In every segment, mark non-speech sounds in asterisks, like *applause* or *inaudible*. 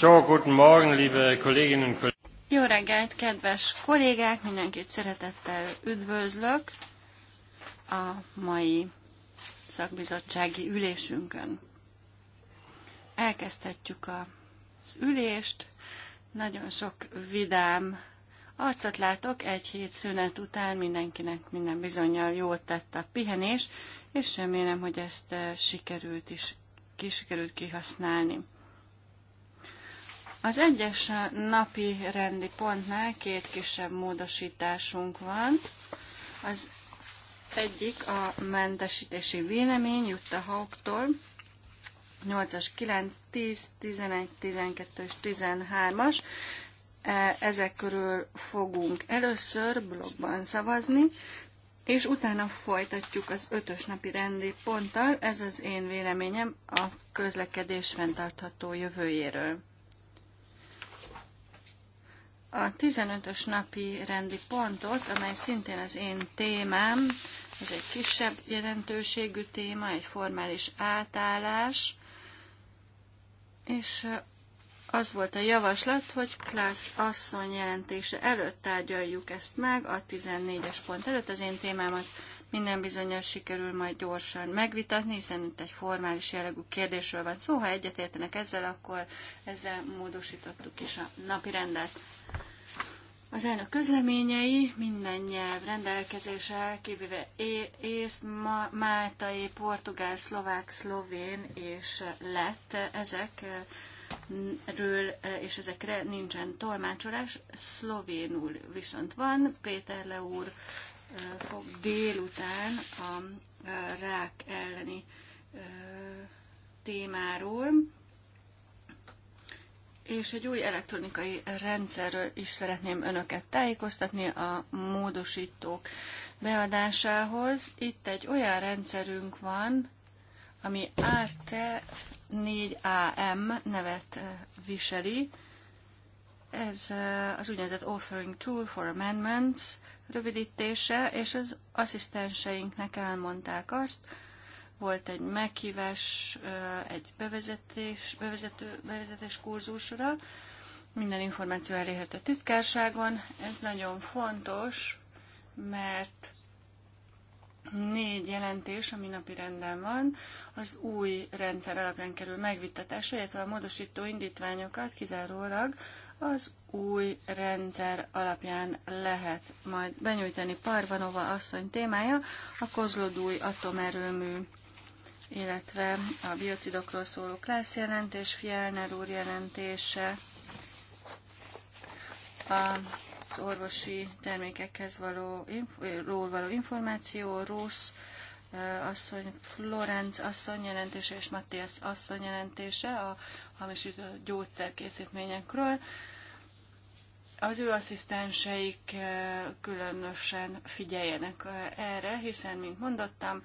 So, guten Morgen, liebe Kolleginnen und Kollegen. Jó reggelt, kedves kollégák, mindenkit szeretettel üdvözlök a mai szakbizottsági ülésünkön. Elkezdhetjük az ülést, nagyon sok vidám arcot látok, egy hét szünet után mindenkinek minden bizonyal jót tett a pihenés, és remélem, hogy ezt eh, sikerült is kisikerült kihasználni. Az egyes napi rendi pontnál két kisebb módosításunk van. Az egyik a mentesítési vélemény Jutta Hauktól. 8-as, 9, 10, 11, 12 és 13-as. E, ezek körül fogunk először blogban szavazni, és utána folytatjuk az ötös napi rendi ponttal. Ez az én véleményem a közlekedés fenntartható jövőjéről a 15-ös napi rendi pontot, amely szintén az én témám, ez egy kisebb jelentőségű téma, egy formális átállás, és az volt a javaslat, hogy Klász asszony jelentése előtt tárgyaljuk ezt meg, a 14-es pont előtt az én témámat minden bizonyos sikerül majd gyorsan megvitatni, hiszen itt egy formális jellegű kérdésről van szó. Ha egyetértenek ezzel, akkor ezzel módosítottuk is a napi rendet. Az elnök közleményei minden nyelv rendelkezésre, kivéve észt, máltai, portugál, szlovák, szlovén és lett. Ezekről és ezekre nincsen tolmácsolás. Szlovénul viszont van. Péter Le úr fog délután a rák elleni témáról és egy új elektronikai rendszerről is szeretném önöket tájékoztatni a módosítók beadásához. Itt egy olyan rendszerünk van, ami ARTE 4AM nevet eh, viseli. Ez eh, az úgynevezett Offering Tool for Amendments rövidítése, és az asszisztenseinknek elmondták azt, volt egy meghívás egy bevezetés, bevezető, bevezetés kurzusra, minden információ elérhető a titkárságon. Ez nagyon fontos, mert négy jelentés, ami napi renden van, az új rendszer alapján kerül megvittatásra, illetve a módosító indítványokat kizárólag az új rendszer alapján lehet majd benyújtani Parvanova asszony témája, a kozlodúj atomerőmű illetve a biocidokról szóló Klász jelentés, Fjellner úr jelentése, az orvosi termékekhez való, ról való információ, Rossz asszony, Florenc asszony jelentése és Matthias asszony jelentése a hamisító gyógyszerkészítményekről. Az ő asszisztenseik különösen figyeljenek erre, hiszen, mint mondottam,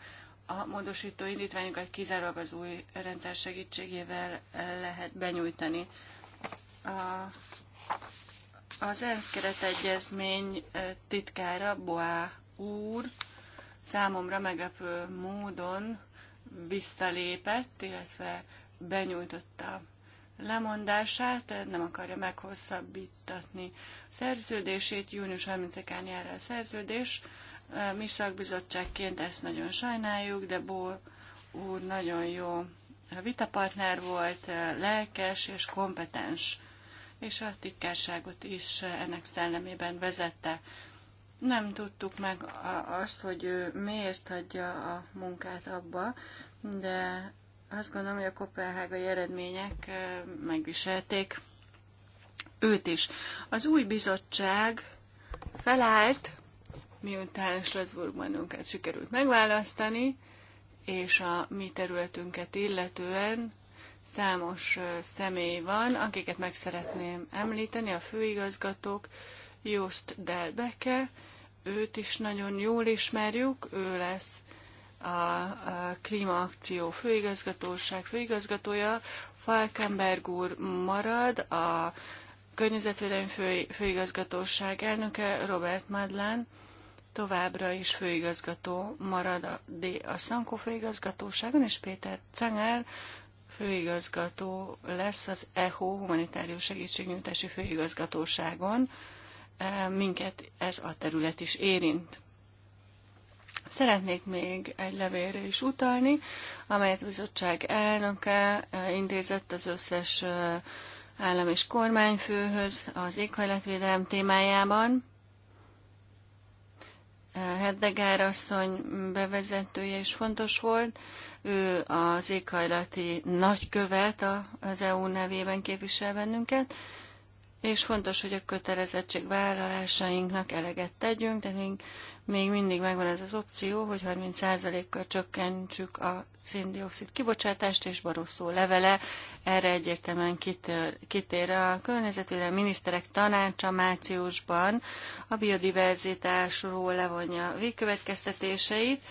a módosító indítványokat kizárólag az új rendszer segítségével eh, lehet benyújtani. A, az ENSZ keretegyezmény eh, titkára, Boá úr, számomra meglepő módon visszalépett, illetve benyújtotta lemondását, eh, nem akarja meghosszabbítatni szerződését, június 30-án jár el a szerződés, mi szakbizottságként ezt nagyon sajnáljuk, de Bó úr nagyon jó vitapartner volt, lelkes és kompetens, és a titkárságot is ennek szellemében vezette. Nem tudtuk meg azt, hogy ő miért hagyja a munkát abba, de azt gondolom, hogy a kopenhágai eredmények megviselték őt is. Az új bizottság felállt, miután Strasbourgban önket sikerült megválasztani, és a mi területünket illetően számos személy van, akiket meg szeretném említeni, a főigazgatók, Just Delbeke, őt is nagyon jól ismerjük, ő lesz a, a Klímaakció főigazgatóság főigazgatója, Falkenberg úr marad, a Környezetvédelmi fő, főigazgatóság elnöke Robert Madlán, továbbra is főigazgató marad a, a Szankó főigazgatóságon, és Péter Cengel főigazgató lesz az EHO humanitárius segítségnyújtási főigazgatóságon. E, minket ez a terület is érint. Szeretnék még egy levélre is utalni, amelyet a bizottság elnöke e, intézett az összes e, állam és kormányfőhöz az éghajlatvédelem témájában. Heddegár asszony bevezetője is fontos volt. Ő az éghajlati nagykövet az EU nevében képvisel bennünket, és fontos, hogy a vállalásainknak eleget tegyünk, de még még mindig megvan ez az opció, hogy 30%-kal csökkentsük a széndiokszid kibocsátást, és Barosszó levele erre egyértelműen kitér, kitér a A miniszterek tanácsa márciusban a biodiverzitásról levonja végkövetkeztetéseit,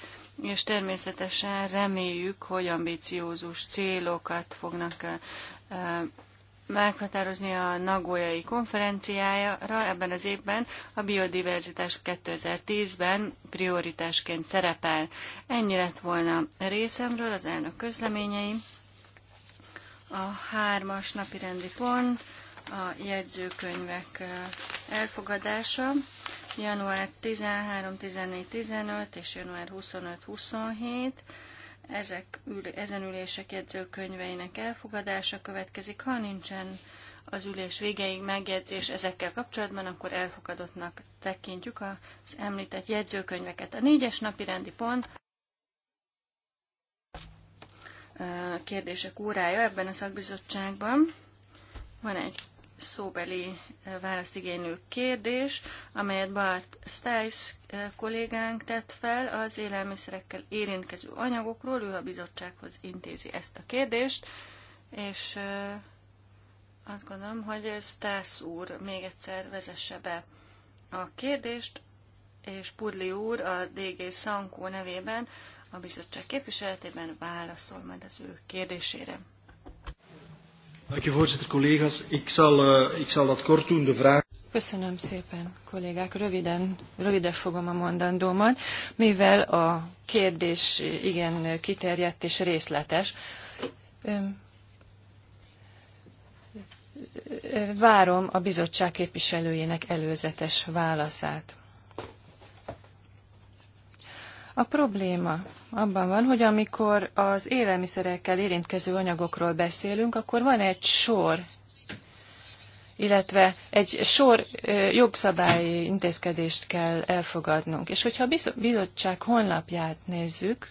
és természetesen reméljük, hogy ambiciózus célokat fognak meghatározni a Nagójai konferenciára ebben az évben a biodiverzitás 2010-ben prioritásként szerepel. Ennyi lett volna részemről az elnök közleményeim. A hármas napi rendi pont a jegyzőkönyvek elfogadása. Január 13, 14, 15 és január 25, 27 ezek, ezen ülések jegyzőkönyveinek elfogadása következik. Ha nincsen az ülés végeig megjegyzés ezekkel kapcsolatban, akkor elfogadottnak tekintjük az említett jegyzőkönyveket. A négyes napi rendi pont kérdések órája ebben a szakbizottságban. Van egy szóbeli igénylő kérdés, amelyet Bart Stice kollégánk tett fel az élelmiszerekkel érintkező anyagokról. Ő a bizottsághoz intézi ezt a kérdést, és azt gondolom, hogy Stice úr még egyszer vezesse be a kérdést, és Pudli úr a DG Szankó nevében a bizottság képviseletében válaszol majd az ő kérdésére. Dank u voorzitter, collega's. Ik zal, uh, ik zal dat kort doen. De vraag... Köszönöm szépen, kollégák. Röviden, röviden fogom a mondandómat, mivel a kérdés igen kiterjedt és részletes. Várom a bizottság képviselőjének előzetes válaszát. A probléma abban van, hogy amikor az élelmiszerekkel érintkező anyagokról beszélünk, akkor van egy sor, illetve egy sor jogszabályi intézkedést kell elfogadnunk. És hogyha a bizottság honlapját nézzük,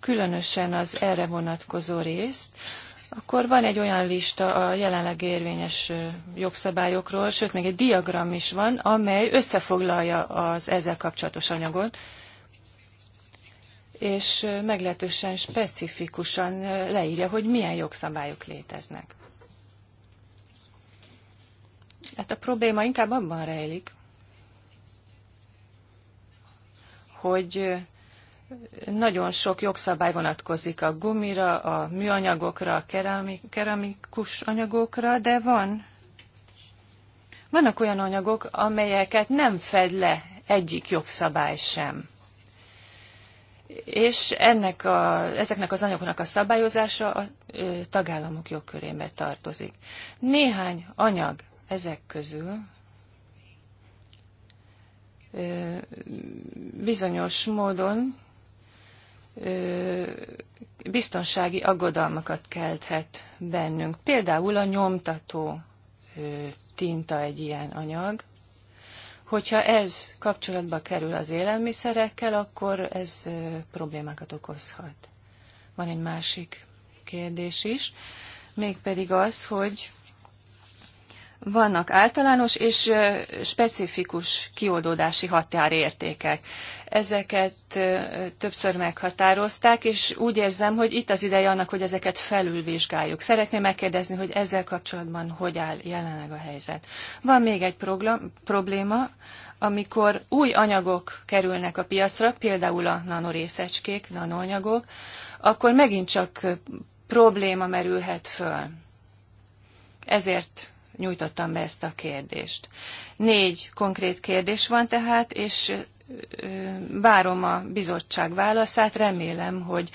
különösen az erre vonatkozó részt, akkor van egy olyan lista a jelenleg érvényes jogszabályokról, sőt, még egy diagram is van, amely összefoglalja az ezzel kapcsolatos anyagot és meglehetősen specifikusan leírja, hogy milyen jogszabályok léteznek. Hát a probléma inkább abban rejlik, hogy nagyon sok jogszabály vonatkozik a gumira, a műanyagokra, a keramikus anyagokra, de van vannak olyan anyagok, amelyeket nem fed le egyik jogszabály sem és ennek a, ezeknek az anyagoknak a szabályozása a tagállamok jogkörébe tartozik. Néhány anyag ezek közül bizonyos módon biztonsági aggodalmakat kelthet bennünk. Például a nyomtató tinta egy ilyen anyag, Hogyha ez kapcsolatba kerül az élelmiszerekkel, akkor ez problémákat okozhat. Van egy másik kérdés is, mégpedig az, hogy vannak általános és specifikus kioldódási határértékek. Ezeket többször meghatározták, és úgy érzem, hogy itt az ideje annak, hogy ezeket felülvizsgáljuk. Szeretném megkérdezni, hogy ezzel kapcsolatban hogy áll jelenleg a helyzet. Van még egy program, probléma, amikor új anyagok kerülnek a piacra, például a nanorészecskék, nanoanyagok, akkor megint csak probléma merülhet föl. Ezért nyújtottam be ezt a kérdést. Négy konkrét kérdés van tehát, és várom a bizottság válaszát, remélem, hogy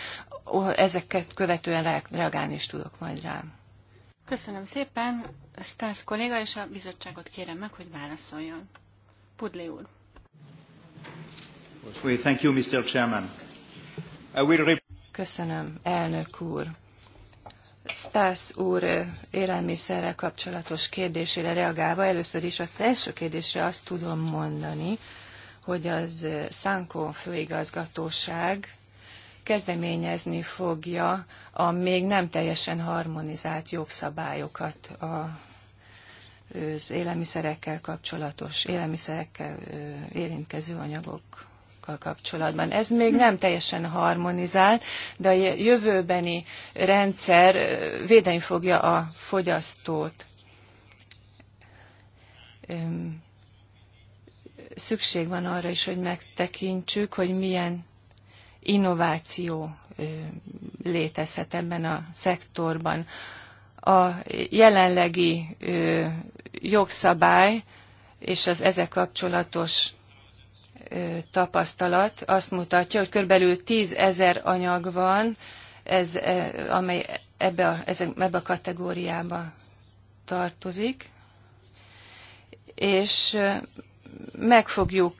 ezeket követően reagálni is tudok majd rám. Köszönöm szépen, Stász kolléga, és a bizottságot kérem meg, hogy válaszoljon. Pudli úr. Thank you, Mr. Chairman. I will... Köszönöm, elnök úr. Stász úr élelmiszerrel kapcsolatos kérdésére reagálva, először is az első kérdésre azt tudom mondani, hogy az Szánkó főigazgatóság kezdeményezni fogja a még nem teljesen harmonizált jogszabályokat a az élelmiszerekkel kapcsolatos, élelmiszerekkel érintkező anyagok programokkal kapcsolatban. Ez még nem teljesen harmonizált, de a jövőbeni rendszer védeni fogja a fogyasztót. Szükség van arra is, hogy megtekintsük, hogy milyen innováció létezhet ebben a szektorban. A jelenlegi jogszabály és az ezek kapcsolatos tapasztalat azt mutatja, hogy körülbelül 10 ezer anyag van, ez, amely ebbe a, ebbe a kategóriába tartozik, és meg fogjuk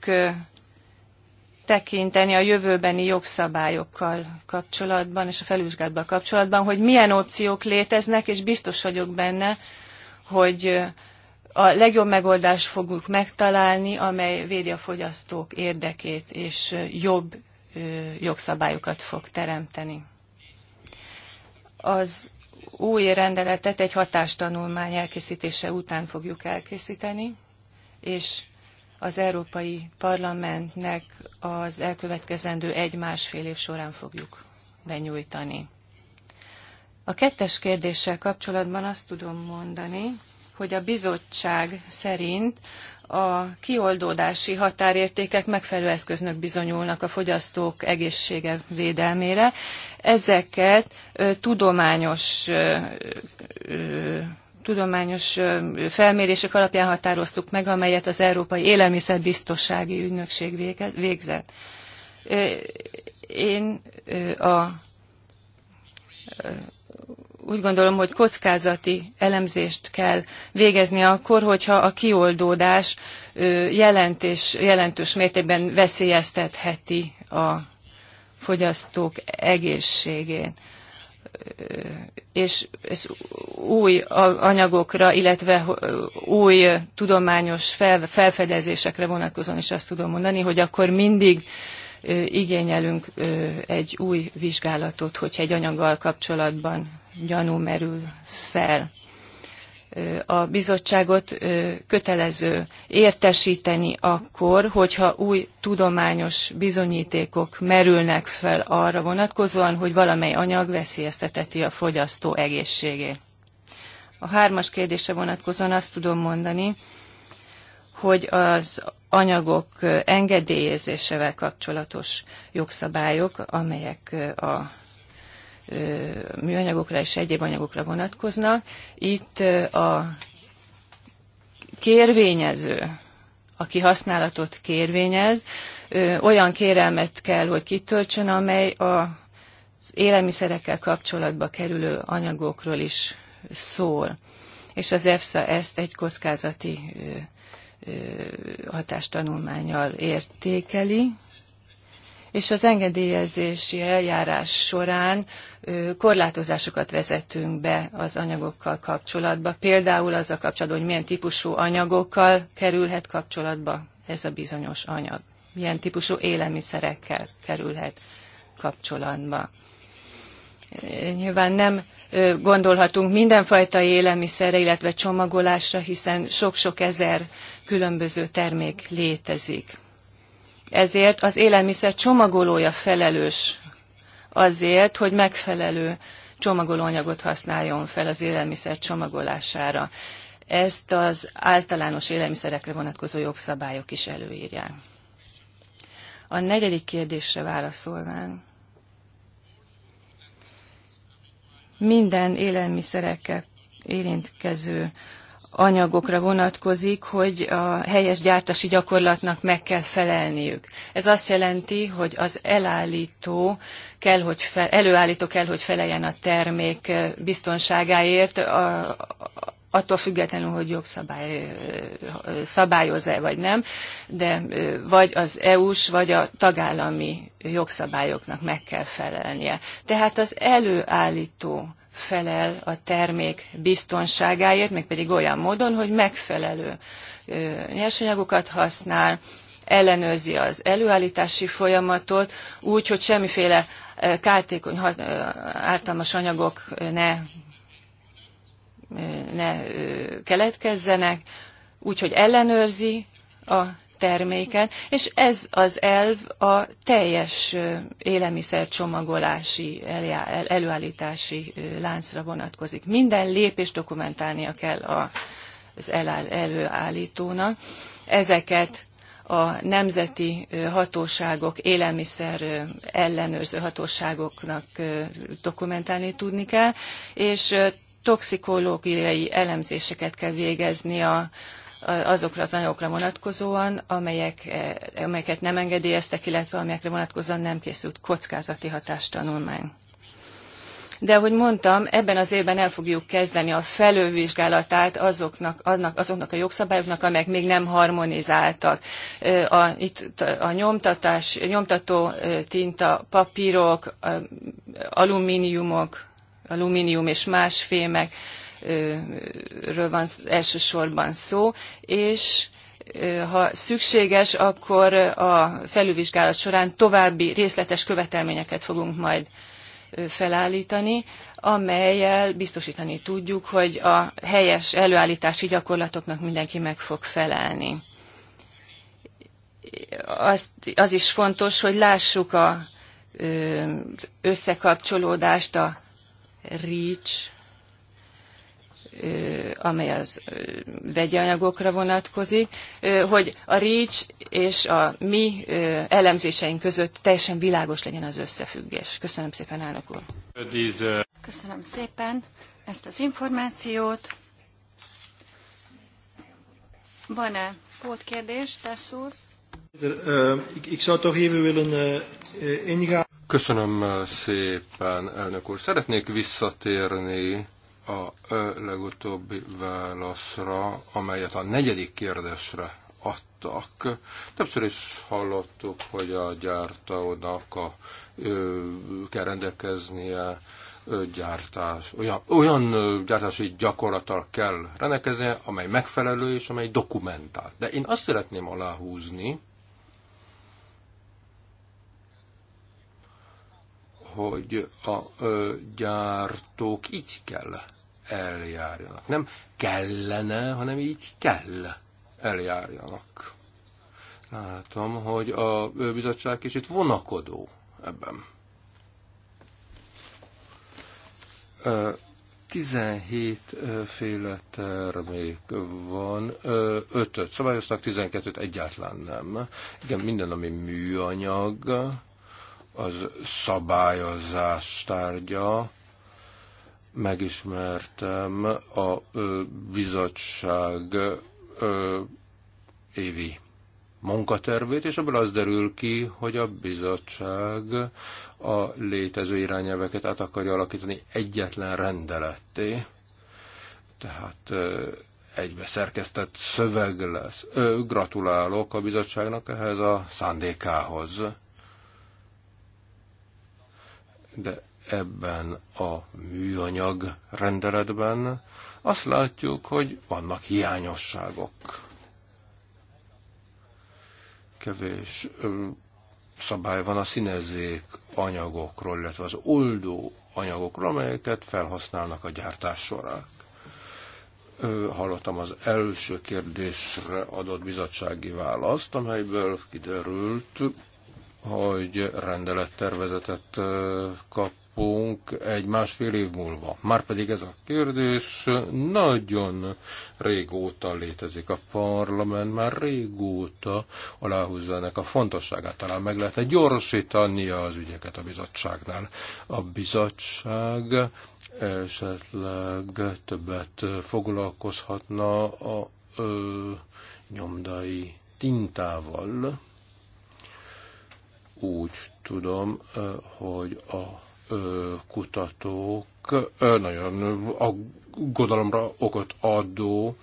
tekinteni a jövőbeni jogszabályokkal kapcsolatban és a felvizsgálatban kapcsolatban, hogy milyen opciók léteznek, és biztos vagyok benne, hogy a legjobb megoldást fogjuk megtalálni, amely védi a fogyasztók érdekét, és jobb jogszabályokat fog teremteni. Az új rendeletet egy hatástanulmány elkészítése után fogjuk elkészíteni, és az Európai Parlamentnek az elkövetkezendő egy-másfél év során fogjuk benyújtani. A kettes kérdéssel kapcsolatban azt tudom mondani, hogy a bizottság szerint a kioldódási határértékek megfelelő eszköznek bizonyulnak a fogyasztók egészsége védelmére. Ezeket ö, tudományos ö, ö, tudományos felmérések alapján határoztuk meg, amelyet az Európai Élelmiszerbiztonsági Ügynökség végzett. Én a úgy gondolom, hogy kockázati elemzést kell végezni akkor, hogyha a kioldódás jelentés, jelentős mértékben veszélyeztetheti a fogyasztók egészségét. És ez új anyagokra, illetve új tudományos felfedezésekre vonatkozóan is azt tudom mondani, hogy akkor mindig igényelünk egy új vizsgálatot, hogyha egy anyaggal kapcsolatban gyanú merül fel. A bizottságot kötelező értesíteni akkor, hogyha új tudományos bizonyítékok merülnek fel arra vonatkozóan, hogy valamely anyag veszélyezteteti a fogyasztó egészségét. A hármas kérdése vonatkozóan azt tudom mondani, hogy az anyagok engedélyezésevel kapcsolatos jogszabályok, amelyek a műanyagokra és egyéb anyagokra vonatkoznak. Itt a kérvényező, aki használatot kérvényez, olyan kérelmet kell, hogy kitöltsön, amely a az élelmiszerekkel kapcsolatba kerülő anyagokról is szól. És az EFSA ezt egy kockázati hatástanulmányjal értékeli és az engedélyezési eljárás során korlátozásokat vezetünk be az anyagokkal kapcsolatba. Például az a kapcsolatban, hogy milyen típusú anyagokkal kerülhet kapcsolatba ez a bizonyos anyag, milyen típusú élelmiszerekkel kerülhet kapcsolatba. Nyilván nem gondolhatunk mindenfajta élelmiszerre, illetve csomagolásra, hiszen sok-sok ezer különböző termék létezik ezért az élelmiszer csomagolója felelős azért, hogy megfelelő csomagolóanyagot használjon fel az élelmiszer csomagolására. Ezt az általános élelmiszerekre vonatkozó jogszabályok is előírják. A negyedik kérdésre válaszolván. Minden élelmiszerekkel érintkező anyagokra vonatkozik, hogy a helyes gyártási gyakorlatnak meg kell felelniük. Ez azt jelenti, hogy az elállító kell, hogy fe, előállító kell, hogy feleljen a termék eh, biztonságáért, a, attól függetlenül, hogy jogszabály eh, szabályoz-e vagy nem, de eh, vagy az EU-s, vagy a tagállami jogszabályoknak meg kell felelnie. Tehát az előállító felel a termék biztonságáért, mégpedig olyan módon, hogy megfelelő nyersanyagokat használ, ellenőrzi az előállítási folyamatot, úgy, hogy semmiféle kártékony, ártalmas anyagok ne, ne keletkezzenek, úgy, hogy ellenőrzi a terméket, és ez az elv a teljes élelmiszercsomagolási előállítási láncra vonatkozik. Minden lépést dokumentálnia kell az előállítónak. Ezeket a nemzeti hatóságok, élelmiszer ellenőrző hatóságoknak dokumentálni tudni kell, és toxikológiai elemzéseket kell végezni a, azokra az anyagokra vonatkozóan, amelyek, eh, amelyeket nem engedélyeztek, illetve amelyekre vonatkozóan nem készült kockázati hatástanulmány. De ahogy mondtam, ebben az évben el fogjuk kezdeni a felővizsgálatát azoknak, annak, azoknak a jogszabályoknak, amelyek még nem harmonizáltak. Eh, a, itt a nyomtatás, nyomtató eh, tinta, papírok, alumíniumok, alumínium és más fémek, ről van elsősorban szó, és ha szükséges, akkor a felülvizsgálat során további részletes követelményeket fogunk majd felállítani, amelyel biztosítani tudjuk, hogy a helyes előállítási gyakorlatoknak mindenki meg fog felelni. Az, az is fontos, hogy lássuk a összekapcsolódást a REACH amely az vegyi anyagokra vonatkozik, hogy a REACH és a mi elemzéseink között teljesen világos legyen az összefüggés. Köszönöm szépen, elnök úr! Köszönöm szépen ezt az információt. Van-e pótkérdés, tesz úr? Köszönöm szépen, elnök úr. Szeretnék visszatérni a legutóbbi válaszra, amelyet a negyedik kérdésre adtak. Többször is hallottuk, hogy a gyártónak a, ö, kell rendelkeznie ö, gyártás, olyan, olyan gyártási gyakorlattal kell rendelkeznie, amely megfelelő és amely dokumentált. De én azt szeretném aláhúzni, hogy a ö, gyártók így kell eljárjanak. Nem kellene, hanem így kell eljárjanak. Látom, hogy a bizottság kicsit vonakodó ebben. 17 féle termék van, 5-öt szabályoztak, 12-t egyáltalán nem. Igen, minden, ami műanyag, az szabályozás tárgya, megismertem a bizottság évi munkatervét, és abból az derül ki, hogy a bizottság a létező irányelveket át akarja alakítani egyetlen rendeletté. Tehát egybe szerkesztett szöveg lesz. Ö, gratulálok a bizottságnak ehhez a szándékához. De ebben a műanyag rendeletben, azt látjuk, hogy vannak hiányosságok. Kevés szabály van a színezék anyagokról, illetve az oldó anyagokról, amelyeket felhasználnak a gyártás során. Hallottam az első kérdésre adott bizottsági választ, amelyből kiderült, hogy rendelettervezetet kap kapunk egy másfél év múlva. Márpedig ez a kérdés nagyon régóta létezik. A parlament már régóta aláhúzza ennek a fontosságát. Talán meg lehetne gyorsítani az ügyeket a bizottságnál. A bizottság esetleg többet foglalkozhatna a ö, nyomdai tintával. Úgy tudom, hogy a kutatók nagyon a gondolomra okot adó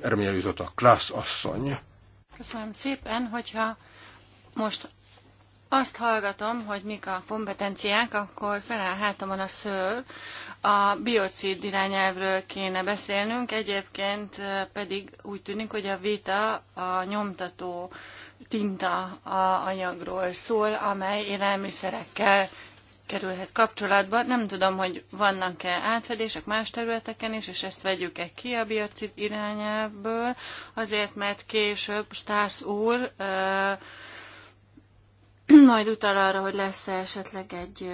eredménye a klassz asszony. Köszönöm szépen, hogyha most azt hallgatom, hogy mik a kompetenciák, akkor feláll hátamon a szől. A biocid irányelvről kéne beszélnünk, egyébként pedig úgy tűnik, hogy a vita a nyomtató tinta a anyagról szól, amely élelmiszerekkel kerülhet kapcsolatba. Nem tudom, hogy vannak-e átfedések más területeken is, és ezt vegyük-e ki a biocid irányából, azért, mert később Stász úr ö, *clears throat* majd utal arra, hogy lesz -e esetleg egy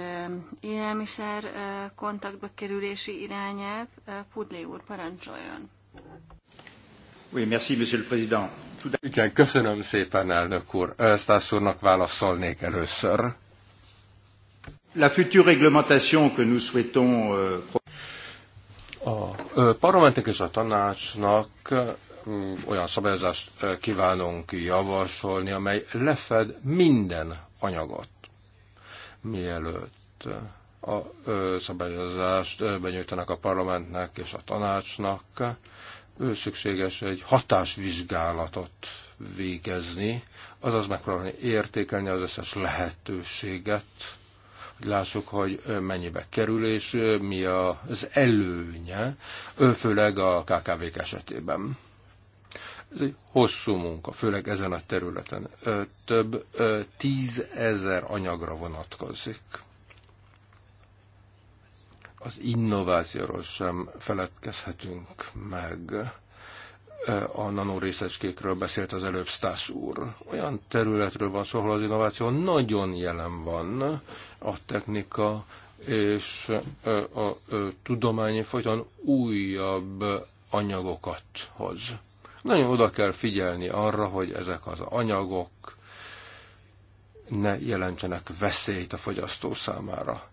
élelmiszer kontaktba kerülési irányelv. Pudli úr, parancsoljon. Oui, merci, monsieur le président. Igen, köszönöm szépen, elnök úr. Stász úrnak válaszolnék először La future réglementation que nous souhaitons euh, a parlamentnek és a tanácsnak mm, olyan szabályozást kívánunk javasolni, amely lefed minden anyagot. Mielőtt a szabályozást benyújtanak a parlamentnek és a tanácsnak, ő szükséges egy hatásvizsgálatot végezni, azaz megpróbálni értékelni az összes lehetőséget, lássuk, hogy mennyibe kerül, és mi az előnye, főleg a KKV-k esetében. Ez egy hosszú munka, főleg ezen a területen. Több tízezer anyagra vonatkozik. Az innovációról sem feledkezhetünk meg a nanorészecskékről beszélt az előbb Stász úr. Olyan területről van szó, ahol az innováció nagyon jelen van, a technika és a tudomány folyton újabb anyagokat hoz. Nagyon oda kell figyelni arra, hogy ezek az anyagok ne jelentsenek veszélyt a fogyasztó számára.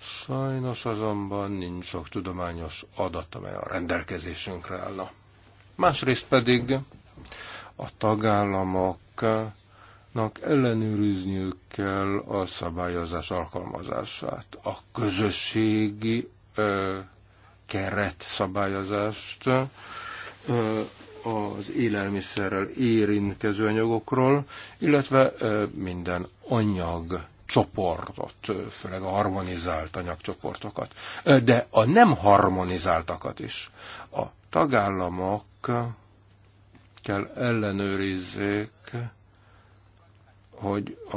Sajnos azonban nincs sok tudományos adat, amely a rendelkezésünkre állna másrészt pedig a tagállamoknak ellenőrizniük kell a szabályozás alkalmazását, a közösségi ö, keret szabályozást ö, az élelmiszerrel érintkező anyagokról, illetve ö, minden anyag csoportot, főleg a harmonizált anyagcsoportokat, de a nem harmonizáltakat is. A tagállamok kell ellenőrizzék, hogy a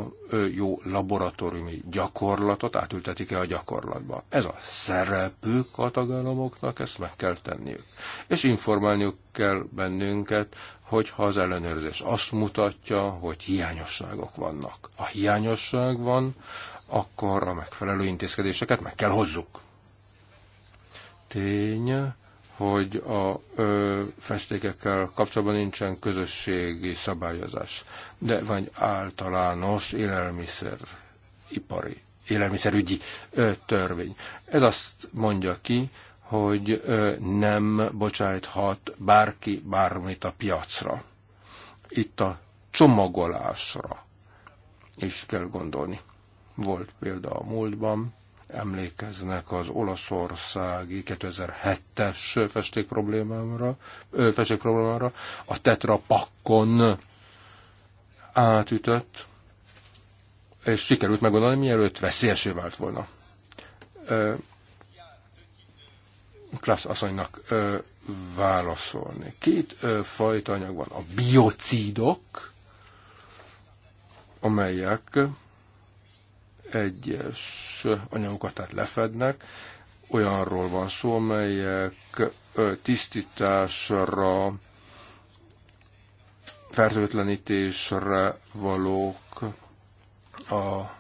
jó laboratóriumi gyakorlatot átültetik-e a gyakorlatba. Ez a szerepük a tagállamoknak, ezt meg kell tenniük. És informálniuk kell bennünket, hogyha az ellenőrzés azt mutatja, hogy hiányosságok vannak. Ha hiányosság van, akkor a megfelelő intézkedéseket meg kell hozzuk. Tény, hogy a ö, festékekkel kapcsolatban nincsen közösségi szabályozás, de van általános élelmiszer ipari, élelmiszerügyi ö, törvény. Ez azt mondja ki, hogy ö, nem bocsájthat bárki bármit a piacra. Itt a csomagolásra is kell gondolni. Volt példa a múltban, emlékeznek az olaszországi 2007-es festék ö, festék problémára, a Tetra Pakkon átütött, és sikerült megoldani, mielőtt veszélyesé vált volna. Klassz asszonynak válaszolni. Két fajta anyag van. A biocídok, amelyek egyes anyagokat tehát lefednek. Olyanról van szó, amelyek tisztításra, fertőtlenítésre valók a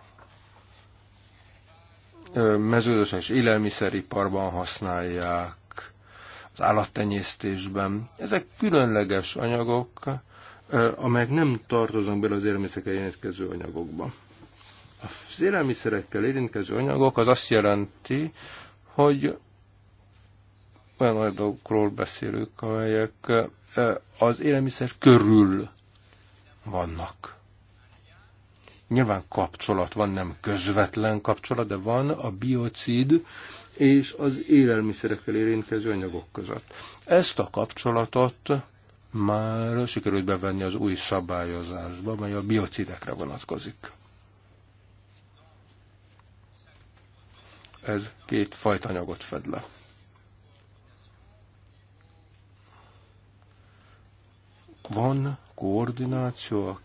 mezőgazdaság és élelmiszeriparban használják, az állattenyésztésben. Ezek különleges anyagok, amelyek nem tartoznak bele az élelmiszerekkel jelentkező anyagokba. Az élelmiszerekkel érintkező anyagok az azt jelenti, hogy olyan anyagokról beszélünk, amelyek e, az élelmiszer körül vannak. Nyilván kapcsolat van, nem közvetlen kapcsolat, de van a biocid és az élelmiszerekkel érintkező anyagok között. Ezt a kapcsolatot már sikerült bevenni az új szabályozásba, mely a biocidekre vonatkozik. ez két fajta anyagot fed le. Van koordináció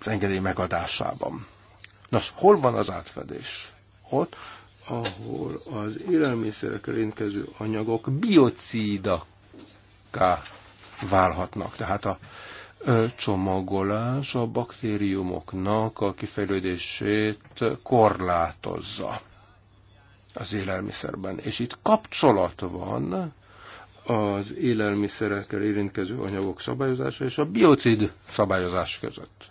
az engedély megadásában. Nos, hol van az átfedés? Ott, ahol az élelmiszerekkel érkező anyagok biocídakká válhatnak, tehát a csomagolás a baktériumoknak a kifejlődését korlátozza az élelmiszerben. És itt kapcsolat van az élelmiszerekkel érintkező anyagok szabályozása és a biocid szabályozás között.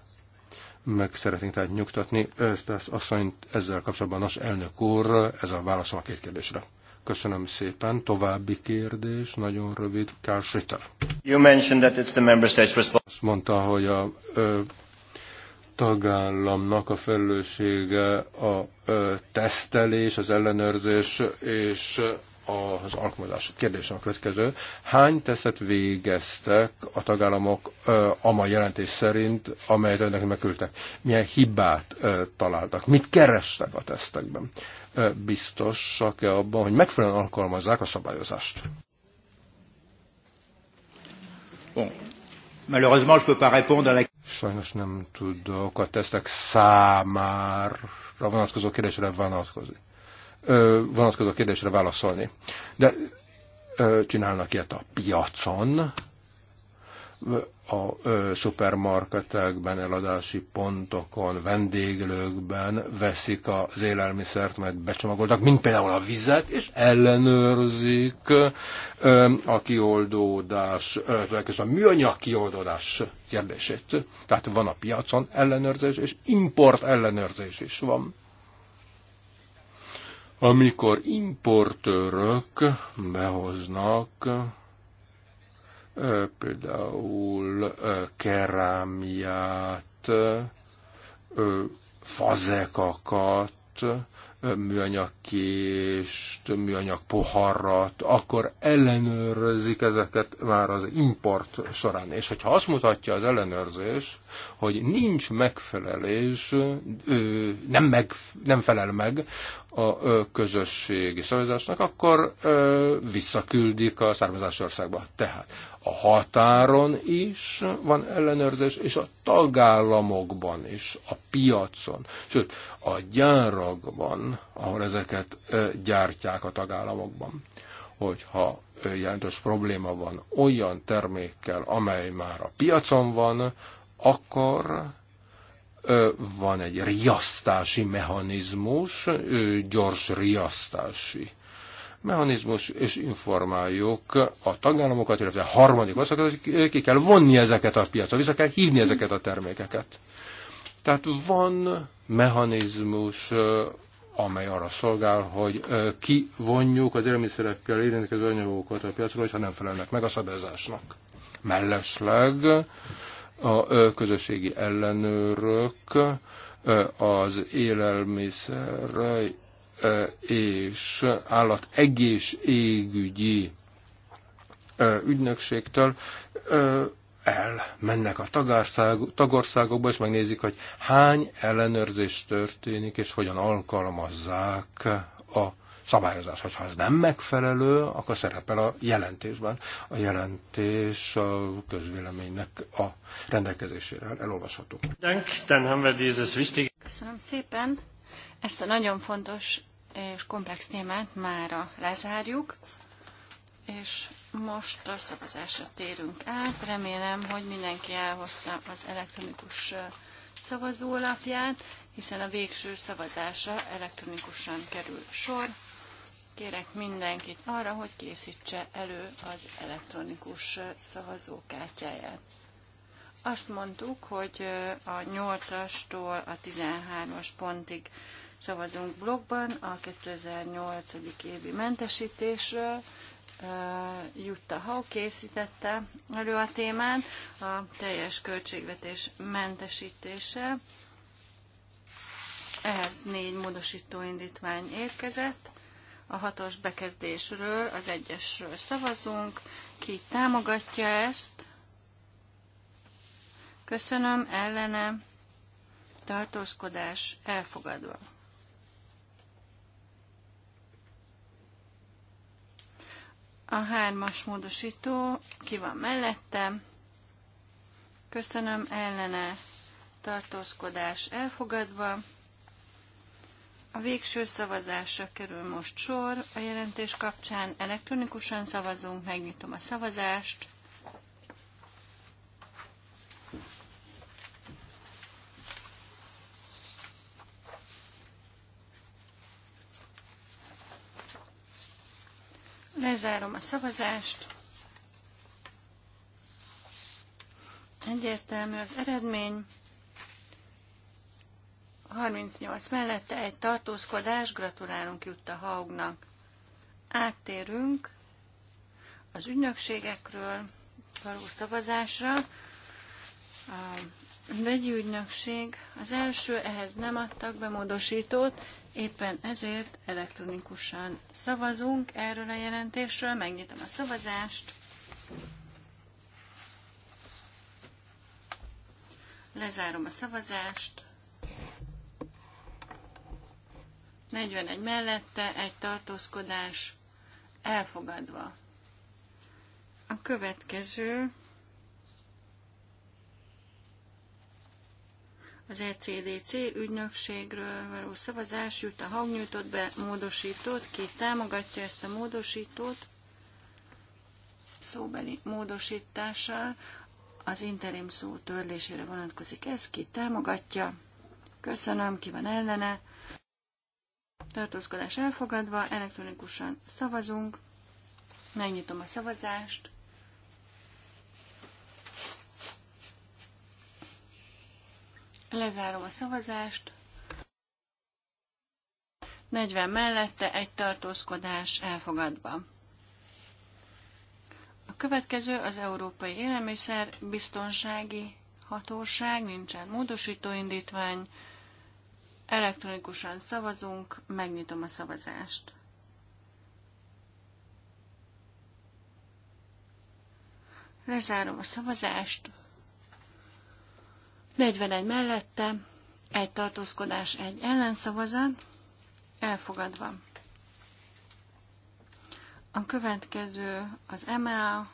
Meg szeretnénk tehát nyugtatni ezt az asszonyt ezzel kapcsolatban. az elnök úr, ez a válaszom a két kérdésre. Köszönöm szépen. További kérdés, nagyon rövid, Carl Schritter. You mentioned that it's the member states responsibility. Azt mondta, hogy a ö, tagállamnak a felelőssége a ö, tesztelés, az ellenőrzés és az alkalmazás. Kérdésem a következő. Hány teszet végeztek a tagállamok ö, a mai jelentés szerint, amelyet önnek megküldtek? Milyen hibát ö, találtak? Mit kerestek a tesztekben? biztosak-e abban, hogy megfelelően alkalmazzák a szabályozást? Bon. Malheureusement, je peux pas répondre à la... Sajnos nem tudok a tesztek számára vonatkozó kérdésre vonatkozni. Ö, vonatkozó kérdésre válaszolni. De ö, csinálnak ilyet a piacon, a szupermarketekben, eladási pontokon, vendéglőkben veszik az élelmiszert, mert becsomagoltak, mint például a vizet, és ellenőrzik a kioldódás, a műanyag kioldódás kérdését. Tehát van a piacon ellenőrzés, és import ellenőrzés is van amikor importőrök behoznak például kerámiát, fazekakat, műanyagkést, műanyag poharat, akkor ellenőrzik ezeket már az import során. És hogyha azt mutatja az ellenőrzés, hogy nincs megfelelés, nem, meg, nem felel meg a közösségi szavazásnak, akkor visszaküldik a származási országba. Tehát a határon is van ellenőrzés, és a tagállamokban is, a piacon, sőt, a gyárakban, ahol ezeket gyártják a tagállamokban, hogyha jelentős probléma van olyan termékkel, amely már a piacon van, akkor van egy riasztási mechanizmus, gyors riasztási mechanizmus, és informáljuk a tagállamokat, illetve a harmadik országokat, hogy ki kell vonni ezeket a piacra, vissza kell hívni ezeket a termékeket. Tehát van mechanizmus, amely arra szolgál, hogy kivonjuk az élelmiszerekkel érintkező anyagokat a piacról, hogyha nem felelnek meg a szabályozásnak. Mellesleg a közösségi ellenőrök az élelmiszer és állat egészségügyi ügynökségtől elmennek a tagországokba, és megnézik, hogy hány ellenőrzés történik, és hogyan alkalmazzák a szabályozás. ha ez nem megfelelő, akkor szerepel a jelentésben. A jelentés a közvéleménynek a rendelkezésére elolvasható. Köszönöm szépen. Ezt a nagyon fontos és komplex témát már lezárjuk, és most a szavazásra térünk át. Remélem, hogy mindenki elhozta az elektronikus szavazólapját, hiszen a végső szavazása elektronikusan kerül sor. Kérek mindenkit arra, hogy készítse elő az elektronikus szavazókártyáját. Azt mondtuk, hogy a 8-astól a 13-as pontig szavazunk blogban a 2008. évi mentesítésről. Jutta Hau készítette elő a témán, a teljes költségvetés mentesítése. Ehhez négy módosító indítvány érkezett a hatos bekezdésről, az egyesről szavazunk. Ki támogatja ezt? Köszönöm, ellene, tartózkodás elfogadva. A hármas módosító ki van mellettem. Köszönöm, ellene, tartózkodás elfogadva. A végső szavazásra kerül most sor. A jelentés kapcsán elektronikusan szavazunk, megnyitom a szavazást. Lezárom a szavazást. Egyértelmű az eredmény. 38 mellette egy tartózkodás, gratulálunk Jutta Haugnak. Áttérünk az ügynökségekről való szavazásra. A vegyi ügynökség az első, ehhez nem adtak be módosítót, éppen ezért elektronikusan szavazunk erről a jelentésről. Megnyitom a szavazást. Lezárom a szavazást. 41 mellette, egy tartózkodás elfogadva. A következő az ECDC ügynökségről való szavazás jut a hangnyújtott be módosítót, ki támogatja ezt a módosítót szóbeli módosítással, az interim szó törlésére vonatkozik ez, ki támogatja. Köszönöm, ki van ellene tartózkodás elfogadva, elektronikusan szavazunk, megnyitom a szavazást, lezárom a szavazást, 40 mellette egy tartózkodás elfogadva. A következő az Európai Élelmiszer Biztonsági Hatóság, nincsen módosító indítvány, Elektronikusan szavazunk, megnyitom a szavazást. Lezárom a szavazást. 41 mellette, egy tartózkodás, egy ellenszavazat, elfogadva. A következő az MA,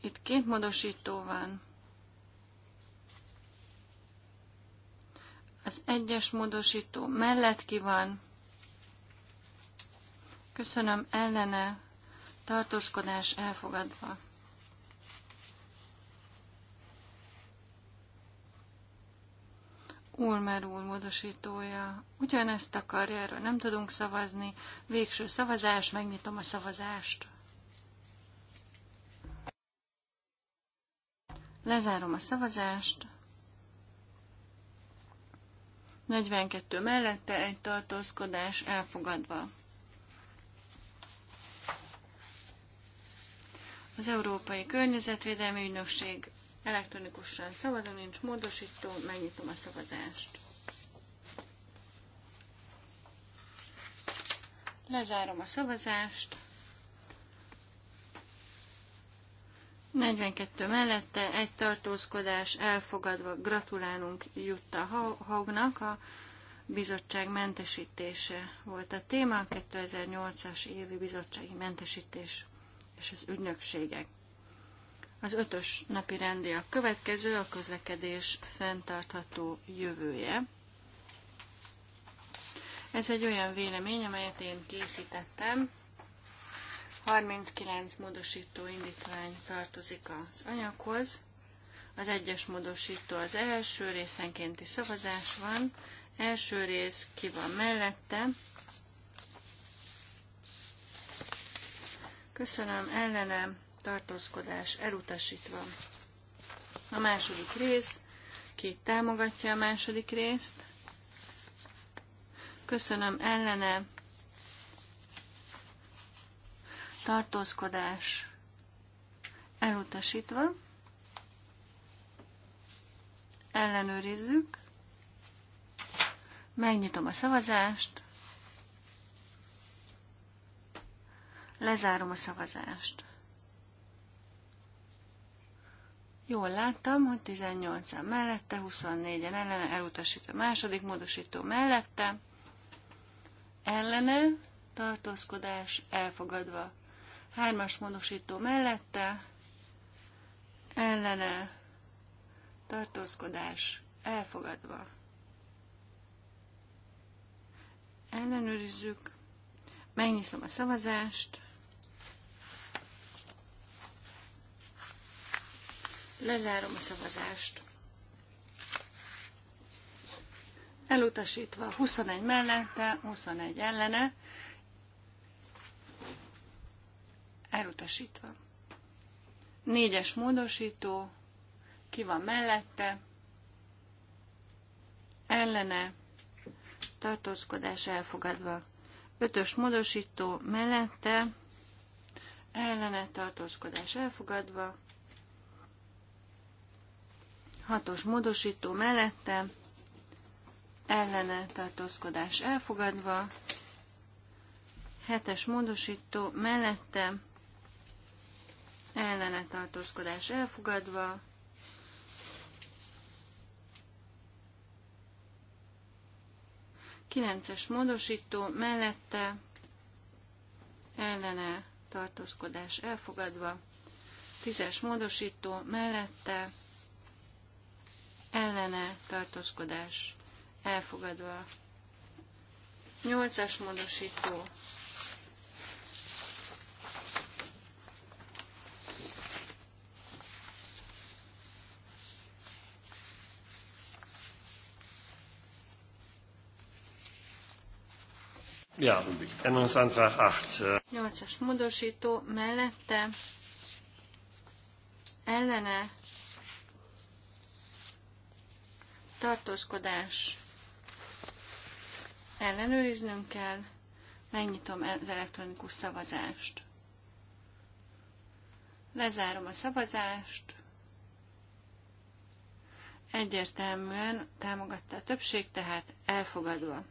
itt két módosító van, Az egyes módosító mellett ki van. Köszönöm ellene. Tartózkodás elfogadva. Ulmer úr módosítója. Ugyanezt akarja, erről nem tudunk szavazni. Végső szavazás, megnyitom a szavazást. Lezárom a szavazást. 42 mellette egy tartózkodás elfogadva. Az Európai Környezetvédelmi Ügynökség elektronikusan szavazó nincs módosító, megnyitom a szavazást. Lezárom a szavazást. 42 mellette egy tartózkodás elfogadva gratulálunk Jutta Haugnak, a bizottság mentesítése volt a téma, 2008-as évi bizottsági mentesítés és az ügynökségek. Az ötös napi rendi a következő, a közlekedés fenntartható jövője. Ez egy olyan vélemény, amelyet én készítettem, 39 módosító indítvány tartozik az anyaghoz. Az egyes módosító az első részenkénti szavazás van. Első rész ki van mellette. Köszönöm, ellenem, tartózkodás elutasítva. A második rész, ki támogatja a második részt. Köszönöm, ellenem. tartózkodás elutasítva, ellenőrizzük, megnyitom a szavazást, lezárom a szavazást. Jól láttam, hogy 18-an mellette, 24-en ellene, elutasító második módosító mellette, ellene, tartózkodás elfogadva. Hármas módosító mellette, ellene, tartózkodás elfogadva. Ellenőrizzük, megnyitom a szavazást, lezárom a szavazást. Elutasítva 21 mellette, 21 ellene, elutasítva. Négyes módosító, ki van mellette, ellene, tartózkodás elfogadva. Ötös módosító mellette, ellene, tartózkodás elfogadva. Hatos módosító mellette, ellene, tartózkodás elfogadva. Hetes módosító mellette, ellene tartózkodás elfogadva, kilences módosító mellette ellene tartózkodás elfogadva, tízes módosító mellette ellene tartózkodás elfogadva, nyolcas módosító Ja, Änderungsantrag 8. 8-as módosító mellette ellene tartózkodás ellenőriznünk kell. Megnyitom az elektronikus szavazást. Lezárom a szavazást. Egyértelműen támogatta a többség, tehát elfogadva.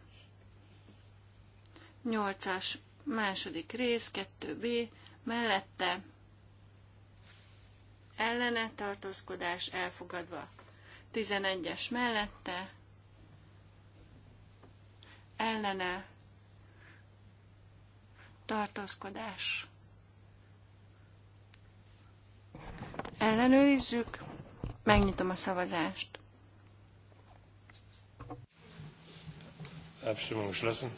8-as második rész, 2B, mellette ellene tartózkodás elfogadva. 11-es mellette ellene tartózkodás. Ellenőrizzük, megnyitom a szavazást. Abstimmung geschlossen.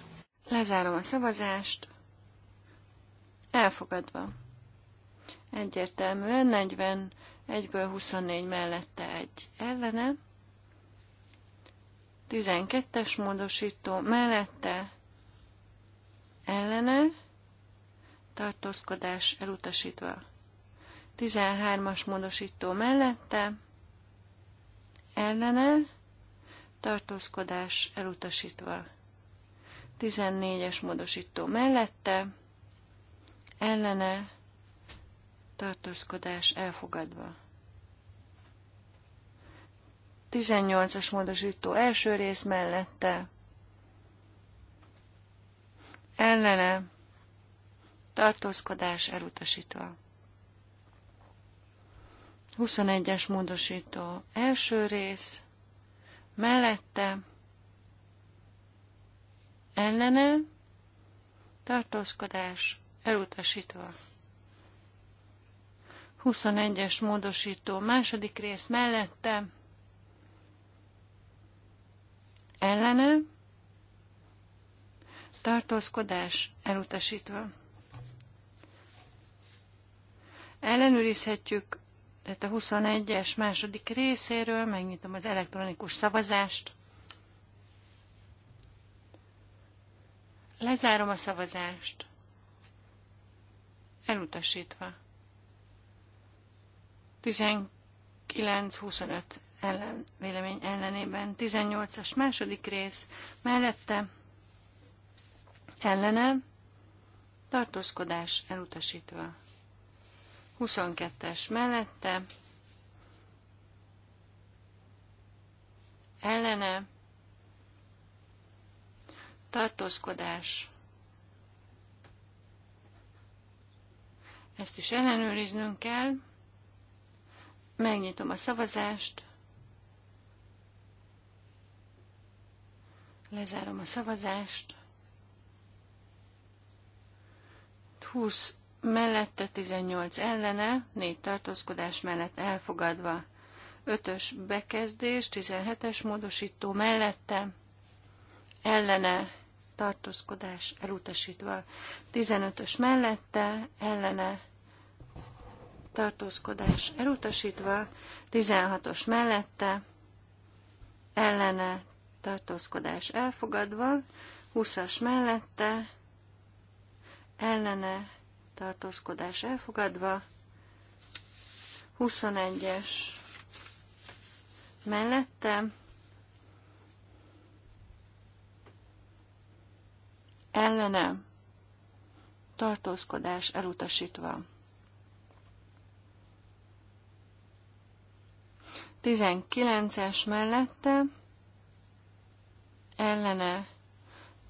Lezárom a szavazást. Elfogadva. Egyértelműen 41 ből 24 mellette egy ellene. 12-es módosító mellette ellene. Tartózkodás elutasítva. 13-as módosító mellette ellene. Tartózkodás elutasítva. 14-es módosító mellette, ellene tartózkodás elfogadva. 18-as módosító első rész mellette, ellene tartózkodás elutasítva. 21-es módosító első rész mellette, ellene, tartózkodás elutasítva. 21-es módosító második rész mellette, ellene, tartózkodás elutasítva. Ellenőrizhetjük, tehát a 21-es második részéről megnyitom az elektronikus szavazást. Lezárom a szavazást. Elutasítva. 19-25 ellen, vélemény ellenében. 18-as második rész mellette ellene tartózkodás elutasítva. 22-es mellette ellene tartózkodás. Ezt is ellenőriznünk kell. Megnyitom a szavazást. Lezárom a szavazást. 20 mellette 18 ellene, 4 tartózkodás mellett elfogadva. 5-ös bekezdés, 17-es módosító mellette, ellene tartózkodás elutasítva. 15-ös mellette ellene tartózkodás elutasítva, 16-os mellette ellene tartózkodás elfogadva, 20-as mellette ellene tartózkodás elfogadva, 21-es mellette ellene tartózkodás elutasítva. 19-es mellette ellene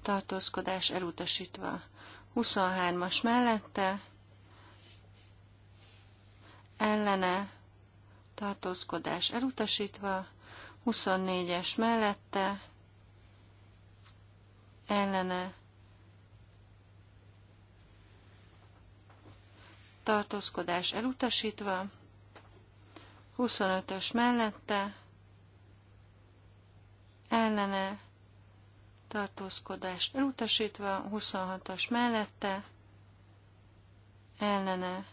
tartózkodás elutasítva. 23-as mellette ellene tartózkodás elutasítva. 24-es mellette ellene tartózkodás elutasítva, 25-ös mellette, ellene tartózkodás elutasítva, 26-as mellette, ellene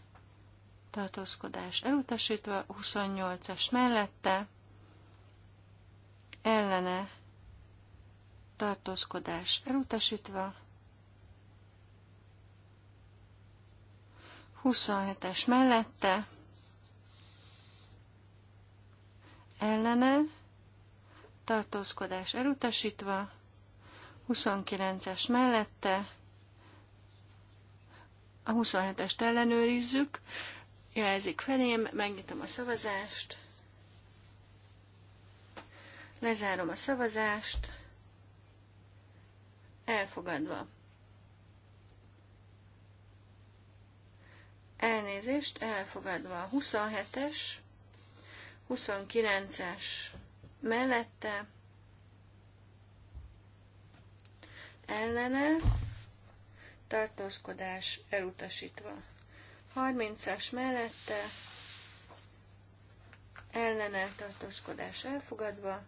tartózkodás elutasítva, 28-as mellette, ellene tartózkodás elutasítva, 27-es mellette ellene tartózkodás elutasítva, 29-es mellette a 27-est ellenőrizzük, jelzik felém, megnyitom a szavazást, lezárom a szavazást, elfogadva. Elnézést, elfogadva a 27-es, 29-es mellette, ellene, tartózkodás elutasítva. 30-as mellette, ellene, tartózkodás elfogadva.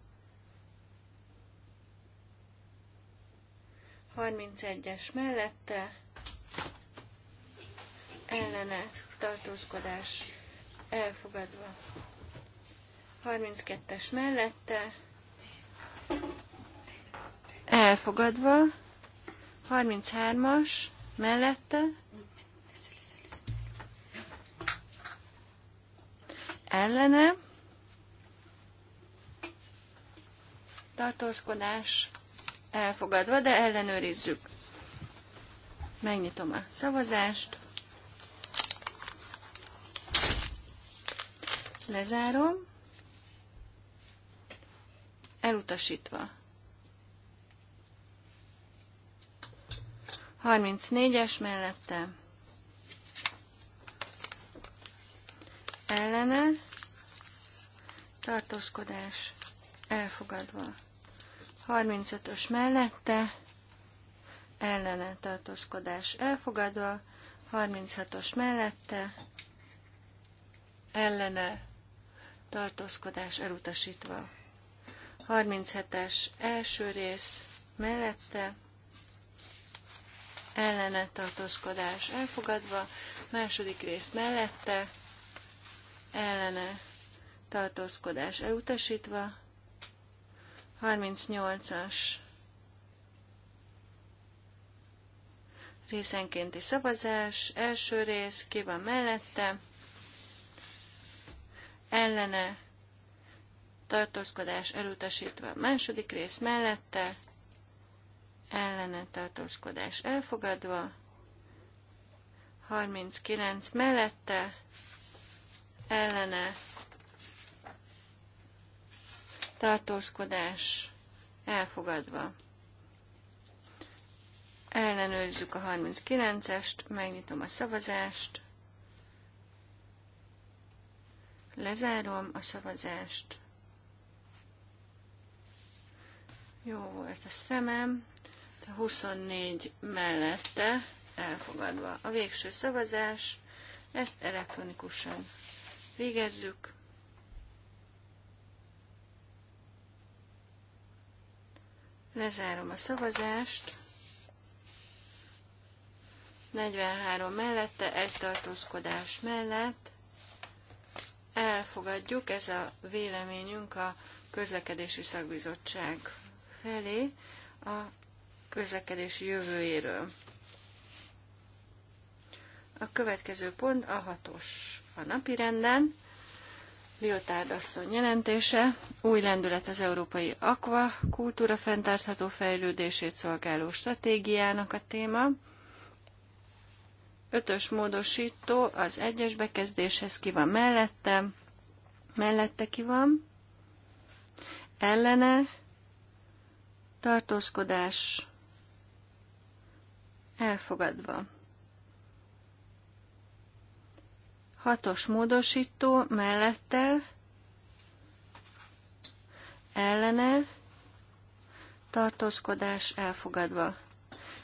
31-es mellette, ellene tartózkodás elfogadva. 32-es mellette elfogadva. 33-as mellette ellene tartózkodás elfogadva, de ellenőrizzük. Megnyitom a szavazást. Lezárom. Elutasítva. 34-es mellette. Ellene. Tartózkodás. Elfogadva. 35-ös mellette. Ellene tartózkodás elfogadva. 36-os mellette ellene tartózkodás elutasítva. 37-es első rész mellette ellene tartózkodás elfogadva, második rész mellette ellene tartózkodás elutasítva, 38-as részenkénti szavazás, első rész, ki van mellette, ellene tartózkodás elutasítva. Második rész mellette ellene tartózkodás elfogadva. 39 mellette ellene tartózkodás elfogadva. Ellenőrizzük a 39-est, megnyitom a szavazást. Lezárom a szavazást. Jó volt a szemem. A 24 mellette elfogadva a végső szavazás. Ezt elektronikusan végezzük. Lezárom a szavazást. 43 mellette, egy tartózkodás mellett elfogadjuk, ez a véleményünk a közlekedési szakbizottság felé a közlekedési jövőjéről. A következő pont a hatos a napi renden. Liotárd asszony jelentése, új lendület az európai akva kultúra fenntartható fejlődését szolgáló stratégiának a téma. Ötös módosító az egyes bekezdéshez ki van mellette, mellette ki van, ellene, tartózkodás, elfogadva. Hatos módosító mellette, ellene, tartózkodás elfogadva.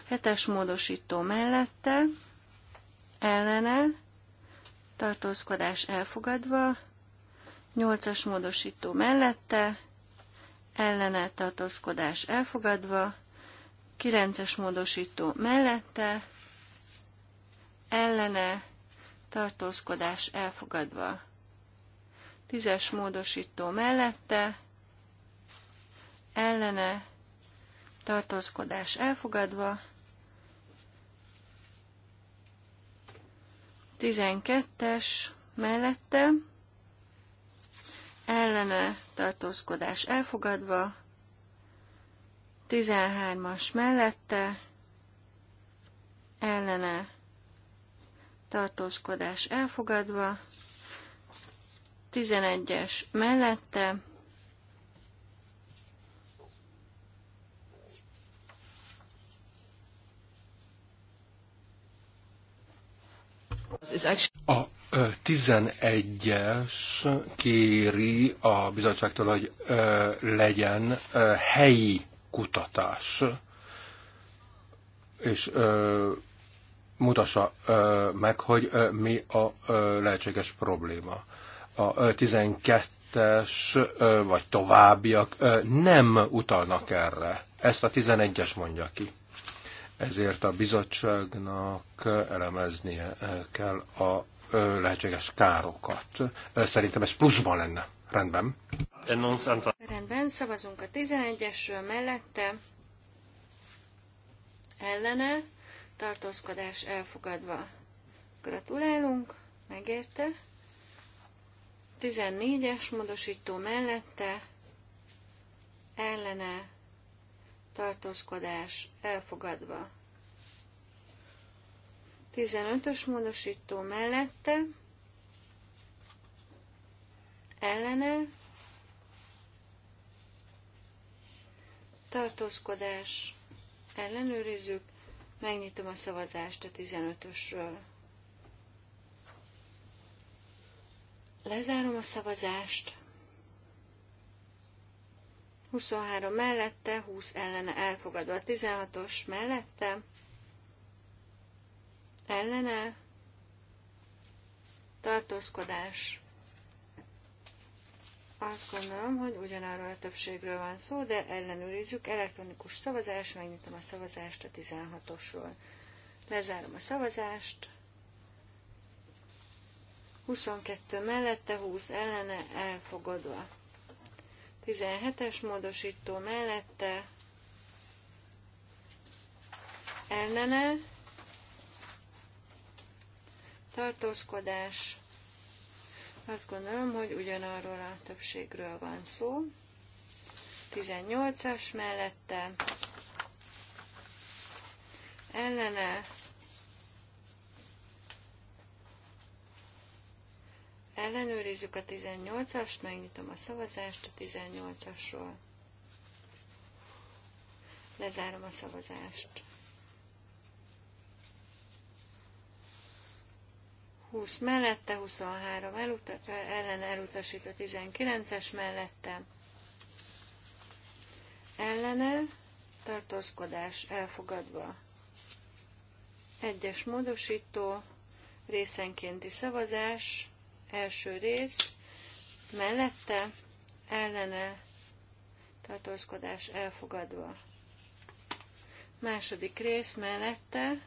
Hetes módosító mellette, ellene, tartózkodás elfogadva, 8-as módosító mellette, ellene tartózkodás elfogadva, 9-es módosító mellette, ellene tartózkodás elfogadva, 10-es módosító mellette, ellene tartózkodás elfogadva, 12-es mellette ellene tartózkodás elfogadva, 13-as mellette ellene tartózkodás elfogadva, 11-es mellette A 11-es kéri a bizottságtól, hogy ö, legyen ö, helyi kutatás, és ö, mutassa ö, meg, hogy ö, mi a ö, lehetséges probléma. A 12 2012-es vagy továbbiak ö, nem utalnak erre. Ezt a 11-es mondja ki. Ezért a bizottságnak elemeznie kell a lehetséges károkat. Szerintem ez pluszban lenne. Rendben. Rendben, szavazunk a 11-esről mellette. Ellene, tartózkodás elfogadva. Gratulálunk, megérte. 14-es módosító mellette, ellene, tartózkodás elfogadva. 15-ös módosító mellette, ellene, tartózkodás ellenőrizzük, megnyitom a szavazást a 15-ösről. Lezárom a szavazást. 23 mellette, 20 ellene elfogadva. 16-os mellette, ellene, tartózkodás. Azt gondolom, hogy ugyanarról a többségről van szó, de ellenőrizzük. Elektronikus szavazás, megnyitom a szavazást a 16-osról. Lezárom a szavazást. 22 mellette, 20 ellene, elfogadva. 17-es módosító mellette ellene tartózkodás. Azt gondolom, hogy ugyanarról a többségről van szó. 18-as mellette ellene Ellenőrizzük a 18-ast, megnyitom a szavazást a 18-asról. Lezárom a szavazást. 20 mellette, 23 elutas, ellen a 19-es mellette. Ellene tartózkodás elfogadva. Egyes módosító, részenkénti szavazás, első rész mellette ellene tartózkodás elfogadva. Második rész mellette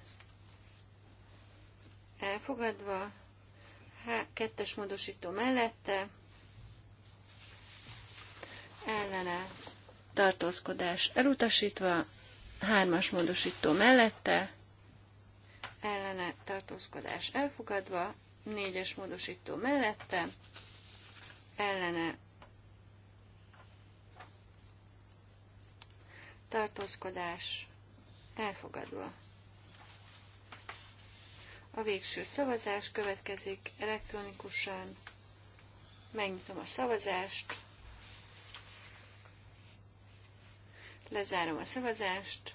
elfogadva, há, kettes módosító mellette ellene tartózkodás elutasítva, hármas módosító mellette ellene tartózkodás elfogadva, négyes módosító mellette, ellene tartózkodás elfogadva. A végső szavazás következik elektronikusan. Megnyitom a szavazást. Lezárom a szavazást.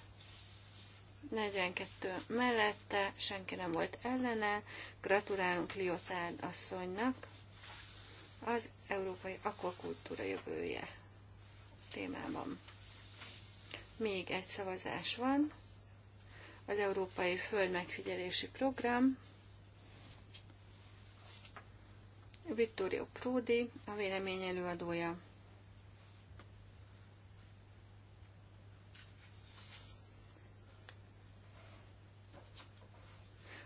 42 mellette, senki nem volt ellene. Gratulálunk Liotán asszonynak az európai akvakultúra jövője témában. Még egy szavazás van. Az Európai Földmegfigyelési Program. Vittorio Prodi, a vélemény előadója.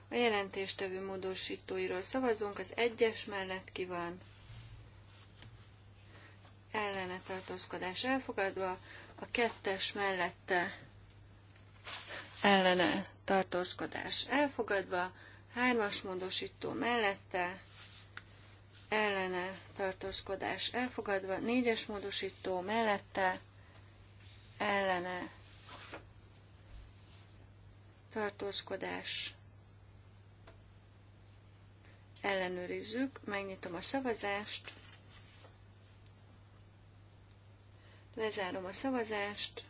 A jelentéstevő módosítóiról szavazunk, az egyes mellett ki van ellene tartózkodás elfogadva, a kettes mellette ellene tartózkodás elfogadva, hármas módosító mellette ellene tartózkodás elfogadva, négyes módosító mellette ellene tartózkodás ellenőrizzük, megnyitom a szavazást, lezárom a szavazást,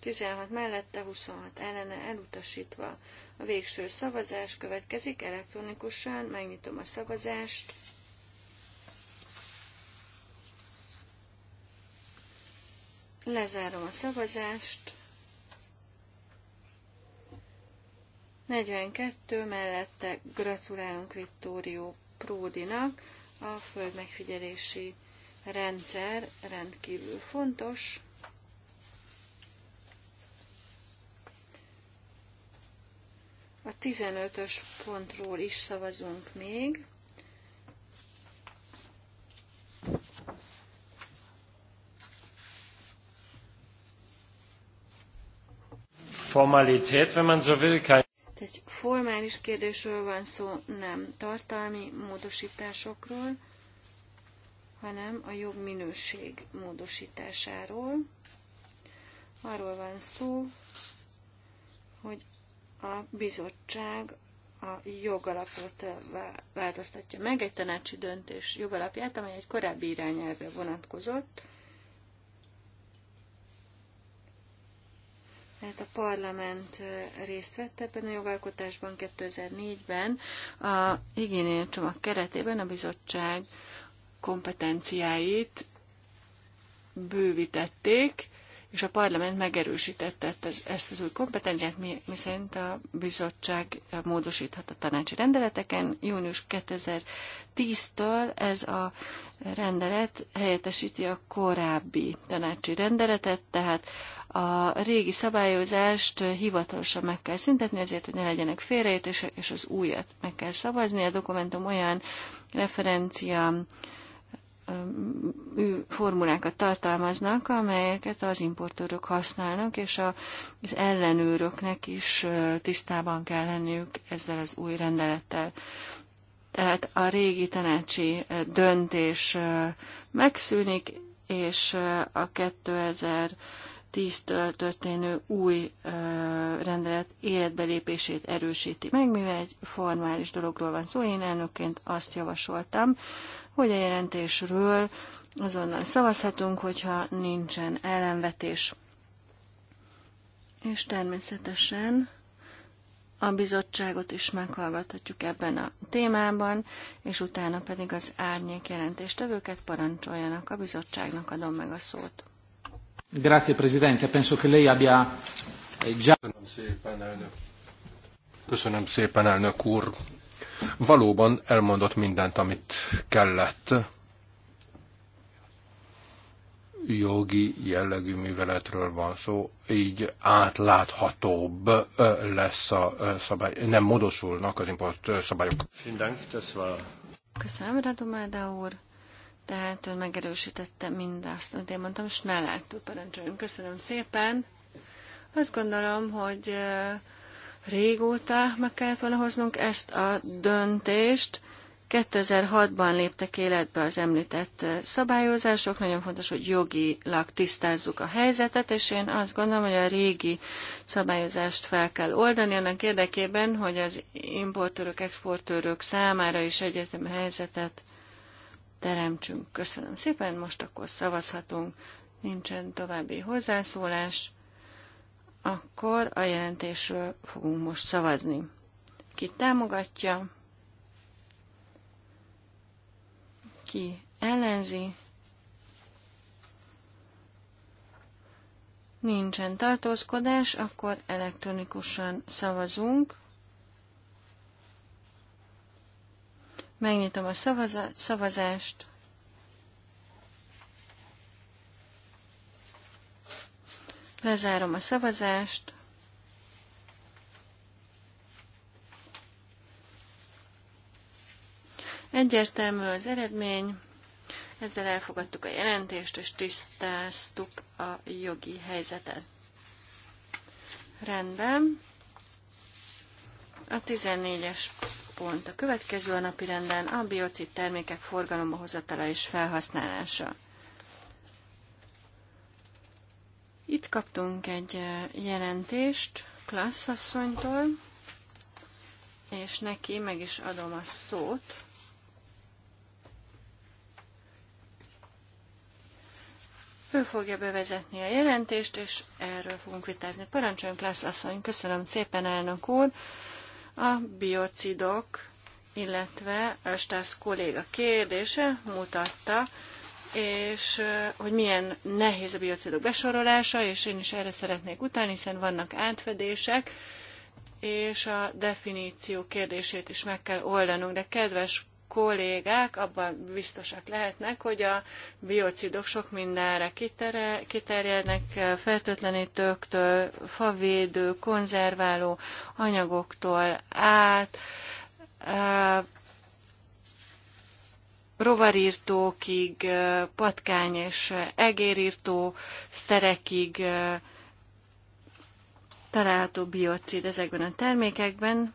16 mellette, 26 ellene elutasítva. A végső szavazás következik elektronikusan, megnyitom a szavazást. Lezárom a szavazást. 42 mellette gratulálunk Vittorio Pródinak, a föld megfigyelési rendszer rendkívül fontos. A 15-ös pontról is szavazunk még. Formalität, wenn man so will, kein formális kérdésről van szó, nem tartalmi módosításokról, hanem a jobb minőség módosításáról. Arról van szó, hogy a bizottság a jogalapot eh, változtatja meg, egy tanácsi döntés jogalapját, amely egy korábbi irányelvre vonatkozott, Tehát a parlament részt vett ebben a jogalkotásban 2004-ben. A igényel csomag keretében a bizottság kompetenciáit bővítették, és a parlament megerősítette ezt az új kompetenciát, mi, mi szerint a bizottság módosíthat a tanácsi rendeleteken. Június 2010-től ez a rendelet helyettesíti a korábbi tanácsi rendeletet, tehát a régi szabályozást hivatalosan meg kell szüntetni, ezért, hogy ne legyenek félreértések, és az újat meg kell szavazni. A dokumentum olyan referencia formulákat tartalmaznak, amelyeket az importőrök használnak, és az ellenőröknek is tisztában kell lenniük ezzel az új rendelettel. Tehát a régi tanácsi döntés megszűnik, és a 2010-től történő új rendelet életbelépését erősíti meg, mivel egy formális dologról van szó. Én elnökként azt javasoltam, hogy a jelentésről azonnal szavazhatunk, hogyha nincsen ellenvetés. És természetesen a bizottságot is meghallgathatjuk ebben a témában, és utána pedig az árnyék jelentéstevőket parancsoljanak. A bizottságnak adom meg a szót. Grazie, Presidente. Penso che lei abbia eh, già... Köszönöm szépen, elnök. Köszönöm szépen, elnök úr. Valóban elmondott mindent, amit kellett jogi jellegű műveletről van szó, így átláthatóbb lesz a szabály, nem modosulnak az import szabályok. Köszönöm, Radomáda úr. Tehát ön megerősítette mindazt, amit én mondtam, és ne láttuk, parancsoljon. Köszönöm szépen. Azt gondolom, hogy régóta meg kellett volna hoznunk ezt a döntést, 2006-ban léptek életbe az említett szabályozások, nagyon fontos, hogy jogilag tisztázzuk a helyzetet, és én azt gondolom, hogy a régi szabályozást fel kell oldani, annak érdekében, hogy az importőrök, exportőrök számára is egyetem helyzetet teremtsünk. Köszönöm szépen, most akkor szavazhatunk, nincsen további hozzászólás, akkor a jelentésről fogunk most szavazni. Ki támogatja? aki ellenzi, nincsen tartózkodás, akkor elektronikusan szavazunk. Megnyitom a szavazást. Lezárom a szavazást. Egyértelmű az eredmény, ezzel elfogadtuk a jelentést, és tisztáztuk a jogi helyzetet. Rendben. A 14-es pont a következő a napi renden a biocid termékek forgalomba hozatala és felhasználása. Itt kaptunk egy jelentést klasszasszonytól, és neki meg is adom a szót, Ő fogja bevezetni a jelentést, és erről fogunk vitázni. Parancsoljunk, Klász asszony, köszönöm szépen, elnök úr. A biocidok, illetve Östász kolléga kérdése mutatta, és hogy milyen nehéz a biocidok besorolása, és én is erre szeretnék utáni, hiszen vannak átfedések, és a definíció kérdését is meg kell oldanunk. De kedves kollégák abban biztosak lehetnek, hogy a biocidok sok mindenre kiterjednek, fertőtlenítőktől, favédő, konzerváló anyagoktól át, rovarírtókig, patkány és egérírtó szerekig található biocid ezekben a termékekben.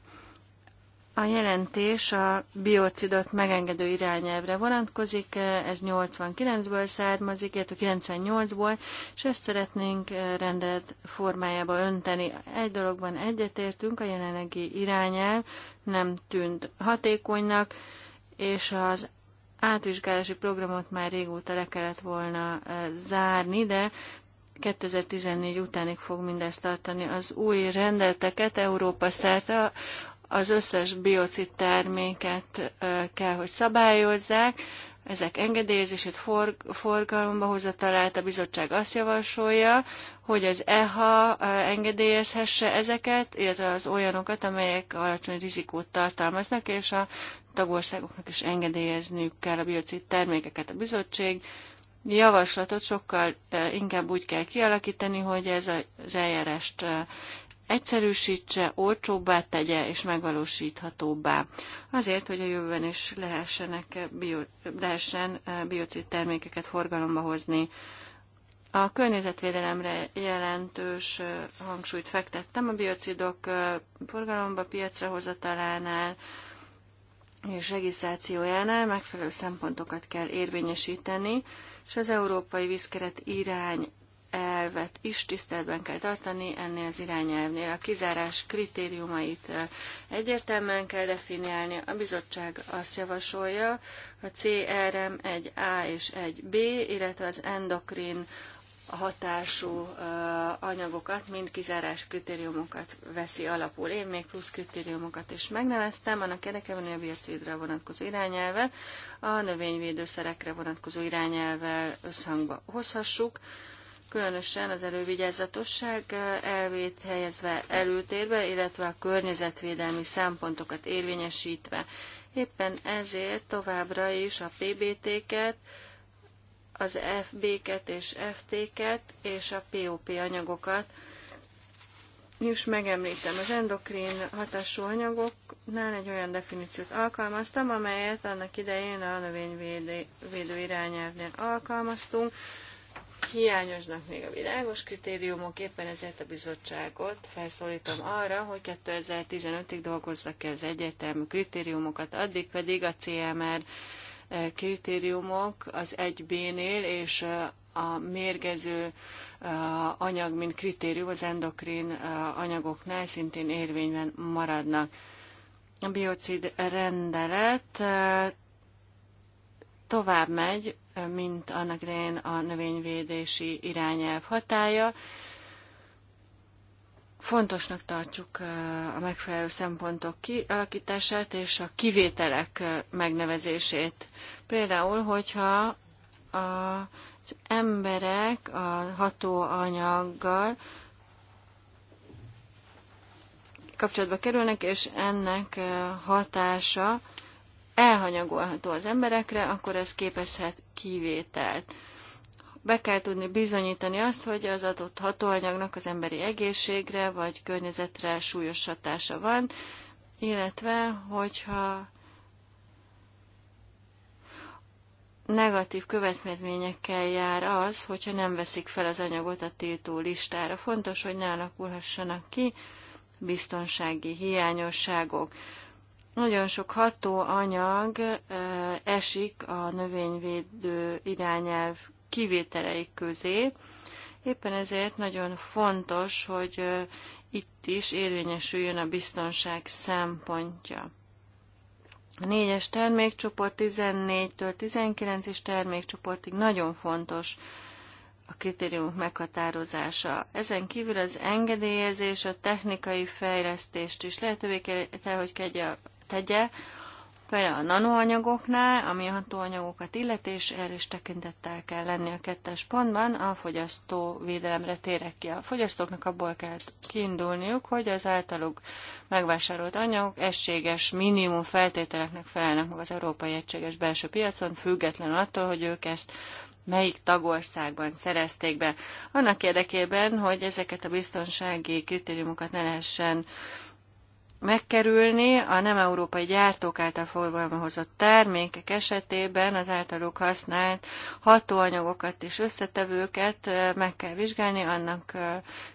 A jelentés a biocidot megengedő irányelvre vonatkozik, ez 89-ből származik, illetve 98-ból, és ezt szeretnénk eh, rendelet formájába önteni. Egy dologban egyetértünk, a jelenlegi irányelv nem tűnt hatékonynak, és az átvizsgálási programot már régóta le kellett volna eh, zárni, de 2014 utánig fog mindezt tartani. Az új rendeleteket Európa szerte az összes biocid terméket kell, hogy szabályozzák, ezek engedélyezését for, forgalomba hozatalát a bizottság azt javasolja, hogy az EHA engedélyezhesse ezeket, illetve az olyanokat, amelyek alacsony rizikót tartalmaznak, és a tagországoknak is engedélyezniük kell a biocid termékeket. A bizottság javaslatot sokkal inkább úgy kell kialakítani, hogy ez az eljárást egyszerűsítse, olcsóbbá tegye és megvalósíthatóbbá. Azért, hogy a jövőben is lehessenek bio, lehessen eh, biocid termékeket forgalomba hozni. A környezetvédelemre jelentős eh, hangsúlyt fektettem a biocidok eh, forgalomba piacra hozatalánál, és regisztrációjánál megfelelő szempontokat kell érvényesíteni, és az Európai Vízkeret irány elvet is tiszteletben kell tartani ennél az irányelvnél. A kizárás kritériumait egyértelműen kell definiálni. A bizottság azt javasolja, a CRM 1A és 1B, illetve az endokrin hatású anyagokat, mind kizárás kritériumokat veszi alapul. Én még plusz kritériumokat is megneveztem, annak érdekében, hogy a biocidra vonatkozó irányelve, a növényvédőszerekre vonatkozó irányelvel összhangba hozhassuk különösen az elővigyázatosság elvét helyezve előtérbe, illetve a környezetvédelmi szempontokat érvényesítve. Éppen ezért továbbra is a PBT-ket, az FB-ket és FT-ket és a POP anyagokat is megemlítem. Az endokrin hatású anyagoknál egy olyan definíciót alkalmaztam, amelyet annak idején a növényvédő irányelvnél alkalmaztunk, hiányoznak még a világos kritériumok, éppen ezért a bizottságot felszólítom arra, hogy 2015-ig dolgozzak ki az egyetemű kritériumokat, addig pedig a CMR eh, kritériumok az 1B-nél és eh, a mérgező eh, anyag, mint kritérium az endokrin anyagoknál szintén érvényben maradnak. A biocid rendelet tovább megy mint annak idején a növényvédési irányelv hatája. Fontosnak tartjuk eh, a megfelelő szempontok kialakítását és a kivételek eh, megnevezését. Például, hogyha az emberek a hatóanyaggal kapcsolatba kerülnek, és ennek eh, hatása elhanyagolható az emberekre, akkor ez képezhet kivételt. Be kell tudni bizonyítani azt, hogy az adott hatóanyagnak az emberi egészségre vagy környezetre súlyos hatása van, illetve hogyha negatív következményekkel jár az, hogyha nem veszik fel az anyagot a tiltó listára. Fontos, hogy ne alakulhassanak ki biztonsági hiányosságok. Nagyon sok hatóanyag esik a növényvédő irányelv kivételeik közé. Éppen ezért nagyon fontos, hogy itt is érvényesüljön a biztonság szempontja. A négyes termékcsoport 14-től 19-es termékcsoportig nagyon fontos a kritériumok meghatározása. Ezen kívül az engedélyezés a technikai fejlesztést is lehetővé kell, hogy kegye tegye, például a nanoanyagoknál, ami a hatóanyagokat illeti, és erre is tekintettel kell lenni a kettes pontban, a fogyasztó védelemre térek ki. A fogyasztóknak abból kell kiindulniuk, hogy az általuk megvásárolt anyagok egységes minimum feltételeknek felelnek meg az európai egységes belső piacon, független attól, hogy ők ezt melyik tagországban szerezték be. Annak érdekében, hogy ezeket a biztonsági kritériumokat ne lehessen megkerülni a nem európai gyártók által forgalmazott hozott termékek esetében az általuk használt hatóanyagokat és összetevőket meg kell vizsgálni annak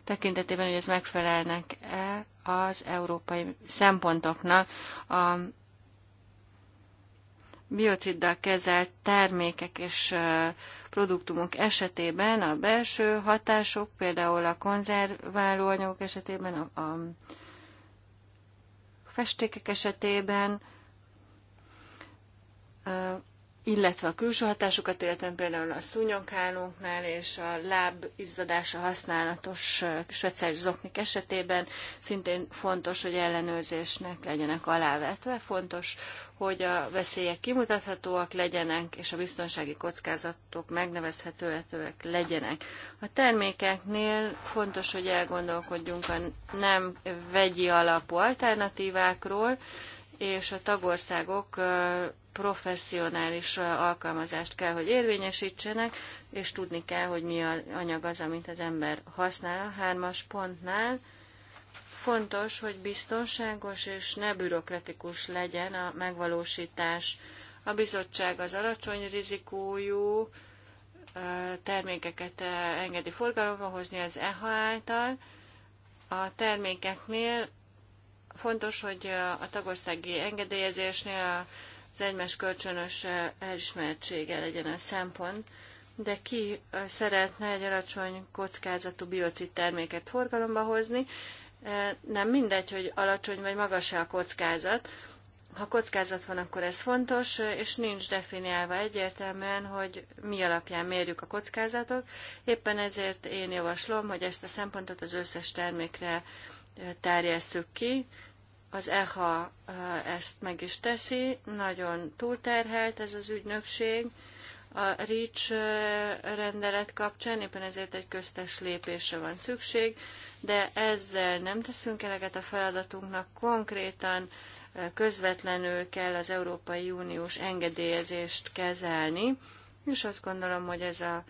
tekintetében, hogy ez megfelelnek-e az európai szempontoknak a biociddal kezelt termékek és produktumok esetében a belső hatások, például a konzerváló anyagok esetében a, a festékek esetében illetve a külső hatásokat, éltem például a szúnyoghálónknál és a láb izzadása használatos speciális zoknik esetében szintén fontos, hogy ellenőrzésnek legyenek alávetve. Fontos, hogy a veszélyek kimutathatóak legyenek, és a biztonsági kockázatok megnevezhetőek legyenek. A termékeknél fontos, hogy elgondolkodjunk a nem vegyi alapú alternatívákról, és a tagországok professzionális alkalmazást kell, hogy érvényesítsenek, és tudni kell, hogy mi az anyag az, amit az ember használ. A hármas pontnál fontos, hogy biztonságos és ne bürokratikus legyen a megvalósítás. A bizottság az alacsony rizikójú termékeket engedi forgalomba hozni az EHA által. A termékeknél Fontos, hogy a tagországi engedélyezésnél az egymás kölcsönös elismertsége legyen a szempont, de ki szeretne egy alacsony kockázatú biocid terméket forgalomba hozni, e, nem mindegy, hogy alacsony vagy magas a kockázat. Ha kockázat van, akkor ez fontos, és nincs definiálva egyértelműen, hogy mi alapján mérjük a kockázatot. Éppen ezért én javaslom, hogy ezt a szempontot az összes termékre terjesszük ki, az e EHA ezt meg is teszi, nagyon túlterhelt ez az ügynökség a REACH eh, rendelet kapcsán, éppen ezért egy köztes lépésre van szükség, de ezzel nem teszünk eleget a feladatunknak, konkrétan eh, közvetlenül kell az Európai Uniós engedélyezést kezelni, és azt gondolom, hogy ez a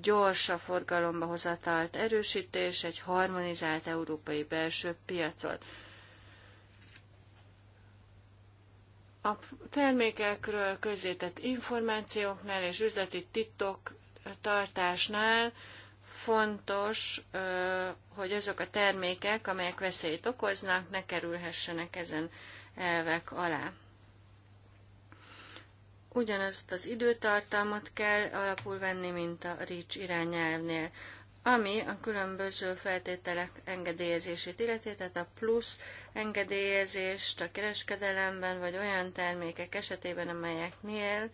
gyors a forgalomba hozatalt erősítés, egy harmonizált európai belső piacot. a termékekről közzétett információknál és üzleti titok tartásnál fontos, hogy azok a termékek, amelyek veszélyt okoznak, ne kerülhessenek ezen elvek alá. Ugyanazt az időtartalmat kell alapul venni, mint a RICS irányelvnél ami a különböző feltételek engedélyezését illeti, tehát a plusz engedélyezést a kereskedelemben, vagy olyan termékek esetében, amelyeknél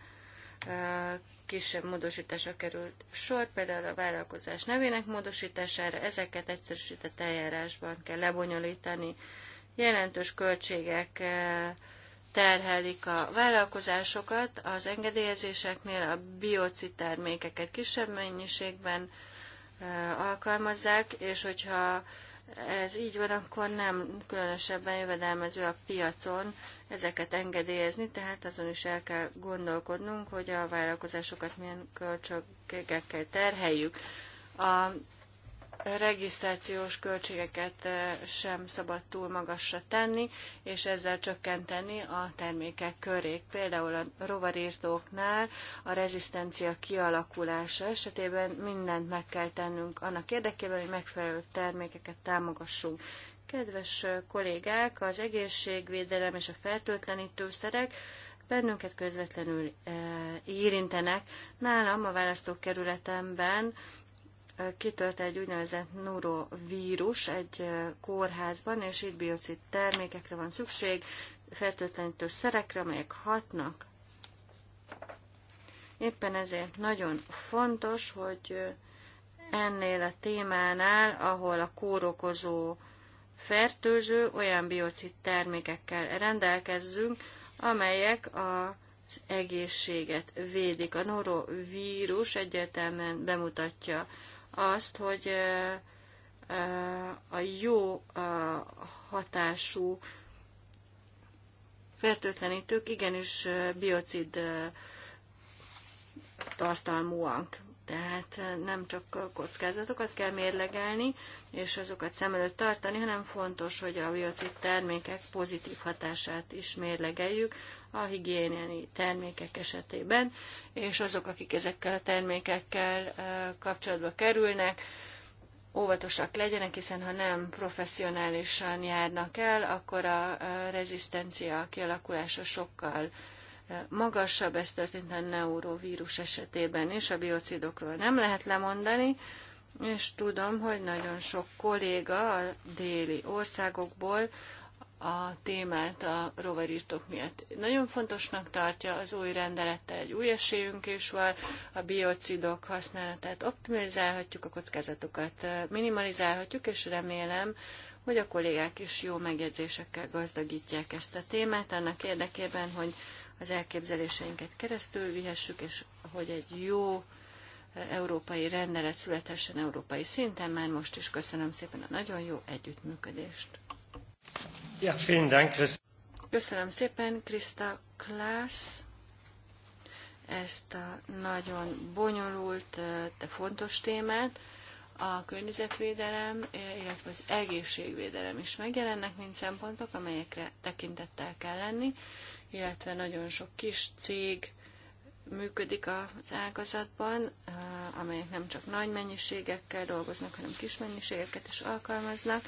kisebb módosításra került sor, például a vállalkozás nevének módosítására, ezeket egyszerűsített eljárásban kell lebonyolítani. Jelentős költségek terhelik a vállalkozásokat, az engedélyezéseknél a biocid termékeket kisebb mennyiségben, alkalmazzák, és hogyha ez így van, akkor nem különösebben jövedelmező a piacon ezeket engedélyezni, tehát azon is el kell gondolkodnunk, hogy a vállalkozásokat milyen költségekkel terheljük. A regisztrációs költségeket eh, sem szabad túl magasra tenni, és ezzel csökkenteni a termékek körét. Például a rovarírtóknál a rezisztencia kialakulása esetében mindent meg kell tennünk annak érdekében, hogy megfelelő termékeket támogassunk. Kedves eh, kollégák, az egészségvédelem és a fertőtlenítőszerek bennünket közvetlenül eh, érintenek. Nálam a választókerületemben kitört egy úgynevezett norovírus egy kórházban, és itt biocid termékekre van szükség, fertőtlenítő szerekre, amelyek hatnak. Éppen ezért nagyon fontos, hogy ennél a témánál, ahol a kórokozó fertőző, olyan biocid termékekkel rendelkezzünk, amelyek a az egészséget védik. A norovírus egyértelműen bemutatja azt, hogy a jó hatású fertőtlenítők igenis biocid tartalmúak. Tehát nem csak kockázatokat kell mérlegelni, és azokat szem előtt tartani, hanem fontos, hogy a biocid termékek pozitív hatását is mérlegeljük, a higiéniai termékek esetében, és azok, akik ezekkel a termékekkel kapcsolatba kerülnek, óvatosak legyenek, hiszen ha nem professzionálisan járnak el, akkor a rezisztencia kialakulása sokkal magasabb, ez történt a neurovírus esetében is, a biocidokról nem lehet lemondani, és tudom, hogy nagyon sok kolléga a déli országokból a témát a rovarirtok miatt. Nagyon fontosnak tartja az új rendelettel egy új esélyünk is van, a biocidok használatát optimizálhatjuk, a kockázatokat minimalizálhatjuk, és remélem, hogy a kollégák is jó megjegyzésekkel gazdagítják ezt a témát, annak érdekében, hogy az elképzeléseinket keresztül vihessük, és hogy egy jó európai rendelet születhessen európai szinten. Már most is köszönöm szépen a nagyon jó együttműködést. Ja, vielen Dank, Köszönöm szépen, Krista Klász, ezt a nagyon bonyolult, de fontos témát. A környezetvédelem, illetve az egészségvédelem is megjelennek, mint szempontok, amelyekre tekintettel kell lenni, illetve nagyon sok kis cég, működik az ágazatban, amelyek nem csak nagy mennyiségekkel dolgoznak, hanem kis mennyiségeket is alkalmaznak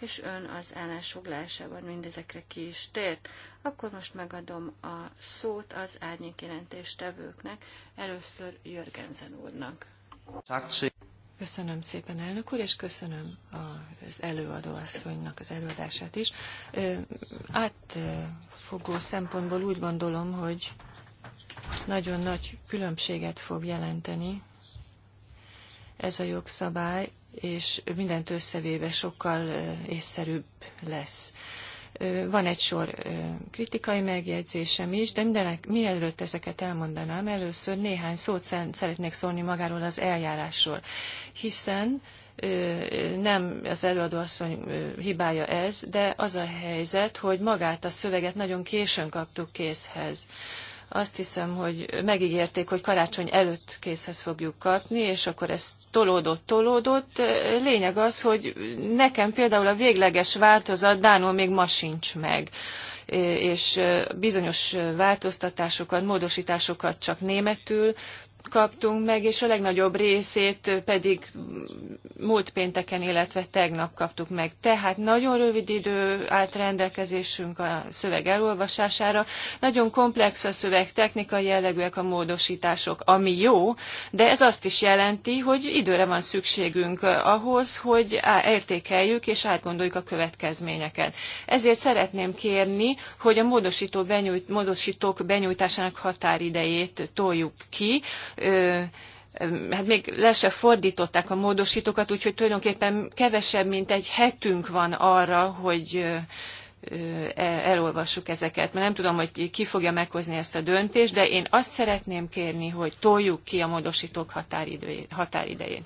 és ön az állásfoglalásában mindezekre ki is tért. Akkor most megadom a szót az tevőknek, először Jörgenzen úrnak. Köszönöm szépen, elnök úr, és köszönöm az előadó asszonynak az előadását is. Átfogó szempontból úgy gondolom, hogy nagyon nagy különbséget fog jelenteni ez a jogszabály és mindent összevéve sokkal észszerűbb lesz. Van egy sor kritikai megjegyzésem is, de mindenek, mielőtt ezeket elmondanám, először néhány szót szeretnék szólni magáról az eljárásról, hiszen nem az előadóasszony hibája ez, de az a helyzet, hogy magát a szöveget nagyon későn kaptuk készhez azt hiszem, hogy megígérték, hogy karácsony előtt készhez fogjuk kapni, és akkor ezt tolódott, tolódott. Lényeg az, hogy nekem például a végleges változat Dánul még ma sincs meg és bizonyos változtatásokat, módosításokat csak németül kaptunk meg, és a legnagyobb részét pedig múlt pénteken, illetve tegnap kaptuk meg. Tehát nagyon rövid idő állt rendelkezésünk a szöveg elolvasására. Nagyon komplex a szöveg, technikai jellegűek a módosítások, ami jó, de ez azt is jelenti, hogy időre van szükségünk ahhoz, hogy értékeljük és átgondoljuk a következményeket. Ezért szeretném kérni, hogy a módosító benyújt, módosítók benyújtásának határidejét toljuk ki, hát még le se fordították a módosítókat, úgyhogy tulajdonképpen kevesebb, mint egy hetünk van arra, hogy e, elolvassuk ezeket, mert nem tudom, hogy ki fogja meghozni ezt a döntést, de én azt szeretném kérni, hogy toljuk ki a módosítók határidején.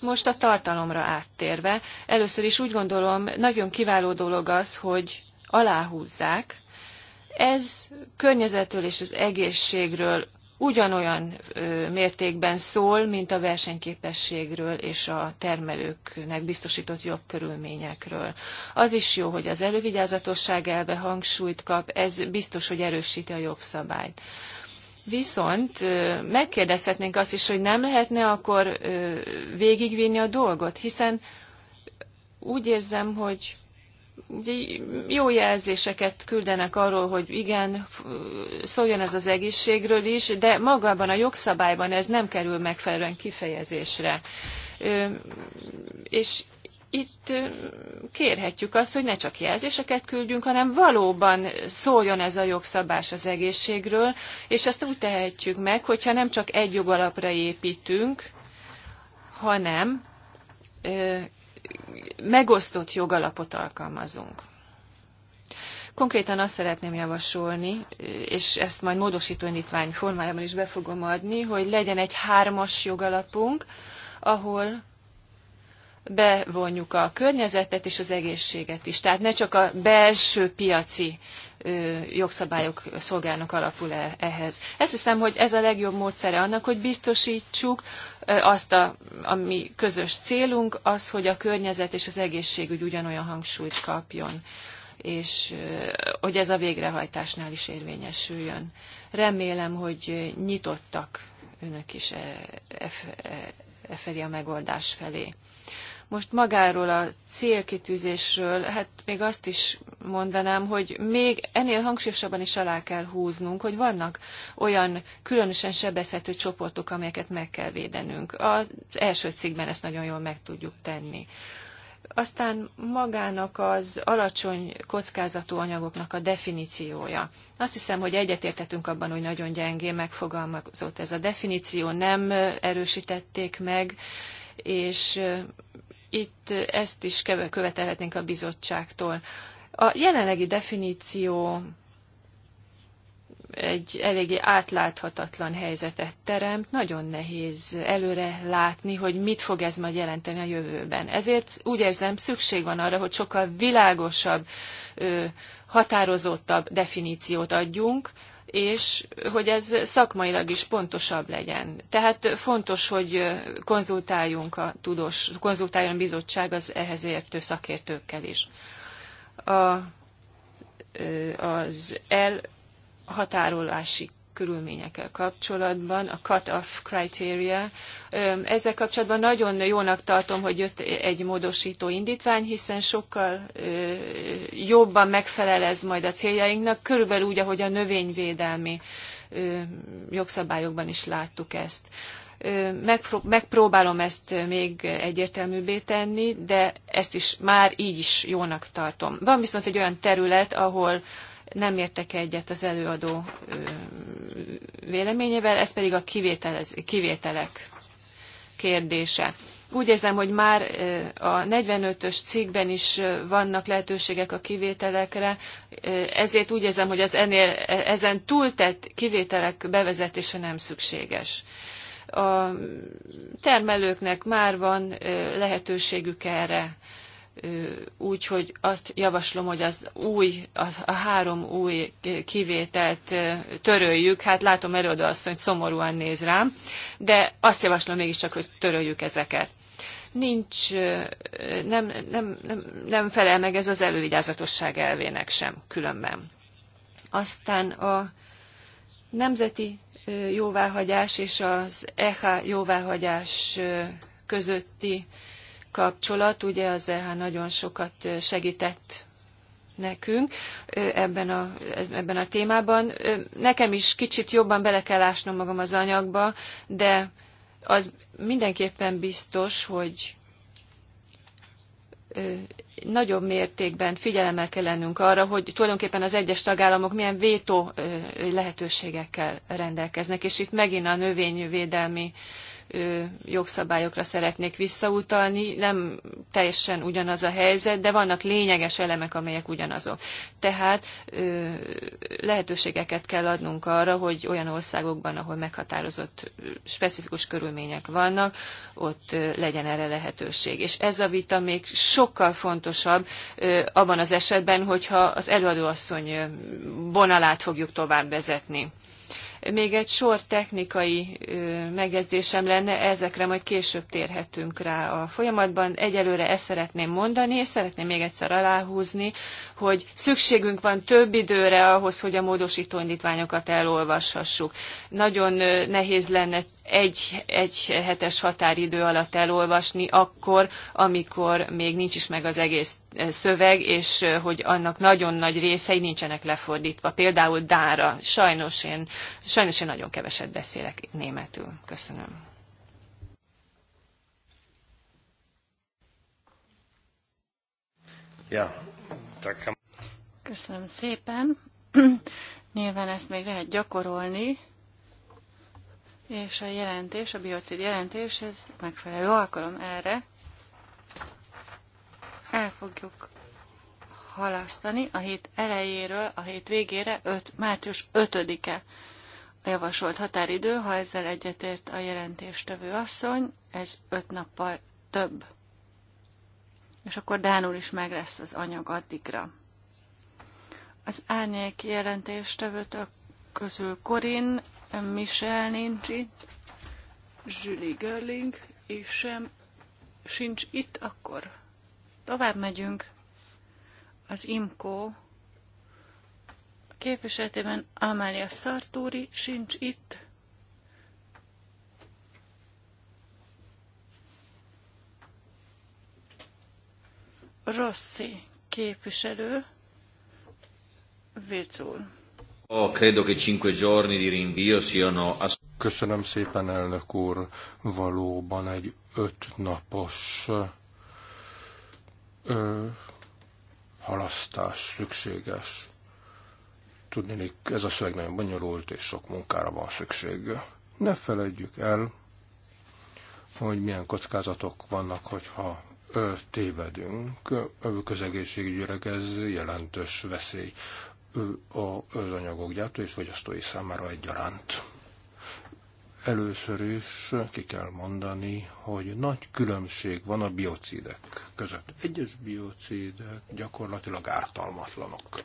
Most a tartalomra áttérve, először is úgy gondolom, nagyon kiváló dolog az, hogy aláhúzzák, ez környezetről és az egészségről ugyanolyan mértékben szól, mint a versenyképességről és a termelőknek biztosított jobb körülményekről. Az is jó, hogy az elővigyázatosság elve hangsúlyt kap, ez biztos, hogy erősíti a jogszabályt. Viszont megkérdezhetnénk azt is, hogy nem lehetne akkor végigvinni a dolgot, hiszen úgy érzem, hogy jó jelzéseket küldenek arról, hogy igen, szóljon ez az egészségről is, de magában a jogszabályban ez nem kerül megfelelően kifejezésre. És itt kérhetjük azt, hogy ne csak jelzéseket küldjünk, hanem valóban szóljon ez a jogszabás az egészségről, és ezt úgy tehetjük meg, hogyha nem csak egy jogalapra építünk, hanem megosztott jogalapot alkalmazunk. Konkrétan azt szeretném javasolni, és ezt majd módosító indítvány formájában is be fogom adni, hogy legyen egy hármas jogalapunk, ahol bevonjuk a környezetet és az egészséget is. Tehát ne csak a belső piaci jogszabályok szolgálnak alapul e-, ehhez. Ezt hiszem, hogy ez a legjobb módszere annak, hogy biztosítsuk azt, a, ami közös célunk, az, hogy a környezet és az egészségügy ugyanolyan hangsúlyt kapjon, és hogy ez a végrehajtásnál is érvényesüljön. Remélem, hogy nyitottak önök is e, e, e, e felé a megoldás felé. Most magáról a célkitűzésről, hát még azt is mondanám, hogy még ennél hangsúlyosabban is alá kell húznunk, hogy vannak olyan különösen sebezhető csoportok, amelyeket meg kell védenünk. Az első cikkben ezt nagyon jól meg tudjuk tenni. Aztán magának az alacsony kockázatú anyagoknak a definíciója. Azt hiszem, hogy egyetértetünk abban, hogy nagyon gyengén megfogalmazott ez a definíció, nem erősítették meg, és itt ezt is követelhetnénk a bizottságtól. A jelenlegi definíció egy eléggé átláthatatlan helyzetet teremt, nagyon nehéz előre látni, hogy mit fog ez majd jelenteni a jövőben. Ezért úgy érzem, szükség van arra, hogy sokkal világosabb, határozottabb definíciót adjunk, és hogy ez szakmailag is pontosabb legyen. Tehát fontos, hogy konzultáljunk a tudós, konzultáljon a bizottság az ehhez értő szakértőkkel is. A, az elhatárolási körülményekkel kapcsolatban, a cut-off criteria. Ezzel kapcsolatban nagyon jónak tartom, hogy jött egy módosító indítvány, hiszen sokkal jobban megfelel ez majd a céljainknak, körülbelül úgy, ahogy a növényvédelmi jogszabályokban is láttuk ezt megpróbálom ezt még egyértelműbbé tenni, de ezt is már így is jónak tartom. Van viszont egy olyan terület, ahol nem értek egyet az előadó véleményével, ez pedig a kivételek kérdése. Úgy érzem, hogy már a 45-ös cikkben is vannak lehetőségek a kivételekre, ezért úgy érzem, hogy az ennél, e, ezen túltett kivételek bevezetése nem szükséges. A termelőknek már van lehetőségük erre úgyhogy azt javaslom, hogy az új, a, a három új kivételt töröljük. Hát látom előadó hogy szomorúan néz rám, de azt javaslom mégiscsak, hogy töröljük ezeket. Nincs, nem, nem, nem, nem felel meg ez az elővigyázatosság elvének sem különben. Aztán a nemzeti jóváhagyás és az EHA jóváhagyás közötti kapcsolat. Ugye az EH nagyon sokat segített nekünk ebben a, ebben a témában. Nekem is kicsit jobban bele kell ásnom magam az anyagba, de az mindenképpen biztos, hogy nagyobb mértékben figyelemmel kell lennünk arra, hogy tulajdonképpen az egyes tagállamok milyen vétó lehetőségekkel rendelkeznek, és itt megint a növényvédelmi jogszabályokra szeretnék visszautalni. Nem teljesen ugyanaz a helyzet, de vannak lényeges elemek, amelyek ugyanazok. Tehát lehetőségeket kell adnunk arra, hogy olyan országokban, ahol meghatározott specifikus körülmények vannak, ott legyen erre lehetőség. És ez a vita még sokkal fontosabb abban az esetben, hogyha az előadóasszony vonalát fogjuk tovább vezetni. Még egy sor technikai megjegyzésem lenne, ezekre majd később térhetünk rá a folyamatban. Egyelőre ezt szeretném mondani, és szeretném még egyszer aláhúzni, hogy szükségünk van több időre ahhoz, hogy a módosító indítványokat elolvashassuk. Nagyon nehéz lenne egy, egy hetes határidő alatt elolvasni, akkor, amikor még nincs is meg az egész eh, szöveg, és eh, hogy annak nagyon nagy részei nincsenek lefordítva. Például Dára. Sajnos én, sajnos én nagyon keveset beszélek németül. Köszönöm. Ja, Köszönöm szépen. *clears throat* Nyilván ezt még lehet gyakorolni, és a jelentés, a biocid jelentés, ez megfelelő alkalom erre. El fogjuk halasztani a hét elejéről a hét végére, 5, március 5-e a javasolt határidő, ha ezzel egyetért a jelentéstevő asszony, ez 5 nappal több. És akkor Dánul is meg lesz az anyag addigra. Az árnyék jelentéstevőtök közül Korin Michel nincs itt, Julie Görling és sem sincs itt, akkor tovább megyünk az IMCO képviseletében Amália Szartúri sincs itt, Rossi képviselő, Vicul. Oh, credo che cinque giorni di rinvio siano... Köszönöm szépen, elnök úr. Valóban egy ötnapos ö, halasztás szükséges. Tudnélik, ez a szöveg nagyon bonyolult, és sok munkára van szükség. Ne felejtjük el, hogy milyen kockázatok vannak, hogyha ö, tévedünk. Közegészségügyileg ez jelentős veszély az anyagok gyártó és fogyasztói számára egyaránt. Először is ki kell mondani, hogy nagy különbség van a biocidek között. Egyes biocidek gyakorlatilag ártalmatlanok.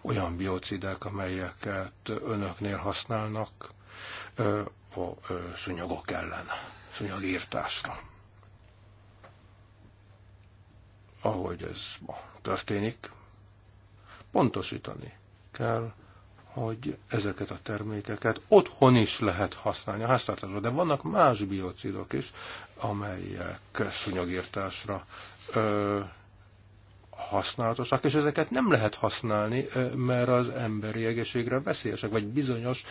Olyan biocidek, amelyeket önöknél használnak a szúnyogok ellen, szúnyogírtásra. Ahogy ez ma történik, Pontosítani kell, hogy ezeket a termékeket otthon is lehet használni a háztartásra, de vannak más biocidok is, amelyek szúnyogírtásra használatosak, és ezeket nem lehet használni, mert az emberi egészségre veszélyesek, vagy bizonyos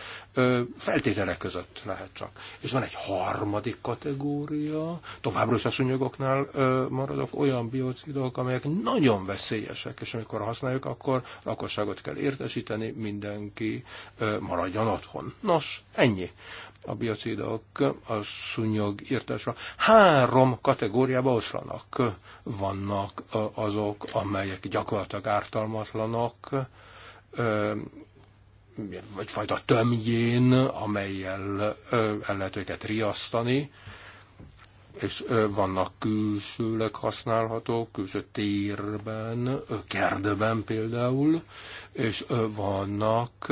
feltételek között lehet csak. És van egy harmadik kategória, továbbra is a szúnyogoknál maradok, olyan biocidok, amelyek nagyon veszélyesek, és amikor használjuk, akkor lakosságot kell értesíteni, mindenki maradjon otthon. Nos, ennyi a biocidok a szúnyog írtásra három kategóriába oszlanak. Vannak azok, amelyek gyakorlatilag ártalmatlanok, vagy fajta tömjén, amelyel el lehet őket riasztani, és vannak külsőleg használhatók, külső térben, kertben például, és vannak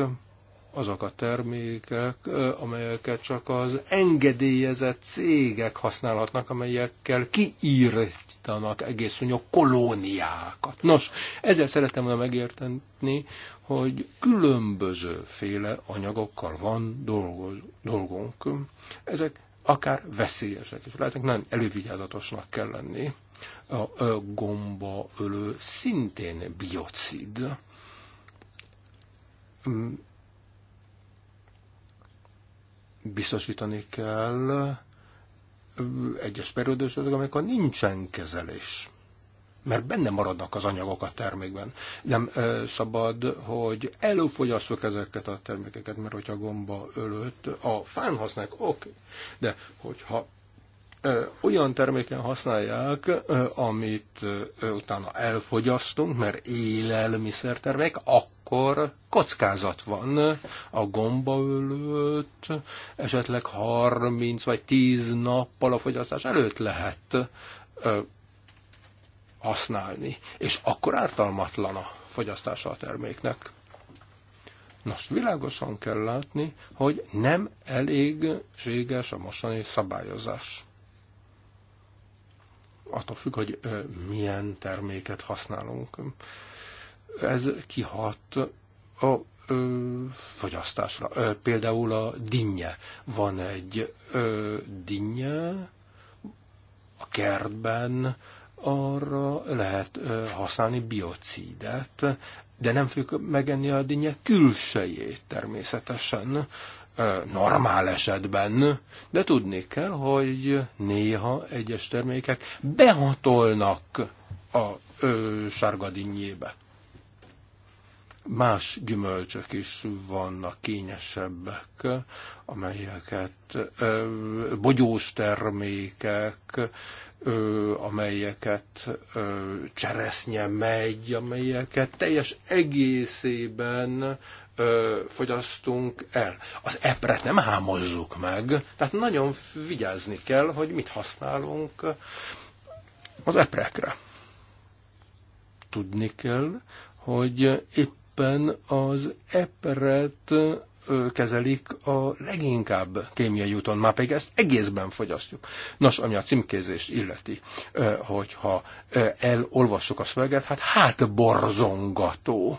azok a termékek, amelyeket csak az engedélyezett cégek használhatnak, amelyekkel kiírtanak egész a kolóniákat. Nos, ezzel szeretem volna megérteni, hogy különbözőféle anyagokkal van dolgoz, dolgunk. Ezek akár veszélyesek, és lehetnek nagyon elővigyázatosnak kell lenni. A gomba ölő szintén biocid mm, biztosítani kell egyes periódusok, amikor nincsen kezelés mert benne maradnak az anyagok a termékben. Nem ö, szabad, hogy előfogyasszuk ezeket a termékeket, mert hogyha gomba ölött, a fán használják, oké, okay. de hogyha ö, olyan terméken használják, ö, amit ö, utána elfogyasztunk, mert élelmiszertermék, akkor akkor kockázat van a gomba előtt, esetleg 30 vagy 10 nappal a fogyasztás előtt lehet ö, használni, és akkor ártalmatlan a fogyasztása a terméknek. Nos, világosan kell látni, hogy nem elégséges a mostani szabályozás. Attól függ, hogy milyen terméket használunk ez kihat a ö, fogyasztásra. Ö, például a dinnye. Van egy ö, dinnye a kertben, arra lehet ö, használni biocidet, de nem fogjuk megenni a dinnye külsejét természetesen normál esetben, de tudni kell, hogy néha egyes termékek behatolnak a ö, sárga dinnyébe más gyümölcsök is vannak kényesebbek, amelyeket bogyós termékek, amelyeket cseresznye megy, amelyeket teljes egészében fogyasztunk el. Az epret nem hámozzuk meg, tehát nagyon vigyázni kell, hogy mit használunk az eprekre. Tudni kell, hogy épp éppen az eperet kezelik a leginkább kémiai úton, már pedig ezt egészben fogyasztjuk. Nos, ami a címkézést illeti, hogyha elolvassuk a szöveget, hát hát borzongató.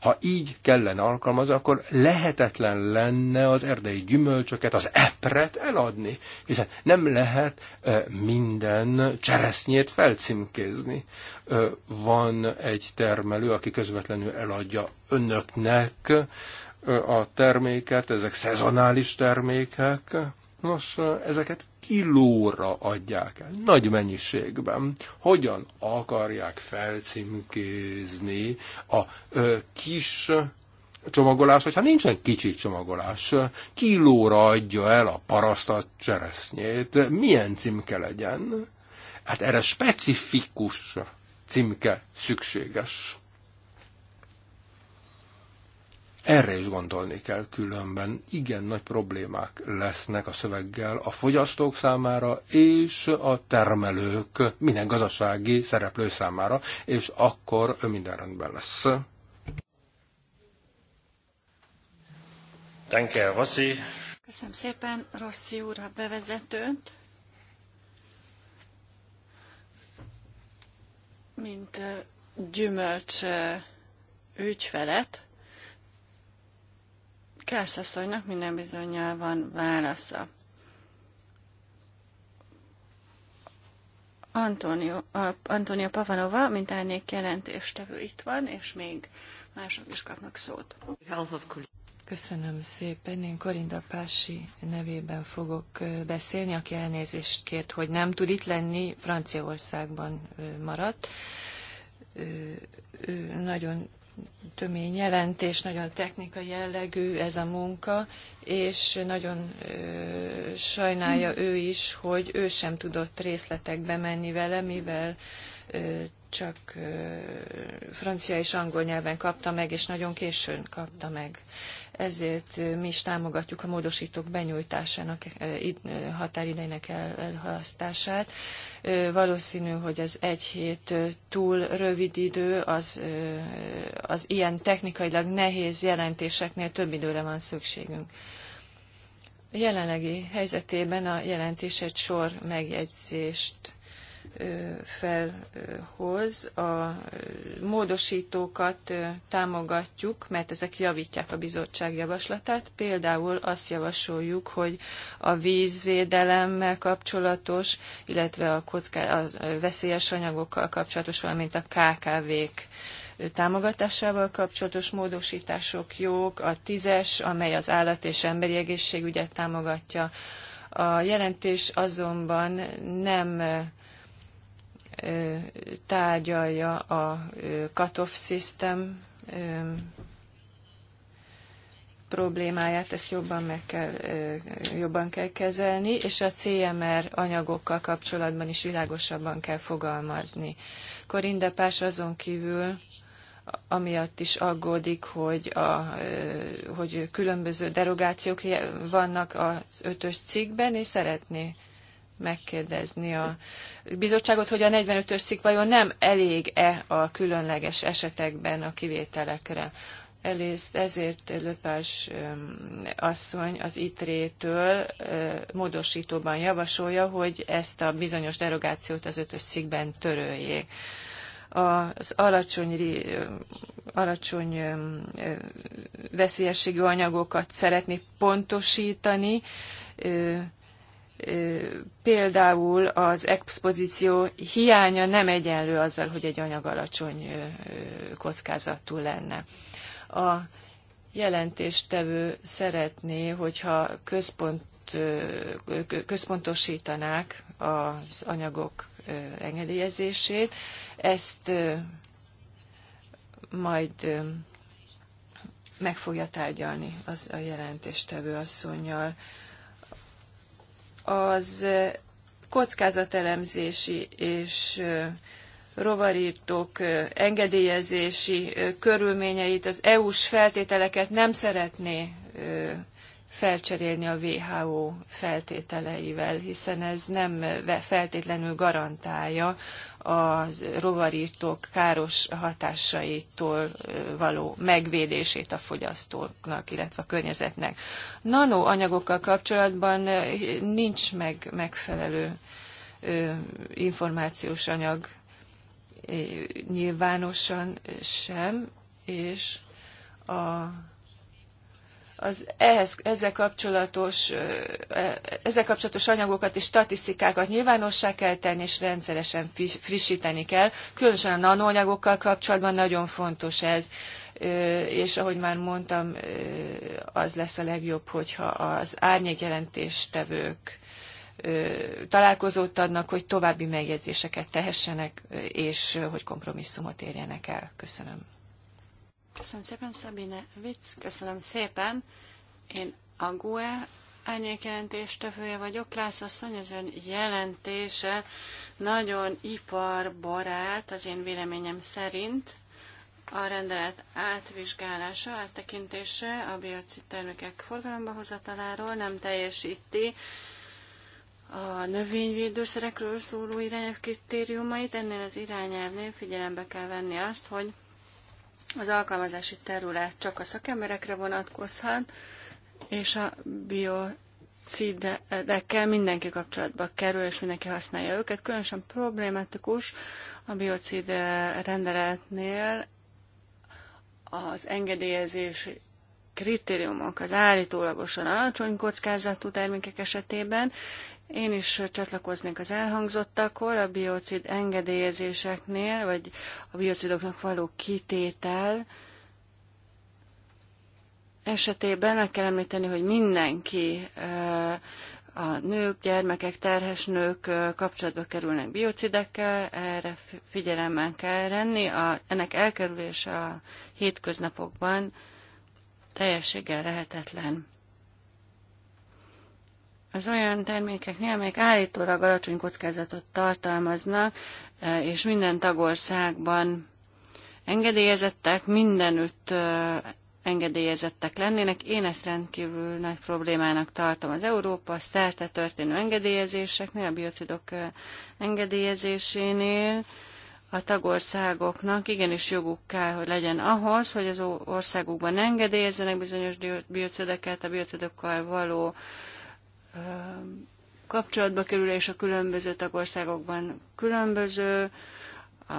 Ha így kellene alkalmazni, akkor lehetetlen lenne az erdei gyümölcsöket, az epret eladni, hiszen nem lehet minden cseresznyét felcímkézni. Van egy termelő, aki közvetlenül eladja önöknek a terméket, ezek szezonális termékek, Nos, ezeket kilóra adják el, nagy mennyiségben. Hogyan akarják felcímkézni a ö, kis csomagolás, hogyha nincsen kicsi csomagolás, kilóra adja el a parasztat cseresznyét, milyen címke legyen? Hát erre specifikus címke szükséges. Erre is gondolni kell, különben igen nagy problémák lesznek a szöveggel a fogyasztók számára és a termelők, minden gazdasági szereplő számára, és akkor minden rendben lesz. Rossi. Köszönöm szépen Rossi úr a bevezetőt. Mint gyümölcs ügyfelet, Kászasszonynak minden bizonyal van válasza. Antonio, Antonia Pavanova, mint elnék jelentéstevő itt van, és még mások is kapnak szót. Köszönöm szépen. Én Korinda Pási nevében fogok beszélni, aki elnézést kért, hogy nem tud itt lenni, Franciaországban maradt. Ő, ő nagyon tömény jelentés, nagyon technikai jellegű ez a munka, és nagyon ö, sajnálja ő is, hogy ő sem tudott részletekbe menni vele, mivel ö, csak ö, francia és angol nyelven kapta meg, és nagyon későn kapta meg ezért mi is támogatjuk a módosítók benyújtásának határidejének elhalasztását. Valószínű, hogy ez egy hét túl rövid idő, az, az ilyen technikailag nehéz jelentéseknél több időre van szükségünk. Jelenlegi helyzetében a jelentés egy sor megjegyzést felhoz. A módosítókat támogatjuk, mert ezek javítják a bizottság javaslatát. Például azt javasoljuk, hogy a vízvédelemmel kapcsolatos, illetve a, kocká, a veszélyes anyagokkal kapcsolatos, valamint a KKV-k támogatásával kapcsolatos módosítások jók, a tízes, amely az állat és emberi egészségügyet támogatja, a jelentés azonban nem tárgyalja a cut-off system problémáját, ezt jobban, meg kell, jobban kell kezelni, és a CMR anyagokkal kapcsolatban is világosabban kell fogalmazni. Pás azon kívül amiatt is aggódik, hogy, a, hogy különböző derogációk vannak az ötös cikkben, és szeretné megkérdezni a bizottságot, hogy a 45-ös szik vajon nem elég-e a különleges esetekben a kivételekre. Elész, ezért Löpás asszony az ITRÉ-től módosítóban javasolja, hogy ezt a bizonyos derogációt az 5-ös szikben töröljék az alacsony, alacsony veszélyességű anyagokat szeretné pontosítani, például az expozíció hiánya nem egyenlő azzal, hogy egy anyag alacsony kockázatú lenne. A jelentéstevő szeretné, hogyha központ, központosítanák az anyagok engedélyezését. Ezt majd meg fogja tárgyalni az a jelentéstevő asszonynal az kockázatelemzési és rovarítók engedélyezési körülményeit, az EU-s feltételeket nem szeretné felcserélni a WHO feltételeivel, hiszen ez nem feltétlenül garantálja a rovarítók káros hatásaitól való megvédését a fogyasztóknak, illetve a környezetnek. Nano anyagokkal kapcsolatban nincs meg megfelelő információs anyag nyilvánosan sem, és a az ehhez, ezzel, kapcsolatos, e, ezzel kapcsolatos anyagokat és statisztikákat nyilvánossá kell tenni, és rendszeresen frissíteni kell. Különösen a nanoanyagokkal kapcsolatban nagyon fontos ez, és ahogy már mondtam, az lesz a legjobb, hogyha az árnyékjelentéstevők találkozót adnak, hogy további megjegyzéseket tehessenek, és hogy kompromisszumot érjenek el. Köszönöm. Köszönöm szépen, Szabine Vicc, köszönöm szépen. Én a GUE árnyékjelentéstevője vagyok. Lász asszony, az ön jelentése nagyon iparbarát az én véleményem szerint. A rendelet átvizsgálása, áttekintése a bioci termékek forgalomba hozataláról nem teljesíti a növényvédőszerekről szóló irányelv kritériumait. Ennél az irányelvnél figyelembe kell venni azt, hogy az alkalmazási terület csak a szakemberekre vonatkozhat, és a biocidekkel mindenki kapcsolatba kerül, és mindenki használja őket. Különösen problématikus a biocid rendeletnél az engedélyezési kritériumok az állítólagosan alacsony kockázatú termékek esetében, én is csatlakoznék az elhangzottakhoz, a biocid engedélyezéseknél, vagy a biocidoknak való kitétel esetében meg kell említeni, hogy mindenki eh, a nők, gyermekek, terhes nők eh, kapcsolatba kerülnek biocidekkel, erre figyelemmel kell lenni. A, ennek elkerülése a hétköznapokban teljességgel lehetetlen az olyan termékeknél, amelyek állítólag alacsony kockázatot tartalmaznak, e, és minden tagországban engedélyezettek, mindenütt e, engedélyezettek lennének. Én ezt rendkívül nagy problémának tartom az Európa szerte történő engedélyezéseknél, a biocidok e, engedélyezésénél. A tagországoknak igenis joguk kell, hogy legyen ahhoz, hogy az országukban engedélyezzenek bizonyos biocideket, a biocidokkal való uh, kapcsolatba kerül, és a különböző tagországokban különböző, a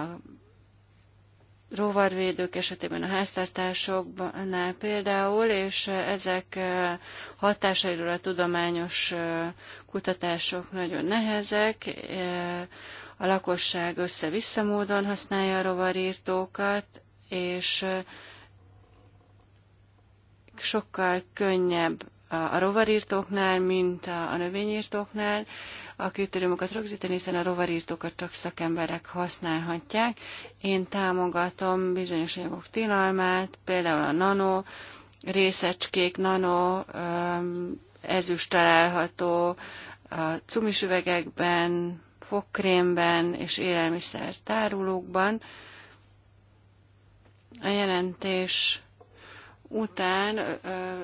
rovarvédők esetében a háztartásoknál például, és ezek hatásairól a tudományos kutatások nagyon nehezek, a lakosság össze-vissza módon használja a rovarírtókat, és sokkal könnyebb a rovarírtóknál, mint a, növényírtóknál a kritériumokat rögzíteni, hiszen a rovarírtókat csak szakemberek használhatják. Én támogatom bizonyos anyagok tilalmát, például a nano, részecskék, nano, ezüst található a cumisüvegekben, fogkrémben és élelmiszer tárulókban. A jelentés után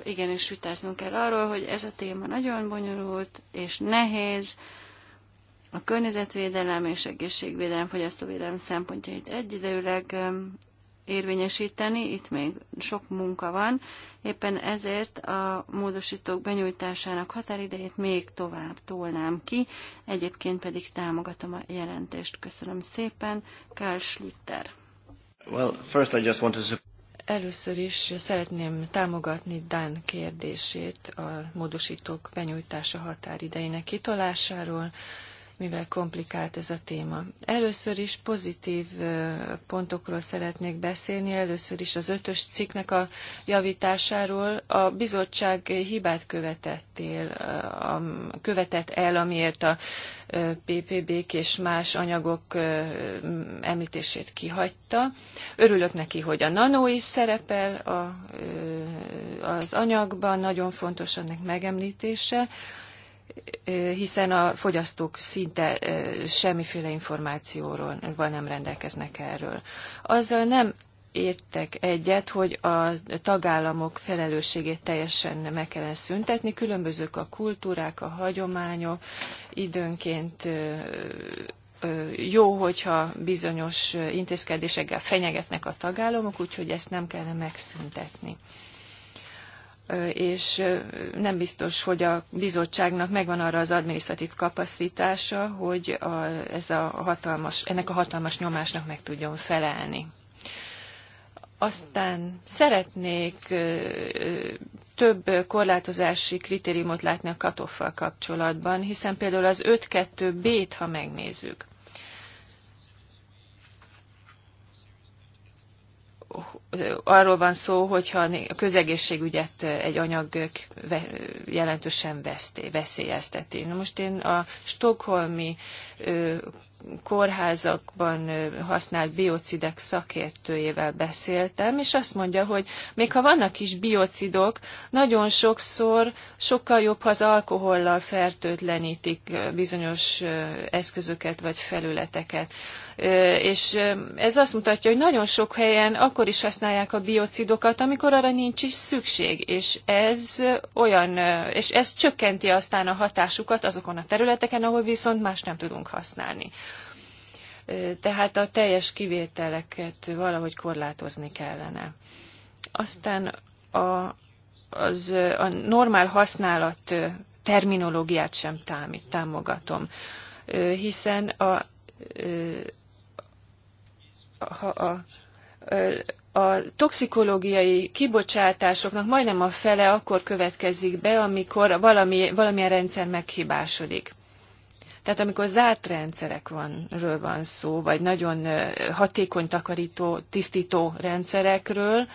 igenis vitáznunk kell arról, hogy ez a téma nagyon bonyolult és nehéz, a környezetvédelem és egészségvédelem, fogyasztóvédelem szempontjait egyidejűleg érvényesíteni, itt még sok munka van, éppen ezért a módosítók benyújtásának határidejét még tovább tolnám ki, egyébként pedig támogatom a jelentést. Köszönöm szépen, Karl Schlitter. Well, first I just want to... Először is szeretném támogatni Dan kérdését a módosítók benyújtása határidejének kitolásáról mivel komplikált ez a téma. Először is pozitív pontokról szeretnék beszélni, először is az ötös cikknek a javításáról. A bizottság hibát követettél, követett el, amiért a PPB-k és más anyagok említését kihagyta. Örülök neki, hogy a nano is szerepel a, az anyagban, nagyon fontos ennek megemlítése hiszen a fogyasztók szinte semmiféle információról nem rendelkeznek erről. Azzal nem értek egyet, hogy a tagállamok felelősségét teljesen meg kellene szüntetni. Különbözők a kultúrák, a hagyományok, időnként jó, hogyha bizonyos intézkedésekkel fenyegetnek a tagállamok, úgyhogy ezt nem kellene megszüntetni és nem biztos, hogy a bizottságnak megvan arra az administratív kapacitása, hogy a, ez a hatalmas, ennek a hatalmas nyomásnak meg tudjon felelni. Aztán szeretnék több korlátozási kritériumot látni a katoffal kapcsolatban, hiszen például az 5-2B-t, ha megnézzük, arról van szó, hogyha a közegészségügyet egy anyag jelentősen veszté, veszélyezteti. Na most én a stokholmi kórházakban használt biocidek szakértőjével beszéltem, és azt mondja, hogy még ha vannak is biocidok, nagyon sokszor sokkal jobb, ha az alkohollal fertőtlenítik bizonyos eszközöket vagy felületeket és ez azt mutatja, hogy nagyon sok helyen akkor is használják a biocidokat, amikor arra nincs is szükség, és ez olyan, és ez csökkenti aztán a hatásukat azokon a területeken, ahol viszont más nem tudunk használni. Tehát a teljes kivételeket valahogy korlátozni kellene. Aztán a, az, a normál használat terminológiát sem támogatom, hiszen a ha a, a toxikológiai kibocsátásoknak majdnem a fele akkor következik be, amikor valami, valamilyen rendszer meghibásodik. Tehát amikor zárt rendszerek vanről van szó, vagy nagyon hatékony takarító, tisztító rendszerekről,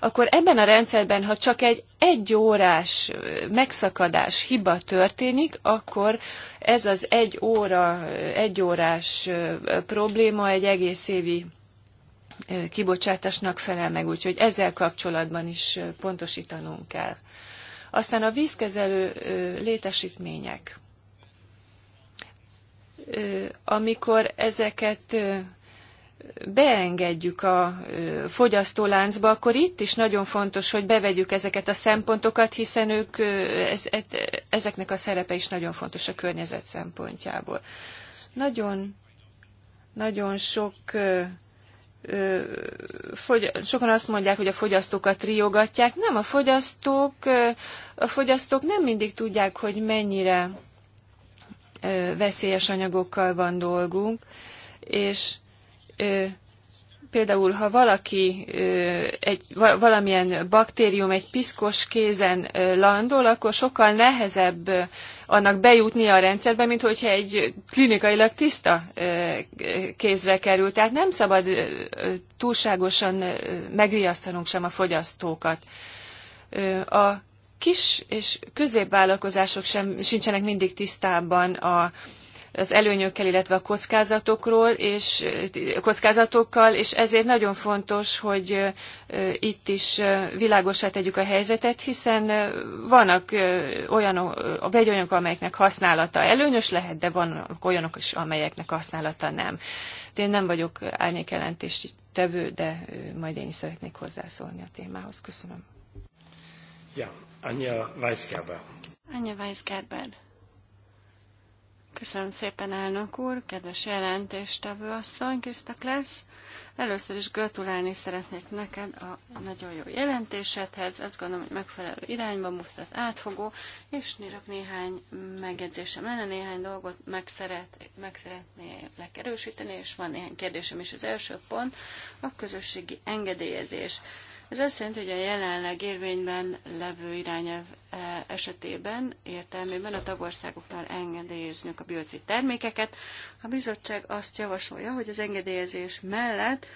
akkor ebben a rendszerben, ha csak egy egy órás megszakadás, hiba történik, akkor ez az egy óra, egy órás probléma egy egész évi kibocsátásnak felel meg, úgyhogy ezzel kapcsolatban is pontosítanunk kell. Aztán a vízkezelő létesítmények. Amikor ezeket beengedjük a fogyasztóláncba, akkor itt is nagyon fontos, hogy bevegyük ezeket a szempontokat, hiszen ők, ezeknek a szerepe is nagyon fontos a környezet szempontjából. Nagyon, nagyon sok sokan azt mondják, hogy a fogyasztókat riogatják. Nem, a fogyasztók, a fogyasztók nem mindig tudják, hogy mennyire veszélyes anyagokkal van dolgunk, és például, ha valaki egy, valamilyen baktérium egy piszkos kézen landol, akkor sokkal nehezebb annak bejutnia a rendszerbe, mint hogyha egy klinikailag tiszta kézre kerül. Tehát nem szabad túlságosan megriasztanunk sem a fogyasztókat. A kis és középvállalkozások sem, sincsenek mindig tisztában a az előnyökkel, illetve a kockázatokról és kockázatokkal, és ezért nagyon fontos, hogy itt is világosá tegyük a helyzetet, hiszen vannak olyan vegyanyagok, amelyeknek használata előnyös lehet, de vannak olyanok is, amelyeknek használata nem. Én nem vagyok árnyékjelentés tevő, de majd én is szeretnék hozzászólni a témához. Köszönöm. Ja, Anya Weisgerber. Anya Weisgerber. Köszönöm szépen, elnök úr, kedves jelentéstevő asszony, Krista Klesz. Először is gratulálni szeretnék neked a nagyon jó jelentésedhez. Azt gondolom, hogy megfelelő irányba mutat átfogó, és nírok néhány megjegyzésem lenne, néhány dolgot meg, szeret, meg szeretnélek erősíteni, és van néhány kérdésem is. Az első pont a közösségi engedélyezés. Ez azt jelenti, hogy a jelenleg érvényben levő irányelv e, esetében értelmében a tagországoknál engedélyezniük a biocid termékeket. A bizottság azt javasolja, hogy az engedélyezés mellett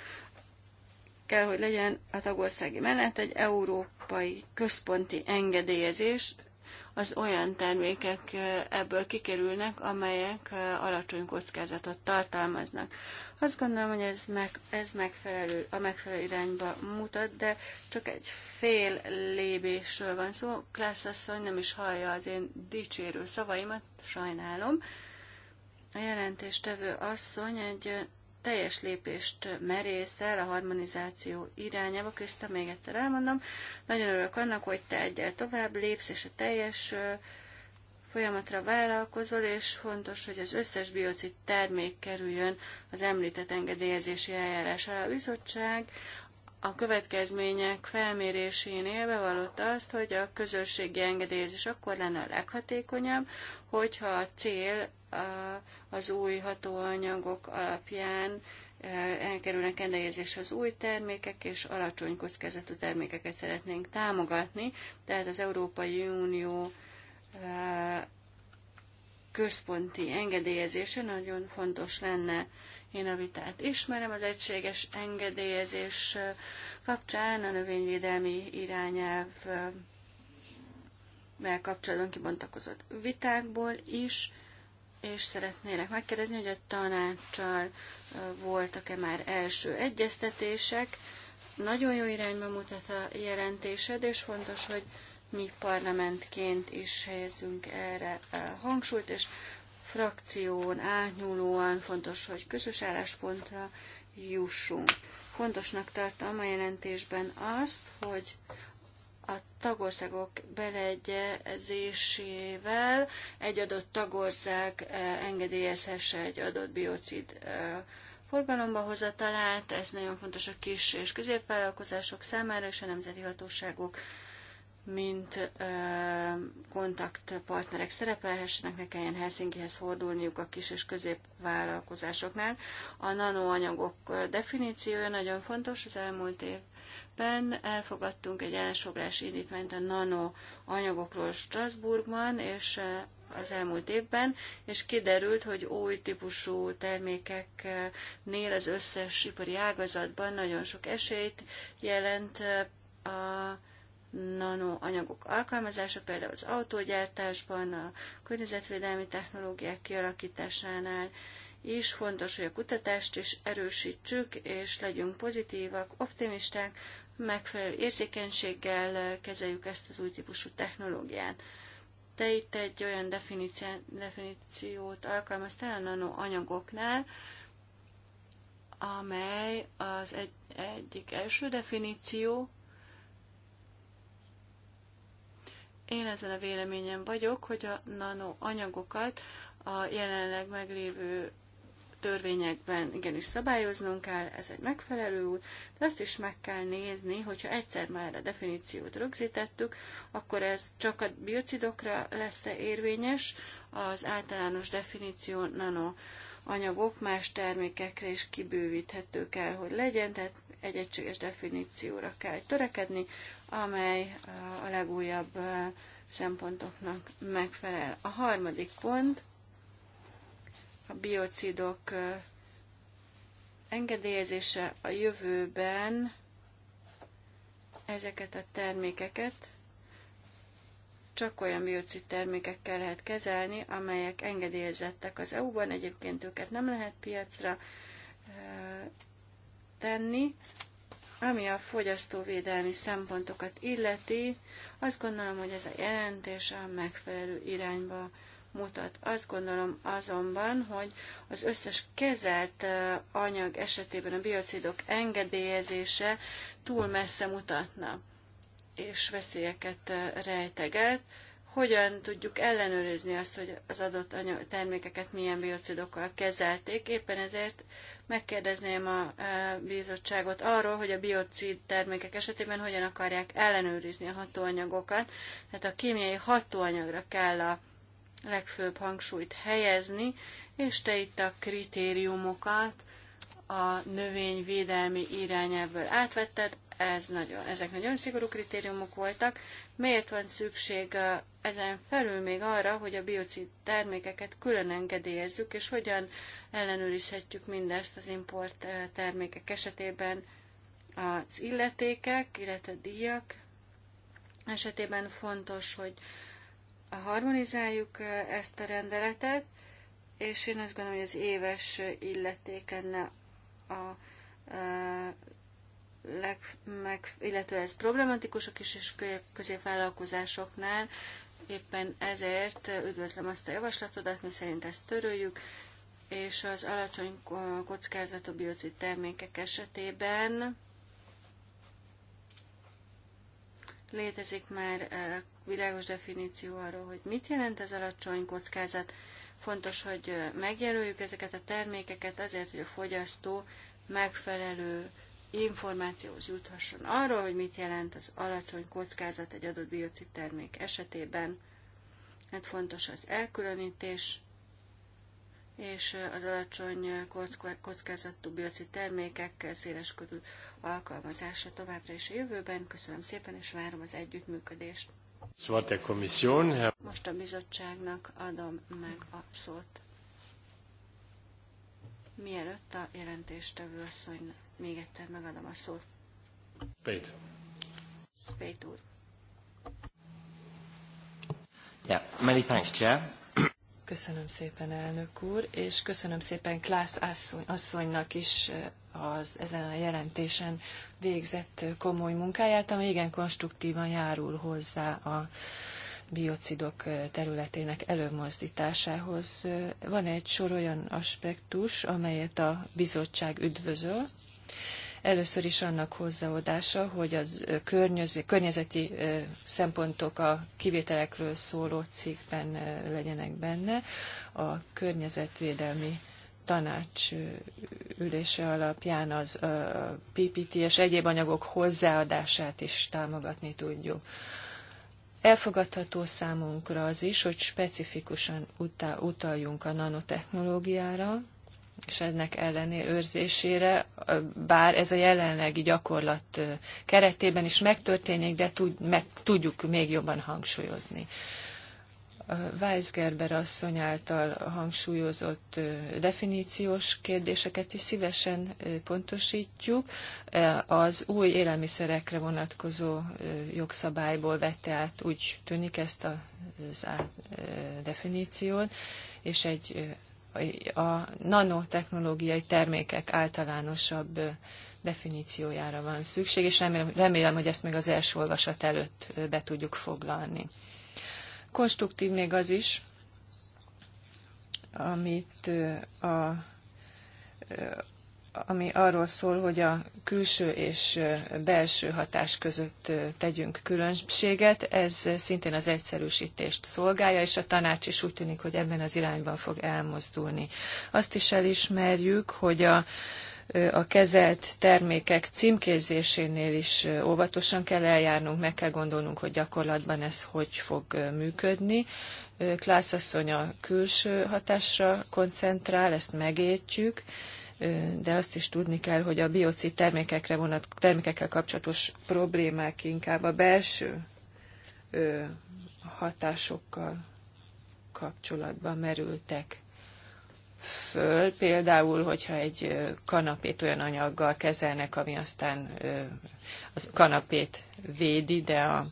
kell, hogy legyen a tagországi mellett egy európai központi engedélyezés az olyan termékek ebből kikerülnek, amelyek alacsony kockázatot tartalmaznak. Azt gondolom, hogy ez, meg, ez megfelelő, a megfelelő irányba mutat, de csak egy fél lépésről van szó. Klász asszony nem is hallja az én dicsérő szavaimat, sajnálom. A jelentéstevő asszony egy teljes lépést merészel a harmonizáció irányába. Kriszta, még egyszer elmondom, nagyon örülök annak, hogy te egyel tovább lépsz, és a teljes folyamatra vállalkozol, és fontos, hogy az összes biocid termék kerüljön az említett engedélyezési eljárás alá. A bizottság a következmények felmérésénél bevallott azt, hogy a közösségi engedélyezés akkor lenne a leghatékonyabb, hogyha a cél az új hatóanyagok alapján e, elkerülnek engedélyezés az új termékek, és alacsony kockázatú termékeket szeretnénk támogatni. Tehát az Európai Unió e, központi engedélyezése nagyon fontos lenne. Én a vitát ismerem az egységes engedélyezés e, kapcsán, a növényvédelmi irányelv kapcsolatban kibontakozott vitákból is, és szeretnélek megkérdezni, hogy a tanácssal voltak-e már első egyeztetések. Nagyon jó irányba mutat a jelentésed, és fontos, hogy mi parlamentként is helyezünk erre hangsúlyt, és frakción átnyúlóan fontos, hogy közös álláspontra jussunk. Fontosnak tartom a jelentésben azt, hogy a tagországok beleegyezésével egy adott tagország eh, engedélyezhesse egy adott biocid eh, forgalomba hozatalát. Ez nagyon fontos a kis és középvállalkozások számára és a nemzeti hatóságok mint eh, kontaktpartnerek szerepelhessenek, ne kelljen Helsinkihez fordulniuk a kis és középvállalkozásoknál. A nanoanyagok definíciója nagyon fontos, az elmúlt év ben elfogadtunk egy elsoglás indítványt a nano anyagokról Strasbourgban, és eh, az elmúlt évben, és kiderült, hogy új típusú termékeknél az összes ipari ágazatban nagyon sok esélyt jelent eh, a nanoanyagok alkalmazása, például az autógyártásban, a környezetvédelmi technológiák kialakításánál, is fontos, hogy a kutatást is erősítsük, és legyünk pozitívak, optimisták, megfelelő érzékenységgel kezeljük ezt az új típusú technológiát. Te itt egy olyan definíciót alkalmaztál a nanoanyagoknál, amely az egy, egyik első definíció. Én ezen a véleményen vagyok, hogy a nanoanyagokat a jelenleg meglévő törvényekben igenis szabályoznunk kell, ez egy megfelelő út, de azt is meg kell nézni, hogyha egyszer már a definíciót rögzítettük, akkor ez csak a biocidokra lesz -e érvényes, az általános definíció nano anyagok más termékekre is kibővíthető kell, hogy legyen, tehát egy egységes definícióra kell törekedni, amely a legújabb szempontoknak megfelel. A harmadik pont a biocidok engedélyezése a jövőben ezeket a termékeket csak olyan biocid termékekkel lehet kezelni, amelyek engedélyezettek az EU-ban, egyébként őket nem lehet piacra tenni. Ami a fogyasztóvédelmi szempontokat illeti, azt gondolom, hogy ez a jelentés a megfelelő irányba mutat. Azt gondolom azonban, hogy az összes kezelt anyag esetében a biocidok engedélyezése túl messze mutatna, és veszélyeket rejteget. Hogyan tudjuk ellenőrizni azt, hogy az adott anyag, termékeket milyen biocidokkal kezelték? Éppen ezért megkérdezném a bizottságot arról, hogy a biocid termékek esetében hogyan akarják ellenőrizni a hatóanyagokat. Tehát a kémiai hatóanyagra kell a legfőbb hangsúlyt helyezni, és te itt a kritériumokat a növényvédelmi irányából átvetted, ez nagyon, ezek nagyon szigorú kritériumok voltak. Miért van szükség ezen felül még arra, hogy a biocid termékeket külön engedélyezzük, és hogyan ellenőrizhetjük mindezt az import termékek esetében az illetékek, illetve díjak esetében fontos, hogy harmonizáljuk ezt a rendeletet, és én azt gondolom, hogy az éves illeték lenne a legmeg, illetve ez problematikus a kis és középvállalkozásoknál, éppen ezért üdvözlöm azt a javaslatodat, mi szerint ezt töröljük, és az alacsony kockázatú biocid termékek esetében létezik már világos definíció arról, hogy mit jelent ez alacsony kockázat. Fontos, hogy megjelöljük ezeket a termékeket azért, hogy a fogyasztó megfelelő információhoz juthasson arról, hogy mit jelent az alacsony kockázat egy adott biocid termék esetében. Hát fontos az elkülönítés, és az alacsony kockázatú bioci termékek széles körül alkalmazása továbbra is a jövőben. Köszönöm szépen, és várom az együttműködést. Most a bizottságnak adom meg a szót. Mielőtt a jelentéstevő asszony még egyszer megadom a szót. Spét. Spét úr. Yeah, many thanks, Chair. Köszönöm szépen, elnök úr, és köszönöm szépen Klász asszony, asszonynak is eh, az ezen a jelentésen végzett komoly munkáját, ami igen konstruktívan járul hozzá a biocidok területének előmozdításához. Van egy sor olyan aspektus, amelyet a bizottság üdvözöl. Először is annak hozzáadása, hogy az környezeti szempontok a kivételekről szóló cikkben legyenek benne, a környezetvédelmi tanács ülése alapján az PPT és egyéb anyagok hozzáadását is támogatni tudjuk. Elfogadható számunkra az is, hogy specifikusan utaljunk a nanotechnológiára, és ennek ellenőrzésére, bár ez a jelenlegi gyakorlat keretében is megtörténik, de tud, meg tudjuk még jobban hangsúlyozni a Weisgerber asszony által hangsúlyozott definíciós kérdéseket is szívesen pontosítjuk. E, az új élelmiszerekre vonatkozó jogszabályból vette át, úgy tűnik ezt a definíciót, és egy a nanotechnológiai termékek általánosabb definíciójára van szükség, és remélem, remélem, hogy ezt még az első olvasat előtt be tudjuk foglalni. Konstruktív még az is, amit a ami arról szól, hogy a külső és belső hatás között tegyünk különbséget. Ez szintén az egyszerűsítést szolgálja, és a tanács is úgy tűnik, hogy ebben az irányban fog elmozdulni. Azt is elismerjük, hogy a a kezelt termékek címkézésénél is óvatosan kell eljárnunk, meg kell gondolnunk, hogy gyakorlatban ez hogy fog működni. Klász asszony a külső hatásra koncentrál, ezt megértjük, de azt is tudni kell, hogy a biocid termékekre vonat, termékekkel kapcsolatos problémák inkább a belső hatásokkal kapcsolatban merültek föl, például, hogyha egy kanapét olyan anyaggal kezelnek, ami aztán a kanapét védi, de a,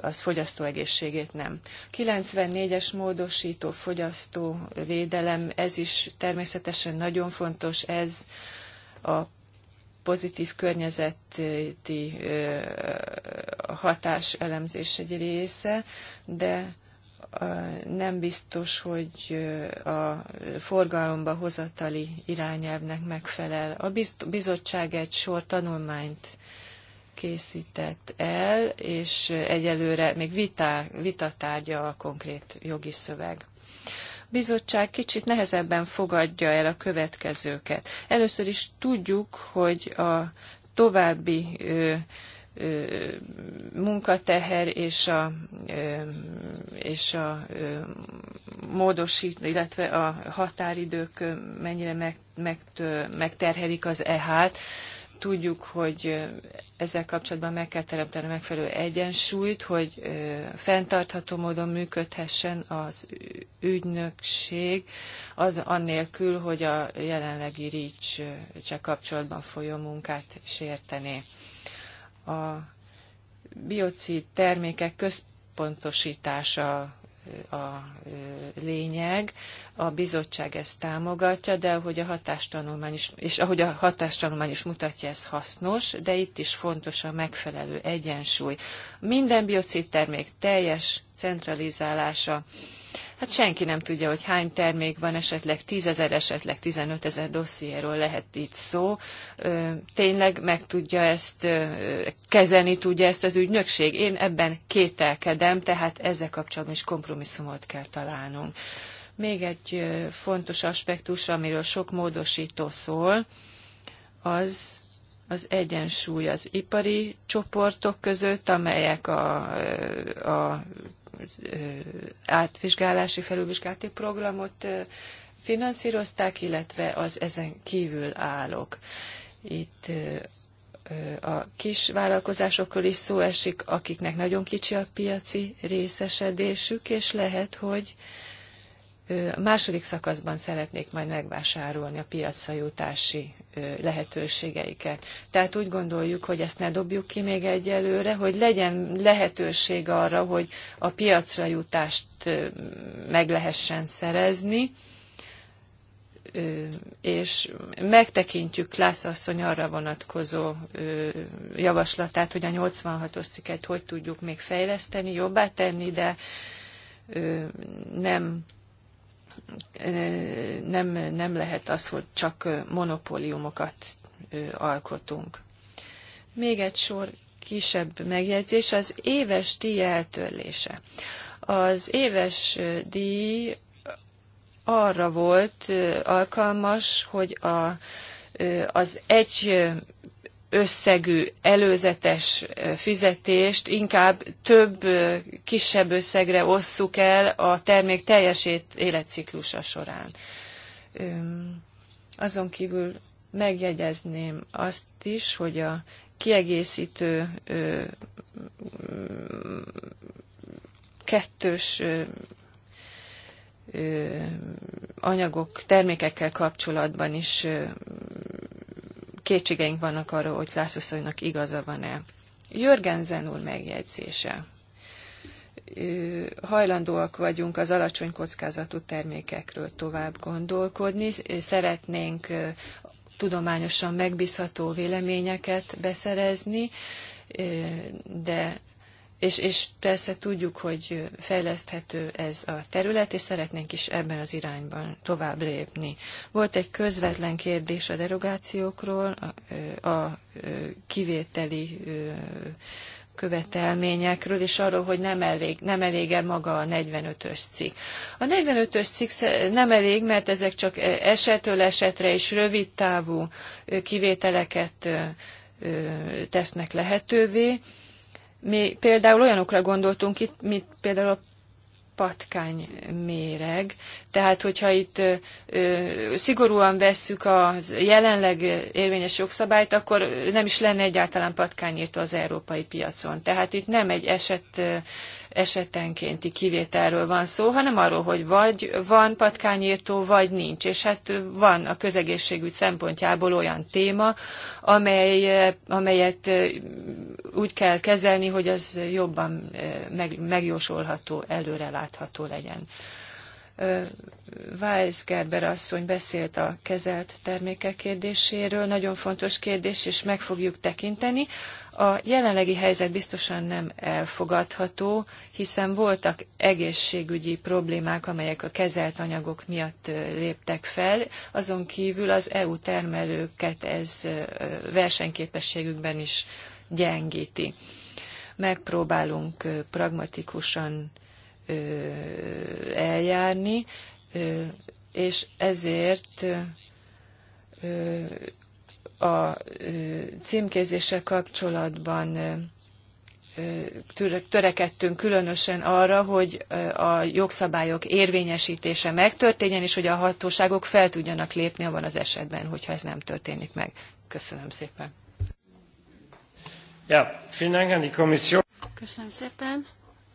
az fogyasztó egészségét nem. 94-es módosító fogyasztó védelem, ez is természetesen nagyon fontos, ez a pozitív környezeti hatás elemzés egy része, de nem biztos, hogy a forgalomba hozatali irányelvnek megfelel. A bizottság egy sor tanulmányt készített el, és egyelőre még vita, vitatárgya a konkrét jogi szöveg. A bizottság kicsit nehezebben fogadja el a következőket. Először is tudjuk, hogy a további munkateher és a, és a módosít, illetve a határidők mennyire meg, meg, megterhelik az EH-t. Tudjuk, hogy ezzel kapcsolatban meg kell teremteni megfelelő egyensúlyt, hogy fenntartható módon működhessen az ügynökség, az annélkül, hogy a jelenlegi rics kapcsolatban folyó munkát sértené. A biocid termékek központosítása a e, lényeg. A bizottság ezt támogatja, de ahogy a hatástanulmány is, és ahogy a hatástanulmány is mutatja, ez hasznos, de itt is fontos a megfelelő egyensúly. Minden biocid termék teljes centralizálása hát senki nem tudja, hogy hány termék van, esetleg tízezer, esetleg tizenötezer dossziéről lehet itt szó. Tényleg meg tudja ezt kezelni, tudja ezt az ügynökség? Én ebben kételkedem, tehát ezzel kapcsolatban is kompromisszumot kell találnunk. Még egy fontos aspektus, amiről sok módosító szól, az az egyensúly az ipari csoportok között, amelyek a, a átvizsgálási, felülvizsgálati programot finanszírozták, illetve az ezen kívül állok. Itt a kis vállalkozásokról is szó esik, akiknek nagyon kicsi a piaci részesedésük, és lehet, hogy a második szakaszban szeretnék majd megvásárolni a piacra jutási lehetőségeiket. Tehát úgy gondoljuk, hogy ezt ne dobjuk ki még egyelőre, hogy legyen lehetőség arra, hogy a piacra jutást meg lehessen szerezni, és megtekintjük Klász asszony arra vonatkozó javaslatát, hogy a 86-os cikket hogy tudjuk még fejleszteni, jobbá tenni, de nem nem, nem lehet az, hogy csak monopóliumokat alkotunk. Még egy sor kisebb megjegyzés, az éves díj eltörlése. Az éves díj arra volt alkalmas, hogy a, az egy összegű előzetes fizetést inkább több kisebb összegre osszuk el a termék teljes életciklusa során. Azon kívül megjegyezném azt is, hogy a kiegészítő kettős anyagok, termékekkel kapcsolatban is kétségeink vannak arról, hogy Lászlószonynak igaza van-e. Jörgenzen úr megjegyzése. Hajlandóak vagyunk az alacsony kockázatú termékekről tovább gondolkodni, szeretnénk tudományosan megbízható véleményeket beszerezni, de és, és persze tudjuk, hogy fejleszthető ez a terület, és szeretnénk is ebben az irányban tovább lépni. Volt egy közvetlen kérdés a derogációkról, a, a kivételi követelményekről, és arról, hogy nem elég, nem elég el maga a 45-ös cikk. A 45-ös cikk nem elég, mert ezek csak esetől esetre és rövid távú kivételeket tesznek lehetővé, mi például olyanokra gondoltunk itt, mint például a patkány méreg. Tehát, hogyha itt ö, ö, szigorúan vesszük a jelenleg érvényes jogszabályt, akkor nem is lenne egyáltalán patkányírtó az európai piacon. Tehát itt nem egy eset esetenkénti kivételről van szó, hanem arról, hogy vagy van patkányírtó, vagy nincs. És hát van a közegészségügy szempontjából olyan téma, amely, amelyet úgy kell kezelni, hogy az jobban megjósolható, előrelátható legyen. Weiss Gerber asszony beszélt a kezelt termékek kérdéséről, nagyon fontos kérdés, és meg fogjuk tekinteni. A jelenlegi helyzet biztosan nem elfogadható, hiszen voltak egészségügyi problémák, amelyek a kezelt anyagok miatt léptek fel. Azon kívül az EU termelőket ez versenyképességükben is gyengíti. Megpróbálunk pragmatikusan eljárni, és ezért a címkézéssel kapcsolatban törekedtünk különösen arra, hogy a jogszabályok érvényesítése megtörténjen, és hogy a hatóságok fel tudjanak lépni abban az esetben, hogyha ez nem történik meg. Köszönöm szépen. Ja, Köszönöm szépen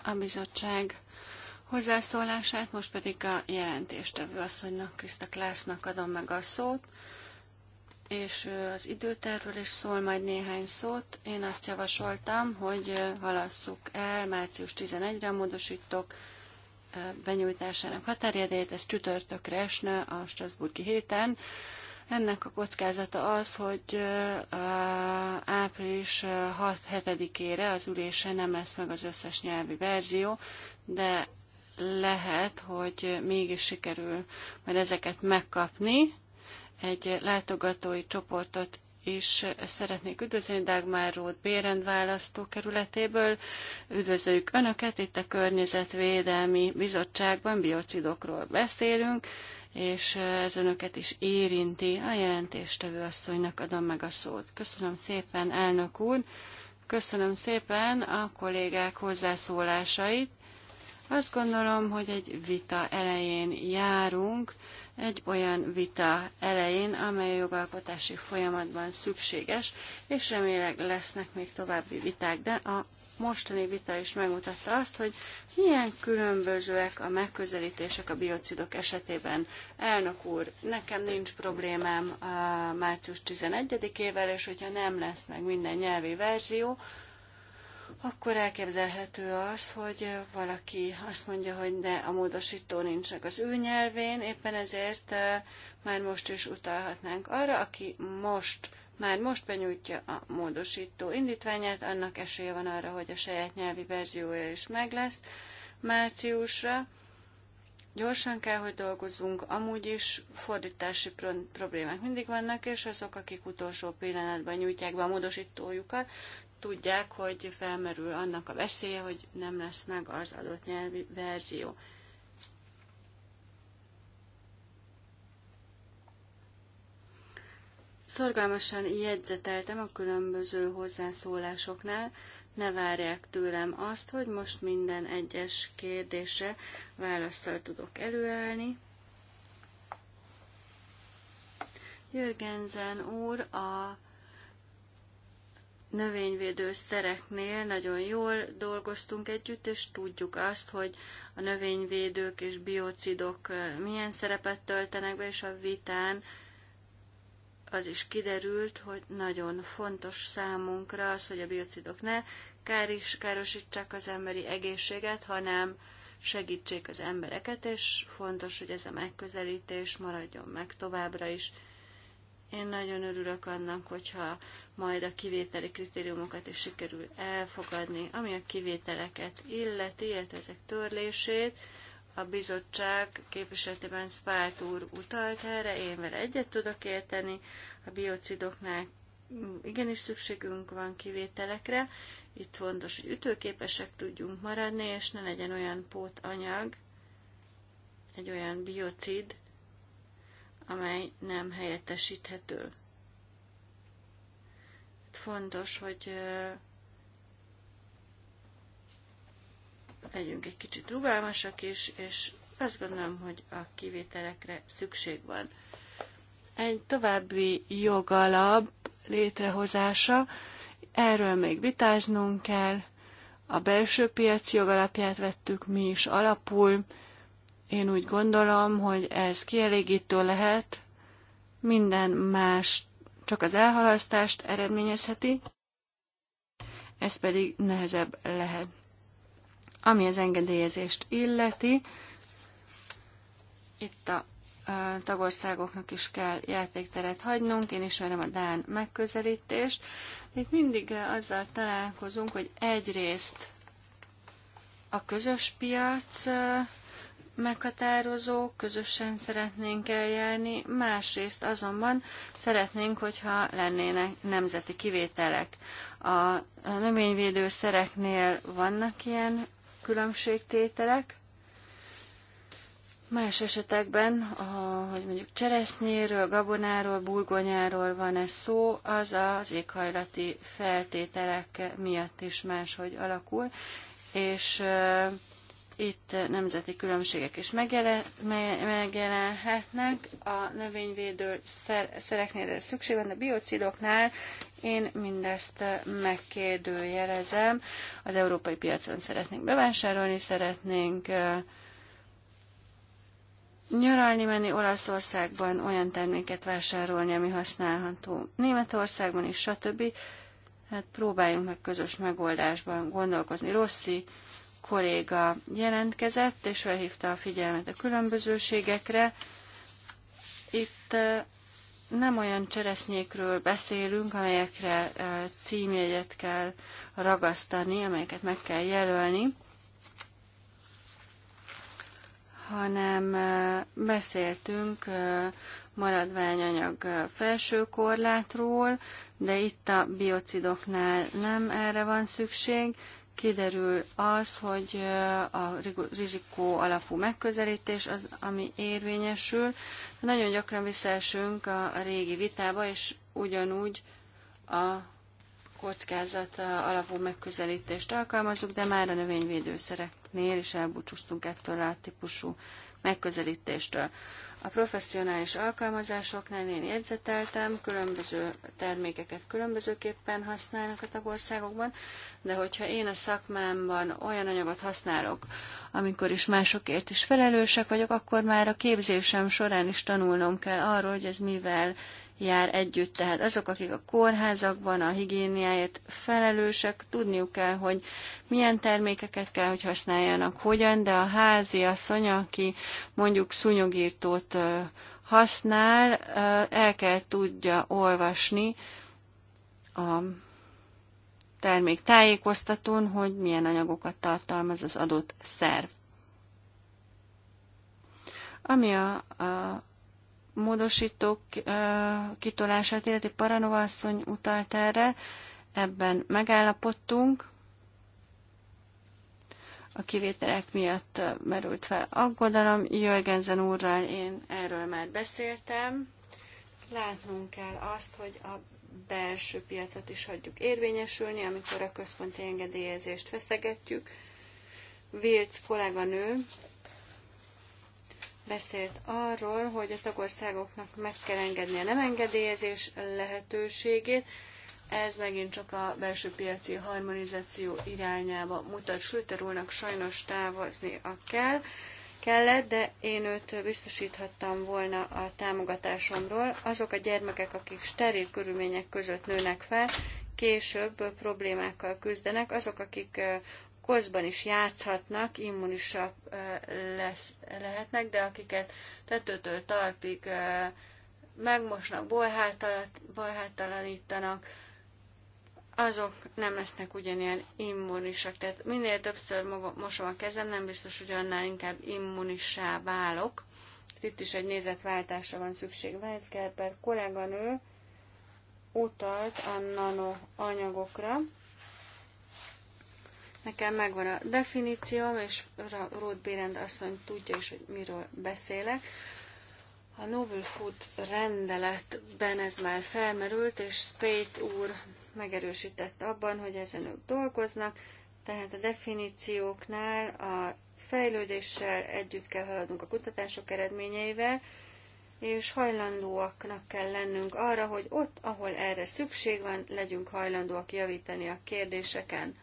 a bizottság hozzászólását, most pedig a jelentéstevő asszonynak, Krista Klásznak adom meg a szót és az időtervről is szól majd néhány szót. Én azt javasoltam, hogy halasszuk el március 11-re módosítok benyújtásának határjedét, ez csütörtökre esne a Strasburgi héten. Ennek a kockázata az, hogy április 6-7-ére az ülése nem lesz meg az összes nyelvi verzió, de lehet, hogy mégis sikerül majd ezeket megkapni, egy látogatói csoportot is szeretnék üdvözölni Dagmar Rót Bérend kerületéből. Üdvözöljük Önöket, itt a Környezetvédelmi Bizottságban biocidokról beszélünk, és ez Önöket is érinti. A jelentéstevő asszonynak adom meg a szót. Köszönöm szépen, elnök úr! Köszönöm szépen a kollégák hozzászólásait. Azt gondolom, hogy egy vita elején járunk, egy olyan vita elején, amely a jogalkotási folyamatban szükséges, és remélem lesznek még további viták, de a mostani vita is megmutatta azt, hogy milyen különbözőek a megközelítések a biocidok esetében. Elnök úr, nekem nincs problémám a uh, március 11-ével, és hogyha nem lesz meg minden nyelvi verzió, akkor elképzelhető az, hogy valaki azt mondja, hogy de a módosító nincs meg az ő nyelvén, éppen ezért már most is utalhatnánk arra, aki most, már most benyújtja a módosító indítványát, annak esélye van arra, hogy a saját nyelvi verziója is meg lesz márciusra. Gyorsan kell, hogy dolgozzunk, amúgy is fordítási problémák mindig vannak, és azok, akik utolsó pillanatban nyújtják be a módosítójukat, tudják, hogy felmerül annak a veszélye, hogy nem lesz meg az adott nyelvi verzió. Szorgalmasan jegyzeteltem a különböző hozzászólásoknál, ne várják tőlem azt, hogy most minden egyes kérdésre válaszsal tudok előállni. Jörgenzen úr a szereknél nagyon jól dolgoztunk együtt, és tudjuk azt, hogy a növényvédők és biocidok eh, milyen szerepet töltenek be, és a vitán az is kiderült, hogy nagyon fontos számunkra az, hogy a biocidok ne káris, károsítsák az emberi egészséget, hanem segítsék az embereket, és fontos, hogy ez a megközelítés maradjon meg továbbra is. Én nagyon örülök annak, hogyha majd a kivételi kritériumokat is sikerül elfogadni, ami a kivételeket illeti, illetve ezek törlését. A bizottság képviseletében Spárt úr utalt erre, én vele egyet tudok érteni, a biocidoknál igenis szükségünk van kivételekre, itt fontos, hogy ütőképesek tudjunk maradni, és ne legyen olyan pótanyag, egy olyan biocid, amely nem helyettesíthető. Hát fontos, hogy legyünk egy kicsit rugalmasak is, és azt gondolom, hogy a kivételekre szükség van. Egy további jogalap létrehozása, erről még vitáznunk kell, a belső piaci jogalapját vettük mi is alapul, én úgy gondolom, hogy ez kielégítő lehet, minden más csak az elhalasztást eredményezheti, ez pedig nehezebb lehet. Ami az engedélyezést illeti, itt a tagországoknak is kell játékteret hagynunk, én ismerem a Dán megközelítést. Itt mindig azzal találkozunk, hogy egyrészt a közös piac meghatározó, közösen szeretnénk eljárni, másrészt azonban szeretnénk, hogyha lennének nemzeti kivételek. A szereknél vannak ilyen különbségtételek, Más esetekben, hogy mondjuk cseresznyéről, gabonáról, burgonyáról van-e szó, az az éghajlati feltételek miatt is máshogy alakul, és itt nemzeti különbségek is megjelenhetnek. A növényvédő szereknél ez szükség van, de biocidoknál én mindezt megkérdőjelezem. Az európai piacon szeretnénk bevásárolni, szeretnénk nyaralni menni Olaszországban, olyan terméket vásárolni, ami használható Németországban is, stb. Hát próbáljunk meg közös megoldásban gondolkozni. Rosszi, kolléga jelentkezett, és felhívta a figyelmet a különbözőségekre. Itt nem olyan cseresznyékről beszélünk, amelyekre címjegyet kell ragasztani, amelyeket meg kell jelölni, hanem beszéltünk maradványanyag felső korlátról, de itt a biocidoknál nem erre van szükség, kiderül az, hogy a rizikó alapú megközelítés az, ami érvényesül. De nagyon gyakran visszaesünk a, a régi vitába, és ugyanúgy a kockázat alapú megközelítést alkalmazunk, de már a növényvédőszereknél is elbúcsúztunk ettől a típusú megközelítéstől. A professzionális alkalmazásoknál én jegyzeteltem, különböző termékeket különbözőképpen használnak a tagországokban, de hogyha én a szakmámban olyan anyagot használok, amikor is másokért is felelősek vagyok, akkor már a képzésem során is tanulnom kell arról, hogy ez mivel jár együtt. Tehát azok, akik a kórházakban a higiéniáért felelősek, tudniuk kell, hogy milyen termékeket kell, hogy használjanak, hogyan, de a házi asszony, aki mondjuk szúnyogírtót használ, el kell tudja olvasni a termék tájékoztatón, hogy milyen anyagokat tartalmaz az adott szerv. Ami a, a módosítók kitolását, illeti Paranova asszony utalt erre, ebben megállapodtunk. A kivételek miatt merült fel aggodalom. Jörgenzen úrral én erről már beszéltem. Látnunk kell azt, hogy a belső piacot is hagyjuk érvényesülni, amikor a központi engedélyezést feszegetjük. Vilc kolléganő beszélt arról, hogy a tagországoknak meg kell engedni a nem engedélyezés lehetőségét. Ez megint csak a belső piaci harmonizáció irányába mutat. Sülter úrnak sajnos a kell, kellett, de én őt biztosíthattam volna a támogatásomról. Azok a gyermekek, akik steril körülmények között nőnek fel, később problémákkal küzdenek, azok, akik koszban is játszhatnak, immunisak lesz, lehetnek, de akiket tetőtől talpig megmosnak, bolháttalanítanak, azok nem lesznek ugyanilyen immunisak. Tehát minél többször mosom a kezem, nem biztos, hogy annál inkább immunissá válok. Hát itt is egy nézetváltásra van szükség. Weizgerber kolléganő utalt a nanoanyagokra, Nekem megvan a definícióm, és Ruth Bérend asszony tudja is, hogy miről beszélek. A Novel Food rendeletben ez már felmerült, és Spate úr megerősített abban, hogy ezen ők dolgoznak, tehát a definícióknál a fejlődéssel együtt kell haladnunk a kutatások eredményeivel, és hajlandóaknak kell lennünk arra, hogy ott, ahol erre szükség van, legyünk hajlandóak javítani a kérdéseken.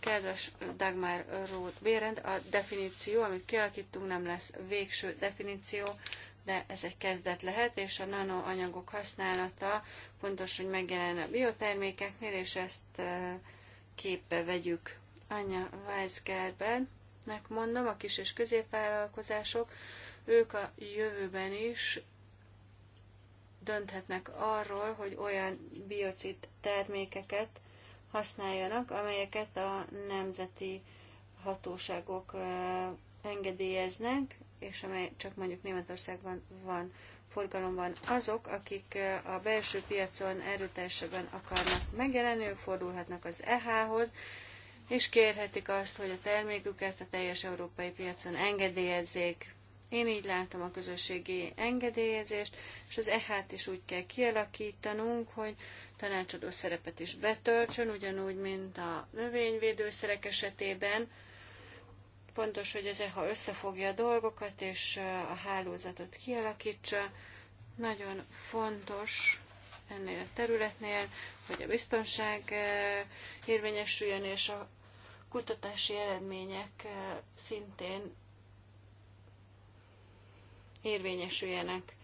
Kedves Dagmar Roth Bérend, a definíció, amit kialakítunk, nem lesz végső definíció, de ez egy kezdet lehet, és a nanoanyagok használata fontos, hogy megjelenne a biotermékeknél, és ezt képbe vegyük. Anya Weisgerben, mondom, a kis és középvállalkozások, ők a jövőben is dönthetnek arról, hogy olyan biocid termékeket használjanak, amelyeket a nemzeti hatóságok engedélyeznek, és amely csak mondjuk Németországban van forgalomban. Azok, akik a belső piacon erőteljesebben akarnak megjelenni, ők fordulhatnak az EH-hoz, és kérhetik azt, hogy a terméküket a teljes európai piacon engedélyezzék. Én így látom a közösségi engedélyezést, és az EH-t is úgy kell kialakítanunk, hogy tanácsadó szerepet is betöltsön, ugyanúgy, mint a növényvédőszerek esetében. Fontos, hogy ezért, ha összefogja a dolgokat és a hálózatot kialakítsa. Nagyon fontos ennél a területnél, hogy a biztonság érvényesüljön, és a kutatási eredmények szintén érvényesüljenek.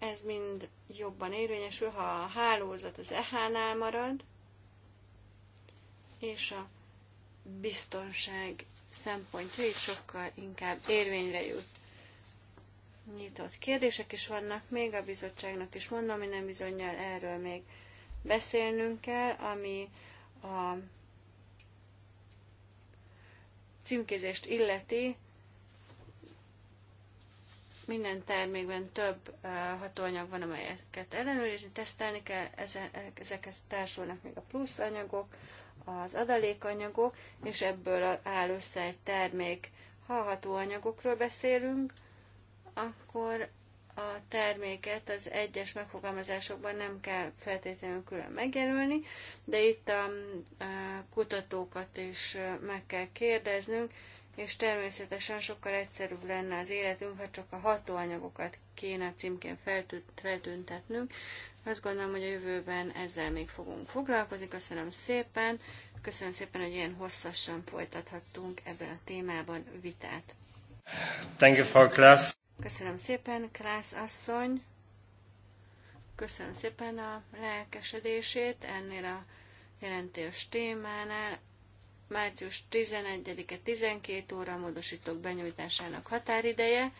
Ez mind jobban érvényesül, ha a hálózat az EH-nál marad, és a biztonság szempontja itt sokkal inkább érvényre jut. Nyitott kérdések is vannak még, a bizottságnak is mondom, hogy nem bizonyal erről még beszélnünk kell, ami a címkézést illeti, minden termékben több hatóanyag van, amelyeket ellenőrizni, tesztelni kell, ezekhez társulnak még a plusz anyagok, az adalékanyagok, és ebből áll össze egy termék. Ha a hatóanyagokról beszélünk, akkor a terméket az egyes megfogalmazásokban nem kell feltétlenül külön megjelölni, de itt a kutatókat is meg kell kérdeznünk, és természetesen sokkal egyszerűbb lenne az életünk, ha csak a hatóanyagokat kéne címként feltüntetnünk. Azt gondolom, hogy a jövőben ezzel még fogunk foglalkozni. Köszönöm szépen, köszönöm szépen, hogy ilyen hosszasan folytathattunk ebben a témában vitát. Thank you for class. Köszönöm szépen, Klász asszony. Köszönöm szépen a lelkesedését ennél a jelentős témánál március 11-e 12 óra módosítók benyújtásának határideje,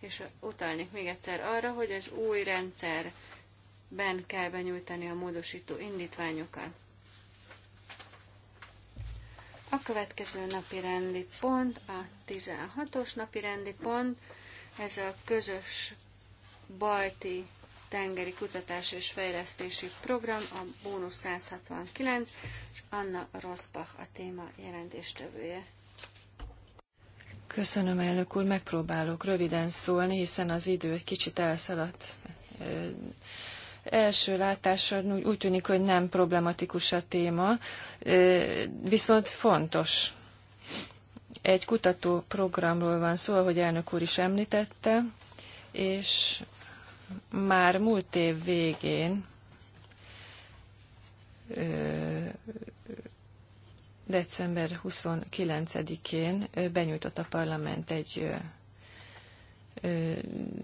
és utalnék még egyszer arra, hogy az új rendszerben kell benyújtani a módosító indítványokat. A következő napi rendi pont, a 16-os napi rendi pont, ez a közös balti tengeri kutatás és fejlesztési program, a bónusz 169, és Anna Rosbach a téma jelentéstevője. Köszönöm, elnök úr, megpróbálok röviden szólni, hiszen az idő egy kicsit elszaladt első látásra úgy tűnik, hogy nem problematikus a téma, viszont fontos. Egy kutatóprogramról van szó, ahogy elnök úr is említette, és már múlt év végén december 29-én benyújtott a parlament egy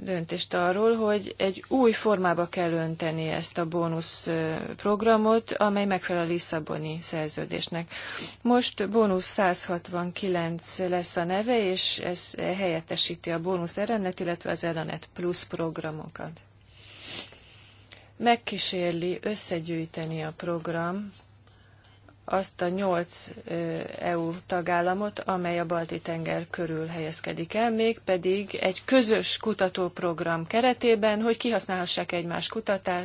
döntést arról, hogy egy új formába kell önteni ezt a bónusz programot, amely megfelel a Lisszaboni szerződésnek. Most bónusz 169 lesz a neve, és ez helyettesíti a bónusz erennet, illetve az erenet plusz programokat. Megkísérli összegyűjteni a program azt a nyolc EU tagállamot, amely a Balti-tenger körül helyezkedik el, mégpedig egy közös kutatóprogram keretében, hogy kihasználhassák egymás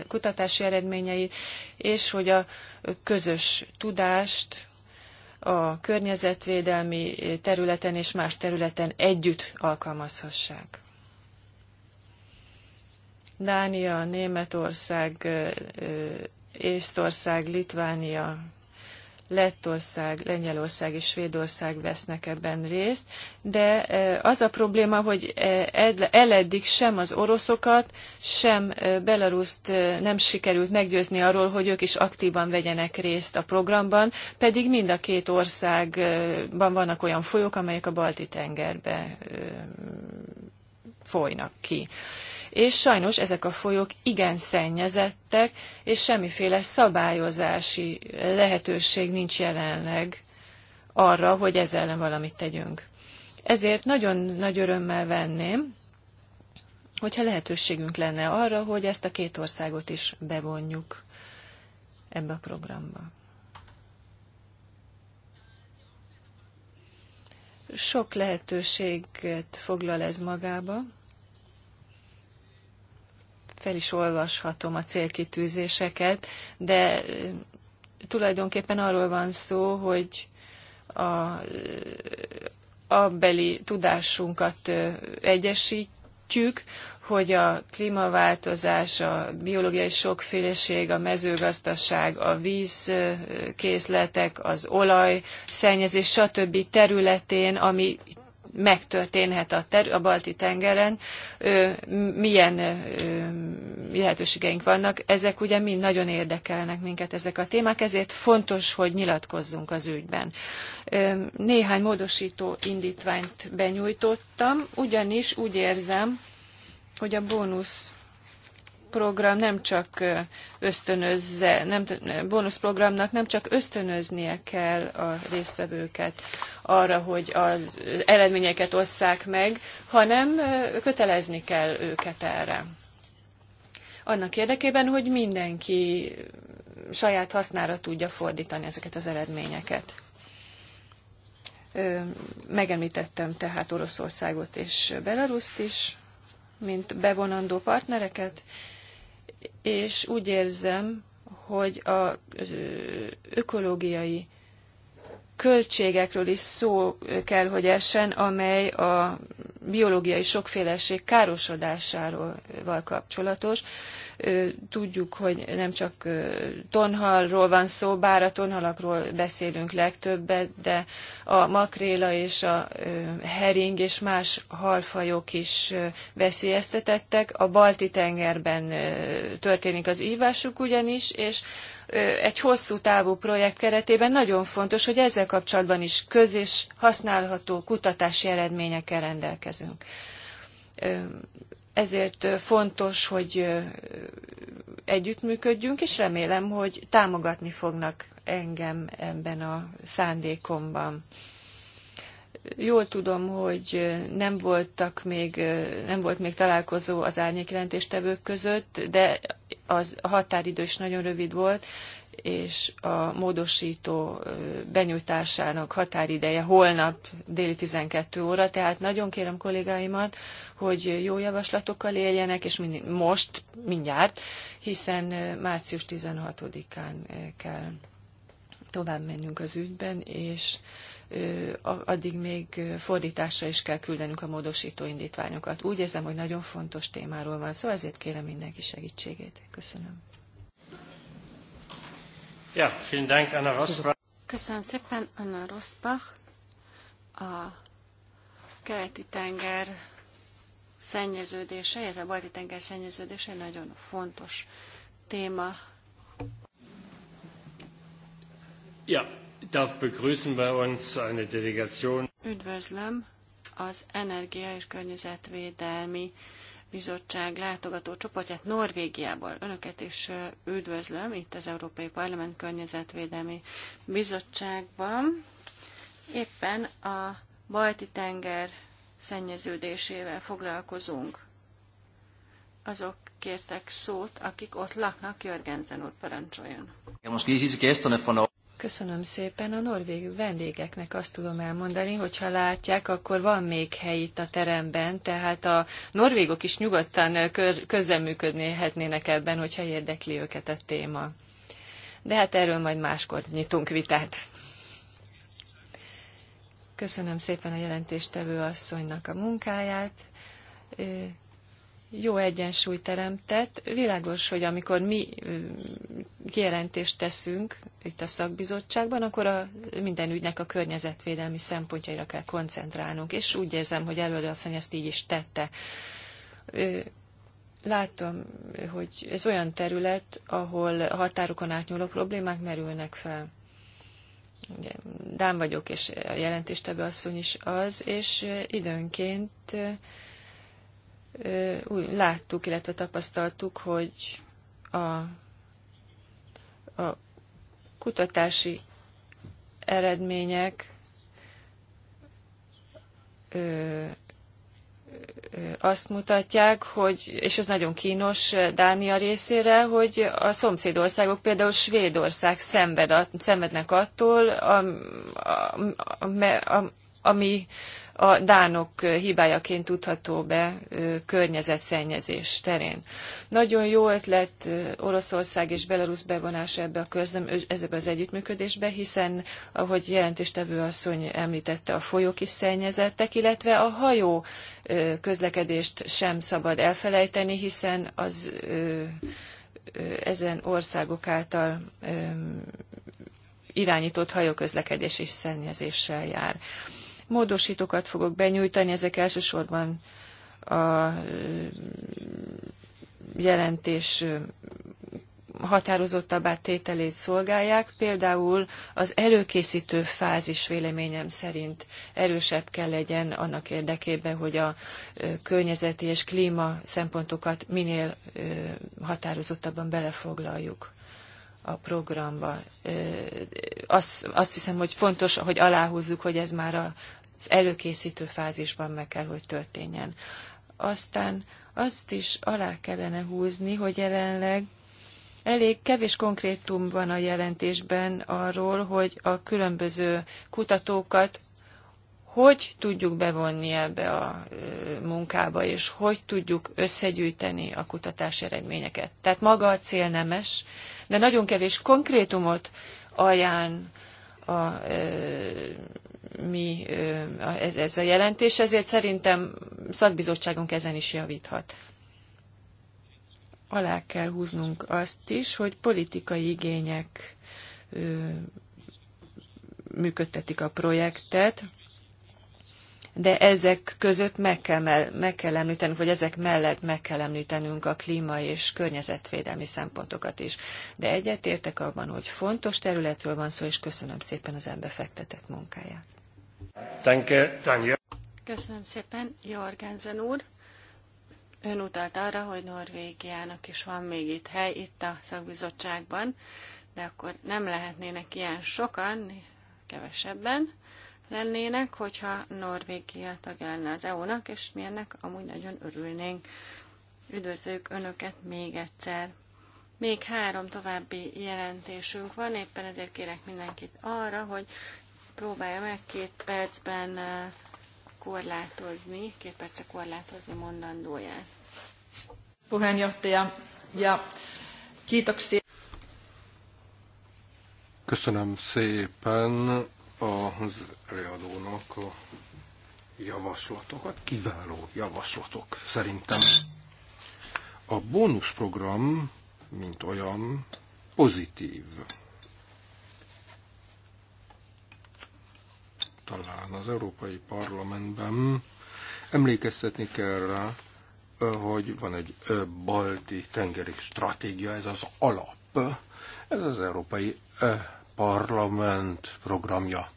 kutatási eredményeit, és hogy a közös tudást a környezetvédelmi területen és más területen együtt alkalmazhassák. Dánia, Németország, Észtország, Litvánia, Lettország, Lengyelország és Svédország vesznek ebben részt, de e, az a probléma, hogy e, eleddig sem az oroszokat, sem e, Belaruszt nem sikerült meggyőzni arról, hogy ők is aktívan vegyenek részt a programban, pedig mind a két országban vannak olyan folyók, amelyek a Balti-tengerbe folynak ki és sajnos ezek a folyók igen szennyezettek, és semmiféle szabályozási lehetőség nincs jelenleg arra, hogy ezzel ellen valamit tegyünk. Ezért nagyon nagy örömmel venném, hogyha lehetőségünk lenne arra, hogy ezt a két országot is bevonjuk ebbe a programba. Sok lehetőséget foglal ez magába, fel is olvashatom a célkitűzéseket, de tulajdonképpen arról van szó, hogy a, abbeli tudásunkat egyesítjük, hogy a klímaváltozás, a biológiai sokféleség, a mezőgazdaság, a vízkészletek, az olaj, szennyezés, stb. területén, ami megtörténhet a, ter- a balti tengeren, ö, milyen ö, lehetőségeink vannak. Ezek ugye mind nagyon érdekelnek minket ezek a témák, ezért fontos, hogy nyilatkozzunk az ügyben. Ö, néhány módosító indítványt benyújtottam, ugyanis úgy érzem, hogy a bónusz program nem csak ösztönözze, nem, bónuszprogramnak nem csak ösztönöznie kell a résztvevőket arra, hogy az eredményeket osszák meg, hanem kötelezni kell őket erre. Annak érdekében, hogy mindenki saját hasznára tudja fordítani ezeket az eredményeket. Megemlítettem tehát Oroszországot és Belaruszt is, mint bevonandó partnereket, és úgy érzem, hogy a ökológiai költségekről is szó kell, hogy essen, amely a biológiai sokféleség károsodásáról kapcsolatos. Tudjuk, hogy nem csak tonhalról van szó, bár a tonhalakról beszélünk legtöbbet, de a makréla és a hering és más halfajok is veszélyeztetettek. A Balti-tengerben történik az ívásuk ugyanis, és egy hosszú távú projekt keretében nagyon fontos, hogy ezzel kapcsolatban is köz és használható kutatási eredményekkel rendelkezünk ezért fontos, hogy együttműködjünk, és remélem, hogy támogatni fognak engem ebben a szándékomban. Jól tudom, hogy nem, voltak még, nem volt még találkozó az árnyékjelentéstevők között, de az határidő is nagyon rövid volt, és a módosító benyújtásának határideje holnap déli 12 óra, tehát nagyon kérem kollégáimat, hogy jó javaslatokkal éljenek, és mind, most, mindjárt, hiszen március 16-án kell tovább mennünk az ügyben, és addig még fordításra is kell küldenünk a módosító indítványokat. Úgy érzem, hogy nagyon fontos témáról van szó, szóval ezért kérem mindenki segítségét. Köszönöm. Ja, vielen Dank, Anna Rosbach. Köszönöm szépen, Anna Rosbach. A keleti tenger szennyeződése, illetve a balti tenger szennyeződése egy nagyon fontos téma. Ja, darf begrüßen bei uns eine Delegation. Üdvözlöm az Energia és Környezetvédelmi bizottság látogató csoportját Norvégiából. Önöket is üdvözlöm itt az Európai Parlament Környezetvédelmi Bizottságban. Éppen a balti tenger szennyeződésével foglalkozunk. Azok kértek szót, akik ott laknak, Jörgenzen úr parancsoljon. Köszönöm szépen. A norvég vendégeknek azt tudom elmondani, hogy ha látják, akkor van még hely itt a teremben, tehát a norvégok is nyugodtan közreműködnéhetnének ebben, hogyha érdekli őket a téma. De hát erről majd máskor nyitunk vitát. Köszönöm szépen a jelentéstevő asszonynak a munkáját jó egyensúly teremtett. Világos, hogy amikor mi kijelentést teszünk itt a szakbizottságban, akkor a, minden ügynek a környezetvédelmi szempontjaira kell koncentrálnunk, és úgy érzem, hogy előadó asszony ezt így is tette. Látom, hogy ez olyan terület, ahol a határokon átnyúló problémák merülnek fel. Ugye, Dán vagyok, és a jelentéstevő asszony is az, és időnként úgy láttuk, illetve tapasztaltuk, hogy a, a kutatási eredmények ö, azt mutatják, hogy, és ez nagyon kínos Dánia részére, hogy a szomszédországok, például Svédország szenved, szenvednek attól, a, a, a, ami a dánok hibájaként tudható be környezetszennyezés terén. Nagyon jó ötlet Oroszország és Belarus bevonása ebbe a közlem, ezebe az együttműködésbe, hiszen, ahogy jelentéstevő asszony említette, a folyók is szennyezettek, illetve a hajó közlekedést sem szabad elfelejteni, hiszen az ezen országok által irányított hajóközlekedés is szennyezéssel jár. Módosítókat fogok benyújtani, ezek elsősorban a jelentés határozottabbá tételét szolgálják. Például az előkészítő fázis véleményem szerint erősebb kell legyen annak érdekében, hogy a környezeti és klíma szempontokat minél határozottabban belefoglaljuk a programba. Azt, azt hiszem, hogy fontos, hogy aláhúzzuk, hogy ez már a az előkészítő fázisban meg kell, hogy történjen. Aztán azt is alá kellene húzni, hogy jelenleg Elég kevés konkrétum van a jelentésben arról, hogy a különböző kutatókat hogy tudjuk bevonni ebbe a munkába, és hogy tudjuk összegyűjteni a kutatási eredményeket. Tehát maga a cél nemes, de nagyon kevés konkrétumot ajánl a mi ez, ez a jelentés, ezért szerintem szakbizottságunk ezen is javíthat. Alá kell húznunk azt is, hogy politikai igények működtetik a projektet, de ezek között meg kell, meg kell említenünk, vagy ezek mellett meg kell említenünk a klíma és környezetvédelmi szempontokat is. De egyetértek abban, hogy fontos területről van szó, és köszönöm szépen az befektetett munkáját. Danke, Daniel. Köszönöm szépen, Jorgensen úr. Ön utalt arra, hogy Norvégiának is van még itt hely, itt a szakbizottságban, de akkor nem lehetnének ilyen sokan, kevesebben lennének, hogyha Norvégia tagja lenne az EU-nak, és mi ennek amúgy nagyon örülnénk. Üdvözöljük Önöket még egyszer. Még három további jelentésünk van, éppen ezért kérek mindenkit arra, hogy próbálja meg két percben korlátozni, két percre korlátozni mondandóját. Puheenjohtaja, ja kiitoksia. Köszönöm szépen az előadónak a javaslatokat, kiváló javaslatok szerintem. A bónuszprogram, mint olyan, pozitív talán az Európai Parlamentben emlékeztetni kell rá, hogy van egy balti tengeri stratégia, ez az alap, ez az Európai Parlament programja.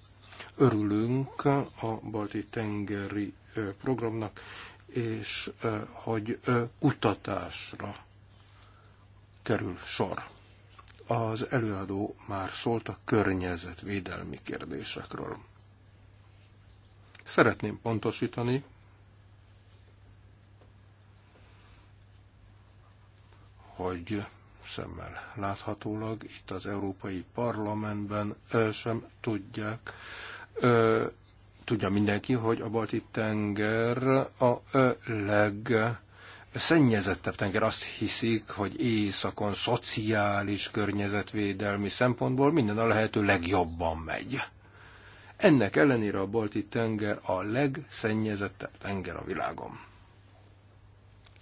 Örülünk a balti tengeri programnak, és hogy kutatásra kerül sor. Az előadó már szólt a környezetvédelmi kérdésekről. Szeretném pontosítani, hogy szemmel láthatólag itt az Európai Parlamentben sem tudják, tudja mindenki, hogy a balti tenger a leg szennyezettebb tenger. Azt hiszik, hogy északon szociális környezetvédelmi szempontból minden a lehető legjobban megy. Ennek ellenére a balti tenger a legszennyezettebb tenger a világon.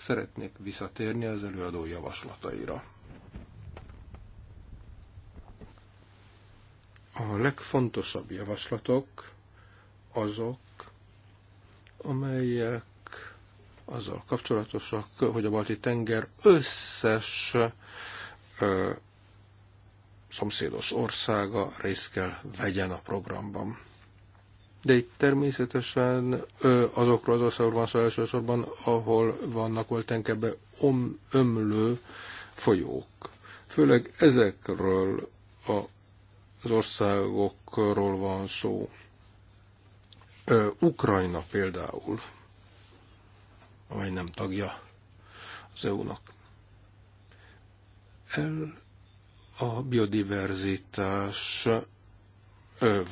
Szeretnék visszatérni az előadó javaslataira. A legfontosabb javaslatok azok, amelyek azzal kapcsolatosak, hogy a balti tenger összes ö, szomszédos országa részt kell vegyen a programban. De itt természetesen azokról az országról van szó elsősorban, ahol vannak voltenkebbe ömlő folyók. Főleg ezekről a, az országokról van szó. Ukrajna például, amely nem tagja az EU-nak. El a biodiverzitás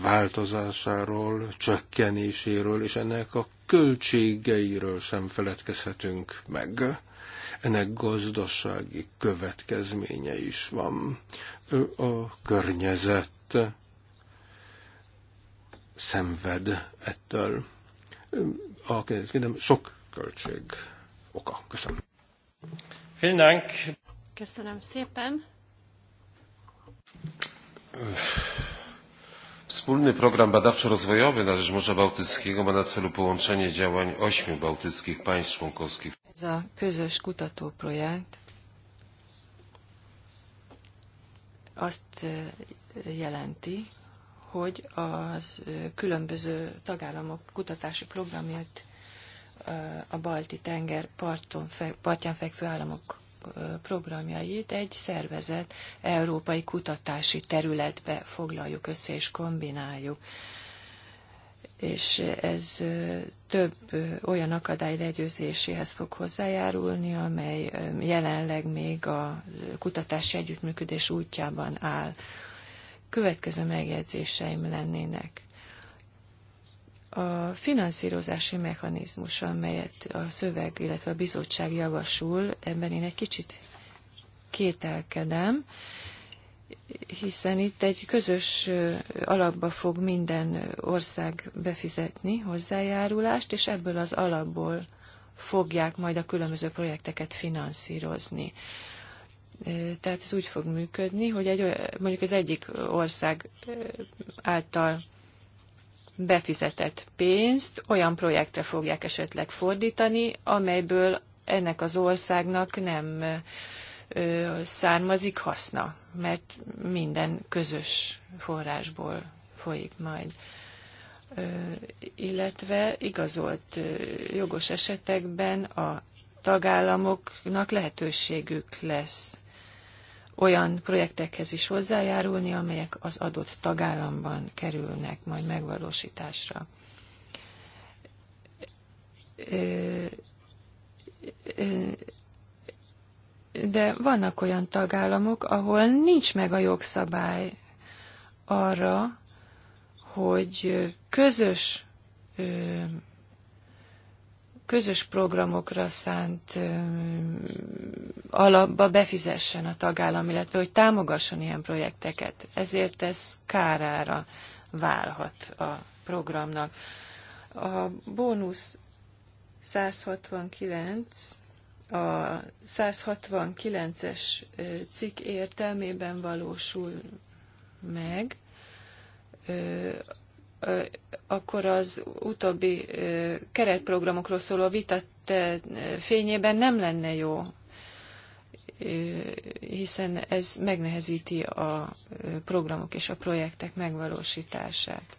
változásáról, csökkenéséről, és ennek a költségeiről sem feledkezhetünk meg. Ennek gazdasági következménye is van. A környezet szenved ettől. A környezetvédelem sok költség oka. Köszönöm. Vielen Köszönöm szépen. Wspólny program badawczo-rozwojowy na rzecz Morza Bałtyckiego ma na celu połączenie działań ośmiu bałtyckich państw członkowskich. Za a közös kutatóprojekt azt e, jelenti, hogy az e, különböző tagállamok kutatási programját e, a balti tenger parton, partján fekvő államok programjait egy szervezet európai kutatási területbe foglaljuk össze és kombináljuk. És ez több olyan akadály legyőzéséhez fog hozzájárulni, amely jelenleg még a kutatási együttműködés útjában áll. Következő megjegyzéseim lennének a finanszírozási mechanizmus, amelyet a szöveg, illetve a bizottság javasol, ebben én egy kicsit kételkedem, hiszen itt egy közös alapba fog minden ország befizetni hozzájárulást, és ebből az alapból fogják majd a különböző projekteket finanszírozni. Tehát ez úgy fog működni, hogy egy, mondjuk az egyik ország által befizetett pénzt olyan projektre fogják esetleg fordítani, amelyből ennek az országnak nem származik haszna, mert minden közös forrásból folyik majd. Illetve igazolt jogos esetekben a tagállamoknak lehetőségük lesz olyan projektekhez is hozzájárulni, amelyek az adott tagállamban kerülnek majd megvalósításra. De vannak olyan tagállamok, ahol nincs meg a jogszabály arra, hogy közös közös programokra szánt alapba befizessen a tagállam, illetve hogy támogasson ilyen projekteket. Ezért ez kárára válhat a programnak. A bónusz 169 a 169-es cikk értelmében valósul meg akkor az utóbbi keretprogramokról szóló vita fényében nem lenne jó, hiszen ez megnehezíti a programok és a projektek megvalósítását.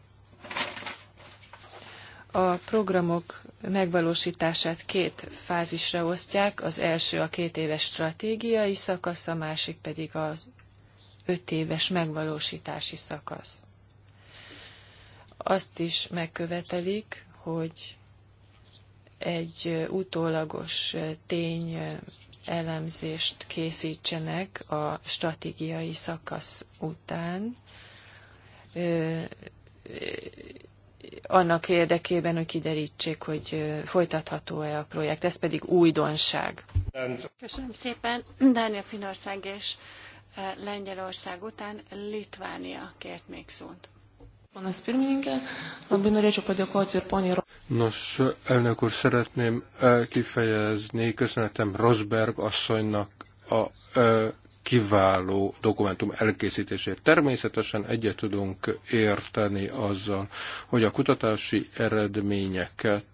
A programok megvalósítását két fázisra osztják, az első a két éves stratégiai szakasz, a másik pedig az öt éves megvalósítási szakasz azt is megkövetelik, hogy egy utólagos tény elemzést készítsenek a stratégiai szakasz után, annak érdekében, hogy kiderítsék, hogy folytatható-e a projekt. Ez pedig újdonság. Köszönöm szépen. Dánia Finország és Lengyelország után Litvánia kért még szót. Panas pirmininkė, labai norėčiau padėkoti ir poniai Nos, elnök úr, szeretném kifejezni köszönetem Rosberg asszonynak a kiváló dokumentum elkészítését. Természetesen egyet tudunk érteni azzal, hogy a kutatási eredményeket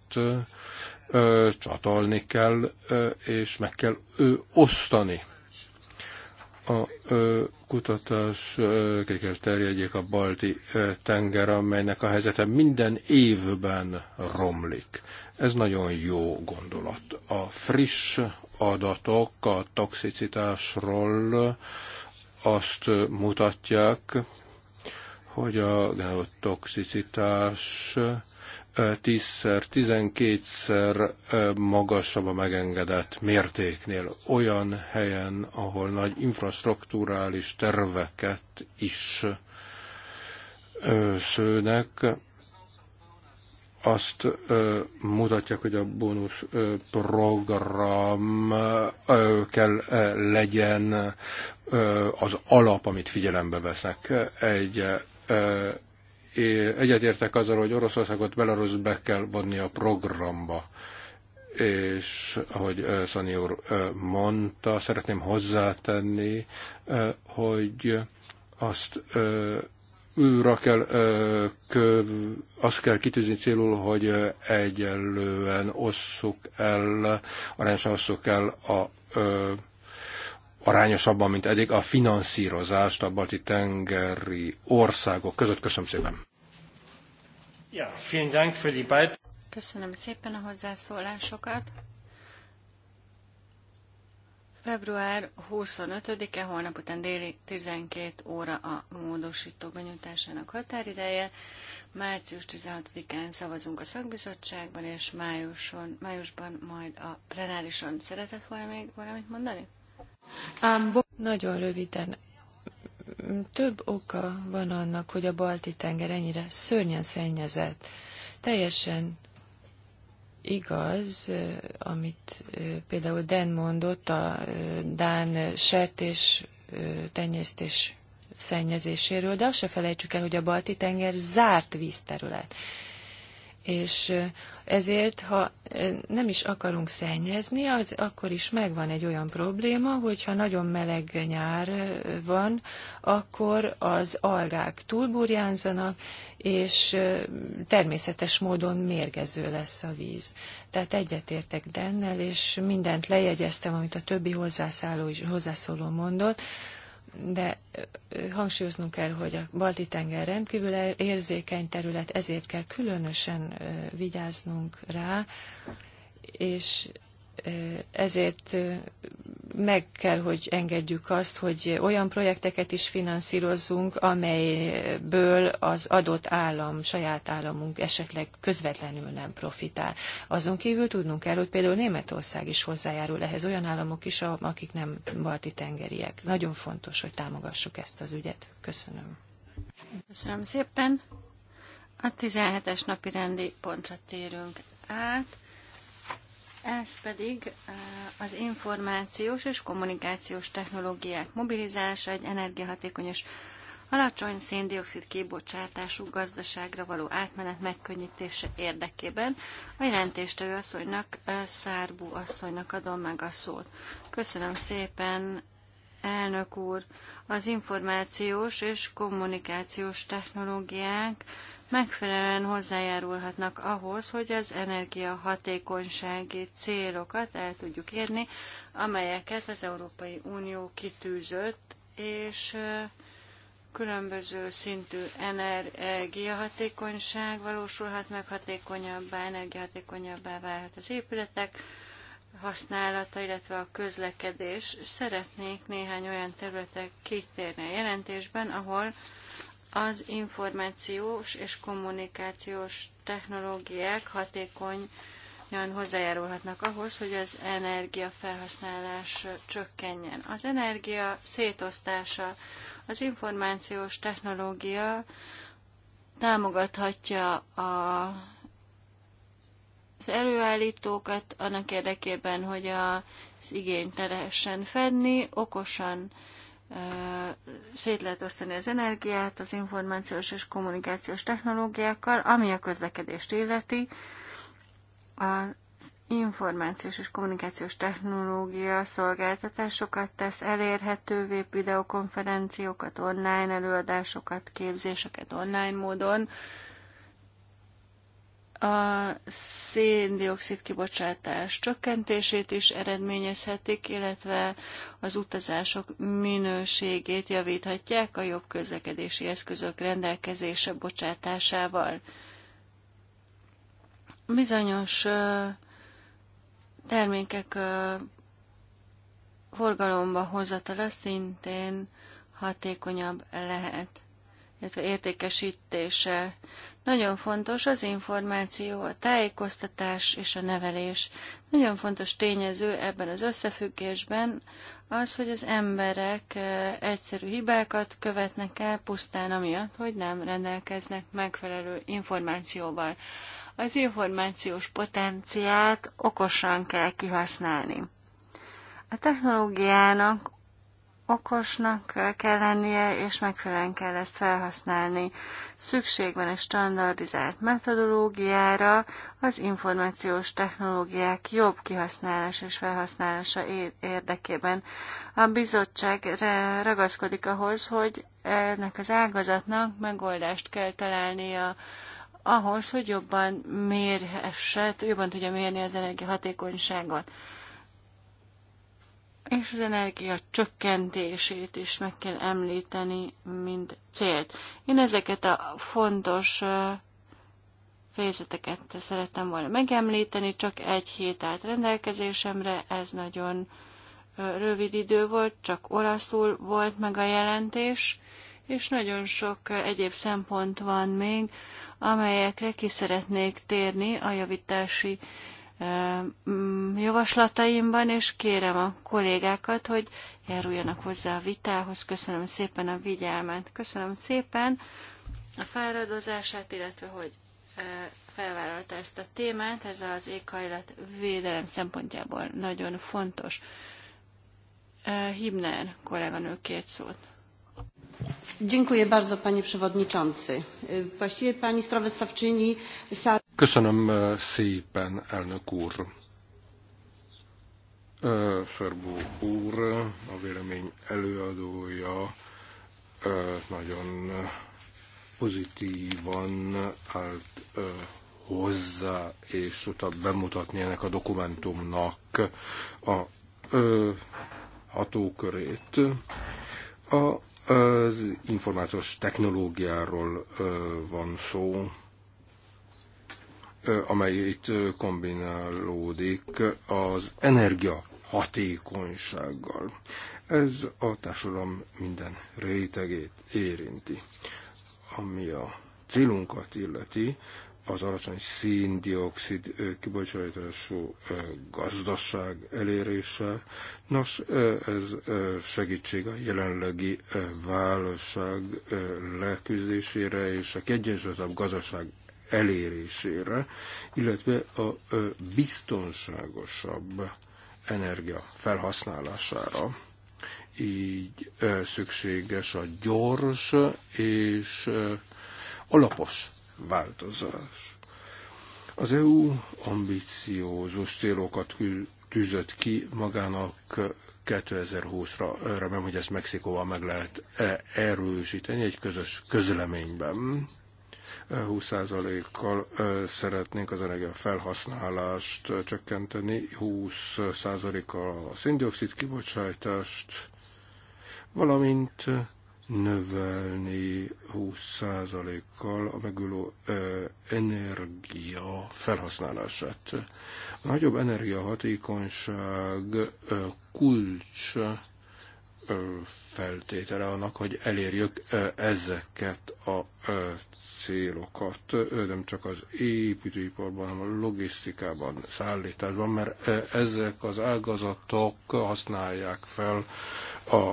csatolni kell, és meg kell ő osztani a kutatás ki kell terjedjék a balti tenger, amelynek a helyzete minden évben romlik. Ez nagyon jó gondolat. A friss adatok a toxicitásról azt mutatják, hogy a toxicitás 10-szer, 12-szer magasabb a megengedett mértéknél. Olyan helyen, ahol nagy infrastruktúrális terveket is szőnek, azt ö, mutatják, hogy a bónusz ö, program ö, kell ö, legyen ö, az alap, amit figyelembe vesznek. Egy ö, egyetértek azzal, hogy Oroszországot Belarus be kell vonni a programba. És ahogy Szani úr mondta, szeretném hozzátenni, hogy azt újra kell, köv, azt kell kitűzni célul, hogy egyenlően osszuk el, arányosan osszuk el a arányosabban, mint eddig a finanszírozást a balti tengeri országok között. Köszönöm szépen! Ja, vielen Dank für die Köszönöm szépen a hozzászólásokat. Február 25-e, holnap után déli 12 óra a módosítók benyújtásának határideje. Március 16-án szavazunk a szakbizottságban, és májuson, májusban majd a plenárison. Szeretett volna még valamit mondani? Um, Nagyon röviden. Több oka van annak, hogy a Balti-tenger ennyire szörnyen szennyezett. Teljesen igaz, amit például Dan mondott, a Dán sertés tenyésztés szennyezéséről, de azt se felejtsük el, hogy a Balti-tenger zárt vízterület és ezért, ha nem is akarunk szennyezni, az akkor is megvan egy olyan probléma, hogyha nagyon meleg nyár van, akkor az algák túlburjánzanak, és természetes módon mérgező lesz a víz. Tehát egyetértek Dennel, és mindent lejegyeztem, amit a többi hozzászóló mondott, de hangsúlyoznunk kell, hogy a Balti-tenger rendkívül e- érzékeny terület, ezért kell különösen vigyáznunk rá, és ezért meg kell, hogy engedjük azt, hogy olyan projekteket is finanszírozzunk, amelyből az adott állam, saját államunk esetleg közvetlenül nem profitál. Azon kívül tudnunk kell, hogy például Németország is hozzájárul ehhez, olyan államok is, akik nem balti tengeriek. Nagyon fontos, hogy támogassuk ezt az ügyet. Köszönöm. Köszönöm szépen. A 17-es napi rendi pontra térünk át. Ez pedig eh, az információs és kommunikációs technológiák mobilizálása egy energiahatékony és alacsony széndiokszid kibocsátású gazdaságra való átmenet megkönnyítése érdekében. A jelentéstevő asszonynak, eh, Szárbú asszonynak adom meg a szót. Köszönöm szépen, elnök úr! Az információs és kommunikációs technológiák megfelelően hozzájárulhatnak ahhoz, hogy az energiahatékonysági célokat el tudjuk érni, amelyeket az Európai Unió kitűzött, és különböző szintű energiahatékonyság valósulhat meg, hatékonyabbá, energiahatékonyabbá válhat az épületek használata, illetve a közlekedés. Szeretnék néhány olyan területek kitérni a jelentésben, ahol az információs és kommunikációs technológiák hatékonyan hozzájárulhatnak ahhoz, hogy az energiafelhasználás csökkenjen. Az energia szétosztása, az információs technológia támogathatja a az előállítókat annak érdekében, hogy az igényt lehessen fedni, okosan szét lehet osztani az energiát az információs és kommunikációs technológiákkal, ami a közlekedést illeti. Az információs és kommunikációs technológia szolgáltatásokat tesz elérhetővé, videokonferenciókat, online előadásokat, képzéseket online módon, a széndiokszid kibocsátás csökkentését is eredményezhetik, illetve az utazások minőségét javíthatják a jobb közlekedési eszközök rendelkezése bocsátásával. Bizonyos termékek forgalomba hozatala szintén hatékonyabb lehet illetve értékesítése. Nagyon fontos az információ, a tájékoztatás és a nevelés. Nagyon fontos tényező ebben az összefüggésben az, hogy az emberek eh, egyszerű hibákat követnek el pusztán amiatt, hogy nem rendelkeznek megfelelő információval. Az információs potenciált okosan kell kihasználni. A technológiának okosnak kell lennie, és megfelelően kell ezt felhasználni. Szükség van egy standardizált metodológiára, az információs technológiák jobb kihasználása és felhasználása érdekében. A bizottság ragaszkodik ahhoz, hogy ennek az ágazatnak megoldást kell találnia ahhoz, hogy jobban mérhesse, jobban tudja mérni az energiahatékonyságot és az energia csökkentését is meg kell említeni, mint célt. Én ezeket a fontos fejezeteket szerettem volna megemlíteni, csak egy hét állt rendelkezésemre, ez nagyon rövid idő volt, csak olaszul volt meg a jelentés, és nagyon sok egyéb szempont van még, amelyekre ki szeretnék térni a javítási Mm, javaslataimban, és kérem a kollégákat, hogy járuljanak hozzá a vitához. Köszönöm szépen a vigyelmet. Köszönöm szépen a fáradozását, illetve hogy felvállalta ezt a témát. Ez az éghajlat védelem szempontjából nagyon fontos. Hibner kolléganő két szót. Dziękuję bardzo, panie przewodniczący. Właściwie pani sprawozdawczyni Köszönöm szépen, elnök úr. Förbó úr, a vélemény előadója nagyon pozitívan állt hozzá, és tudta bemutatni ennek a dokumentumnak a hatókörét. A, az információs technológiáról van szó, amely itt kombinálódik az energia hatékonysággal. Ez a társadalom minden rétegét érinti. Ami a célunkat illeti, az alacsony dioxid kibocsátású gazdaság elérése. Nos, ez segítség a jelenlegi válság leküzdésére és a kiegyensúlyozott gazdaság elérésére, illetve a biztonságosabb energia felhasználására. Így szükséges a gyors és alapos változás. Az EU ambiciózus célokat tűzött ki magának 2020-ra. Remélem, hogy ezt Mexikóval meg lehet e, erősíteni egy közös közleményben. 20%-kal szeretnénk az felhasználást csökkenteni, 20%-kal a szindioxid kibocsátást, valamint növelni 20%-kal a megülő energia felhasználását. A nagyobb energiahatékonyság kulcs feltétele annak, hogy elérjük ezeket a célokat, nem csak az építőiparban, hanem a logisztikában, szállításban, mert ezek az ágazatok használják fel, a,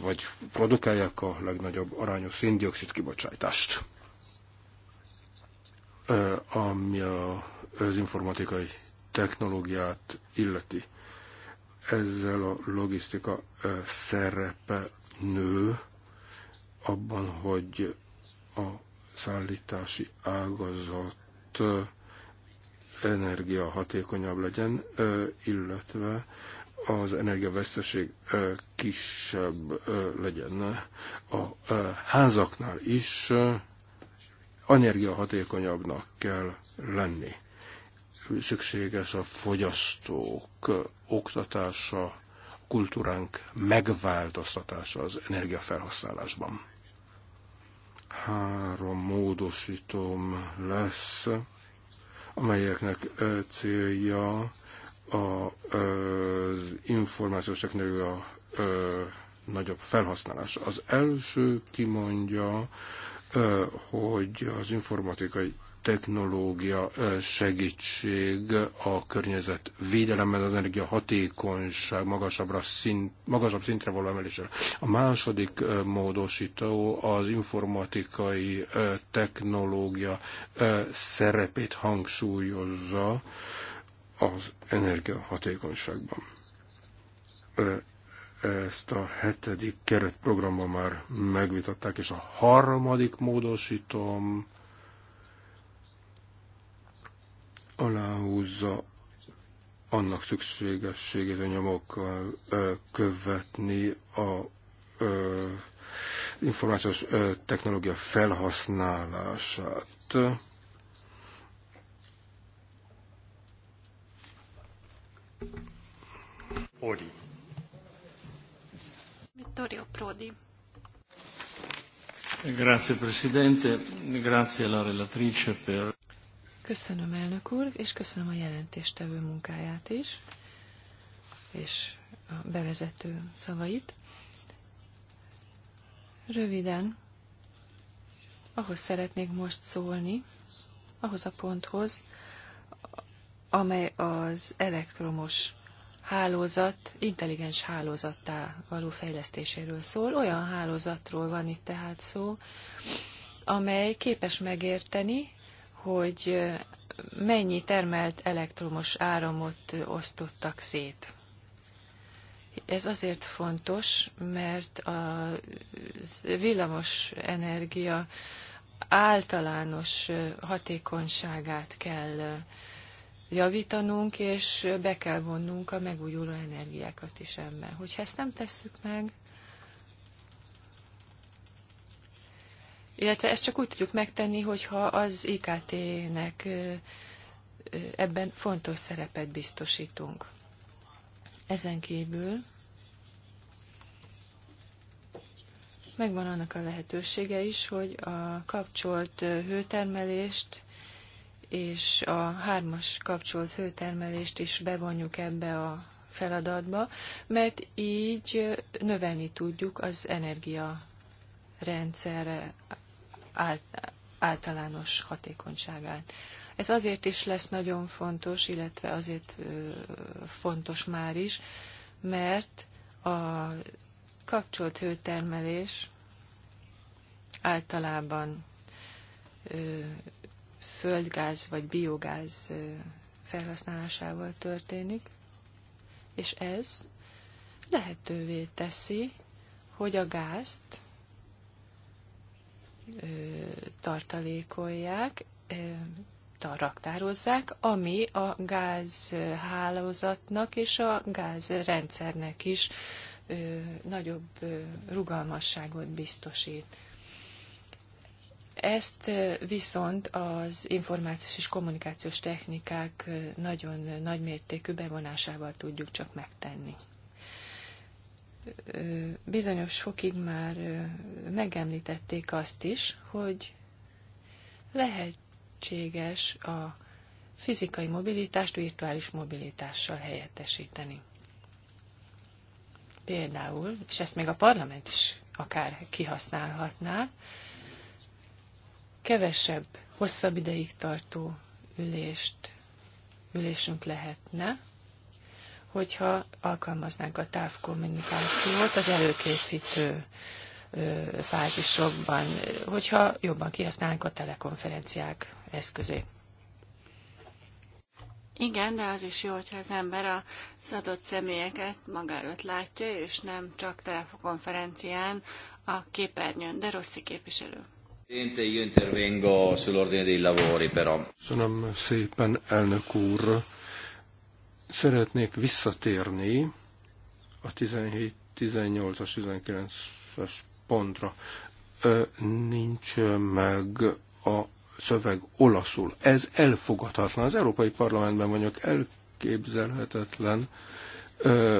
vagy produkálják a legnagyobb arányú szindioxid kibocsátást, ami az informatikai technológiát illeti ezzel a logisztika szerepe nő abban, hogy a szállítási ágazat energia hatékonyabb legyen, illetve az energiaveszteség kisebb legyen a házaknál is energiahatékonyabbnak kell lenni szükséges a fogyasztók oktatása, kultúránk megváltoztatása az energiafelhasználásban. Három módosítom lesz, amelyeknek célja az információs technológia nagyobb felhasználás. Az első kimondja, hogy az informatikai technológia segítség a környezet védelemben, az energia hatékonyság magasabbra szint, magasabb szintre való emelésre. A második módosító az informatikai technológia szerepét hangsúlyozza az energia hatékonyságban. Ezt a hetedik keretprogramban már megvitatták, és a harmadik módosítom aláhúzza annak szükségességét, a nyomokkal követni a ö, információs ö, technológia felhasználását. Prodi. Vittorio Prodi. Grazie Presidente, grazie alla relatrice per... Köszönöm, elnök úr, és köszönöm a jelentéstevő munkáját is, és a bevezető szavait. Röviden, ahhoz szeretnék most szólni, ahhoz a ponthoz, amely az elektromos hálózat, intelligens hálózattá való fejlesztéséről szól. Olyan hálózatról van itt tehát szó, amely képes megérteni, hogy mennyi termelt elektromos áramot osztottak szét. Ez azért fontos, mert a villamos energia általános hatékonyságát kell javítanunk, és be kell vonnunk a megújuló energiákat is ebben. Hogyha ezt nem tesszük meg, illetve ezt csak úgy tudjuk megtenni, hogyha az IKT-nek ebben fontos szerepet biztosítunk. Ezen kívül megvan annak a lehetősége is, hogy a kapcsolt hőtermelést és a hármas kapcsolt hőtermelést is bevonjuk ebbe a feladatba, mert így növelni tudjuk az energia rendszerre általános hatékonyságát. Ez azért is lesz nagyon fontos, illetve azért fontos már is, mert a kapcsolt hőtermelés általában földgáz vagy biogáz felhasználásával történik, és ez lehetővé teszi, hogy a gázt tartalékolják, raktározzák, ami a gázhálózatnak és a gázrendszernek is nagyobb rugalmasságot biztosít. Ezt viszont az információs és kommunikációs technikák nagyon nagymértékű bevonásával tudjuk csak megtenni bizonyos fokig már megemlítették azt is, hogy lehetséges a fizikai mobilitást virtuális mobilitással helyettesíteni. Például, és ezt még a parlament is akár kihasználhatná, kevesebb, hosszabb ideig tartó ülést, ülésünk lehetne, hogyha alkalmaznánk a távkommunikációt az előkészítő fázisokban, hogyha jobban kihasználnánk a telekonferenciák eszközét. Igen, de az is jó, hogyha az ember a szadott személyeket maga előtt látja, és nem csak telefonkonferencián a képernyőn, de rossz képviselő. Köszönöm szépen, elnök úr Szeretnék visszatérni a 17, 18-as, 19-es pontra. Ö, nincs meg a szöveg olaszul. Ez elfogadhatlan. Az Európai Parlamentben vagyok elképzelhetetlen,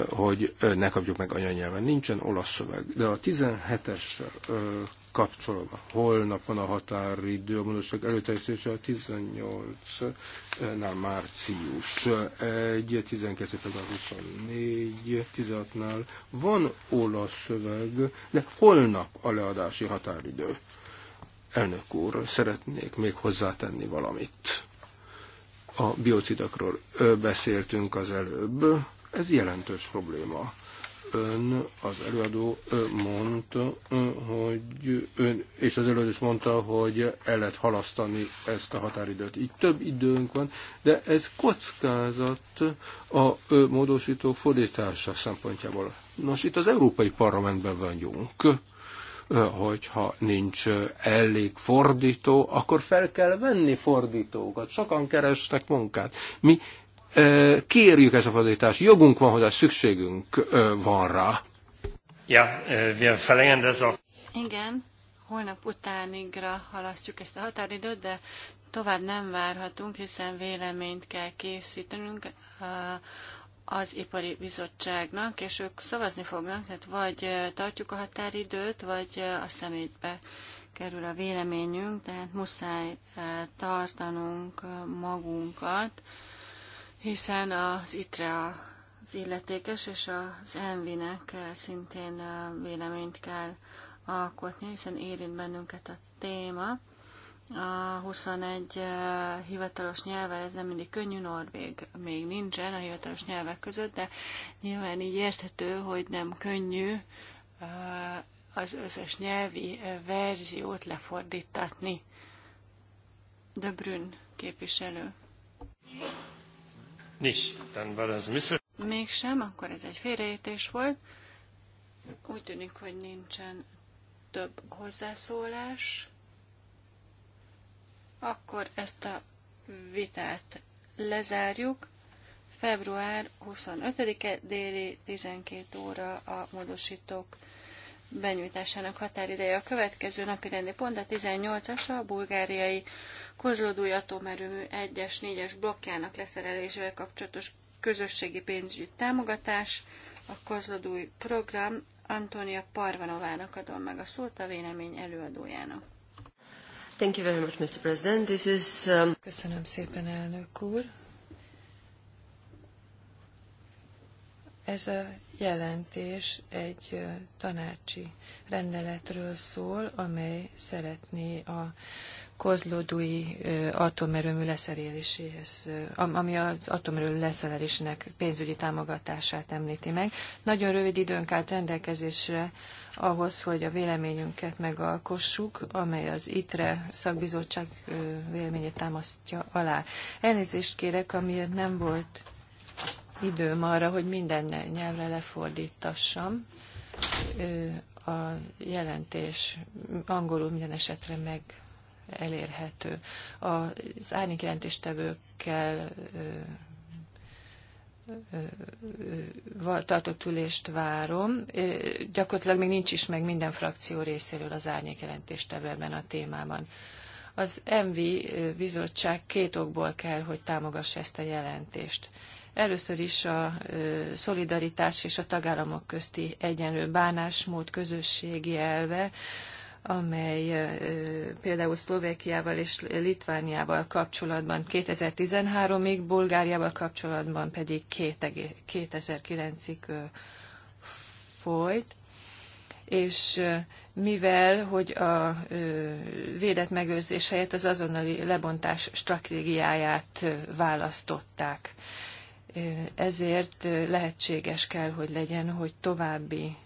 hogy ne kapjuk meg anyanyelven. Nincsen olasz szöveg. De a 17 es kapcsolva. Holnap van a határidő, a módosítók előterjesztése a 18-nál március 1, 12 február 24, 16-nál van olasz szöveg, de holnap a leadási határidő. Elnök úr, szeretnék még hozzátenni valamit. A biocidakról beszéltünk az előbb, ez jelentős probléma ön, az előadó mondta, hogy ön, és az előadó is mondta, hogy el lehet halasztani ezt a határidőt. Így több időnk van, de ez kockázat a módosító fordítása szempontjából. Nos, itt az Európai Parlamentben vagyunk hogyha nincs elég fordító, akkor fel kell venni fordítókat. Sokan keresnek munkát. Mi kérjük ezt a fordítást, jogunk van hozzá, szükségünk van rá. Ja, wir verlängern das auch. Igen, holnap utánigra halasztjuk ezt a határidőt, de tovább nem várhatunk, hiszen véleményt kell készítenünk az ipari bizottságnak, és ők szavazni fognak, tehát vagy tartjuk a határidőt, vagy a szemétbe kerül a véleményünk, tehát muszáj tartanunk magunkat hiszen az ITRE az illetékes, és az ENVI-nek szintén véleményt kell alkotni, hiszen érint bennünket a téma. A 21 hivatalos nyelvvel ez nem mindig könnyű, Norvég még nincsen a hivatalos nyelvek között, de nyilván így érthető, hogy nem könnyű az összes nyelvi verziót lefordítatni. De Brün képviselő. Mégsem, akkor ez egy félreértés volt. Úgy tűnik, hogy nincsen több hozzászólás. Akkor ezt a vitát lezárjuk. Február 25-e déli 12 óra a módosítók benyújtásának határideje. A következő napi rendi pont a 18-as a bulgáriai kozlodói atomerőmű 1-es, 4-es blokkjának leszerelésével kapcsolatos közösségi pénzügyi támogatás. A kozlodói program Antonia Parvanovának adom meg a szót a vélemény előadójának. Thank you very much, Mr. President. This is, um... Köszönöm szépen, elnök úr. Ez a jelentés egy tanácsi rendeletről szól, amely szeretné a kozlódói atomerőmű leszereléséhez, ami az atomerőmű leszerelésének pénzügyi támogatását említi meg. Nagyon rövid időnk állt rendelkezésre ahhoz, hogy a véleményünket megalkossuk, amely az ITRE szakbizottság véleményét támasztja alá. Elnézést kérek, amiért nem volt időm arra, hogy minden nyelvre lefordítassam a jelentés angolul minden esetre meg elérhető. Az árnyékjelentéstevőkkel tartott ülést várom. Gyakorlatilag még nincs is meg minden frakció részéről az árnyékjelentéstevő ebben a témában. Az MV bizottság két okból kell, hogy támogassa ezt a jelentést. Először is a szolidaritás és a tagállamok közti egyenlő bánásmód közösségi elve, amely például Szlovékiával és Litvániával kapcsolatban 2013-ig, Bulgáriával kapcsolatban pedig 2009-ig folyt. És mivel, hogy a védett megőrzés helyett az azonnali lebontás stratégiáját választották. Ezért lehetséges kell, hogy legyen, hogy további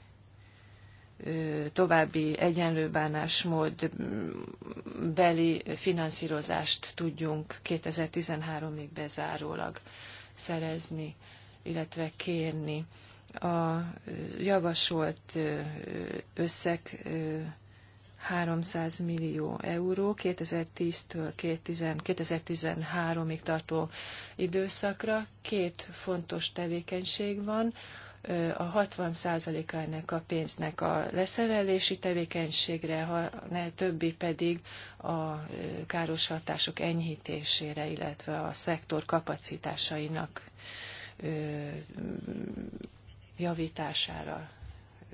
további egyenlő bánásmód beli finanszírozást tudjunk 2013-ig bezárólag szerezni, illetve kérni. A javasolt összeg 300 millió euró 2010-től 2013-ig tartó időszakra. Két fontos tevékenység van a 60%-a ennek a pénznek a leszerelési tevékenységre, ne többi pedig a káros hatások enyhítésére, illetve a szektor kapacitásainak javítására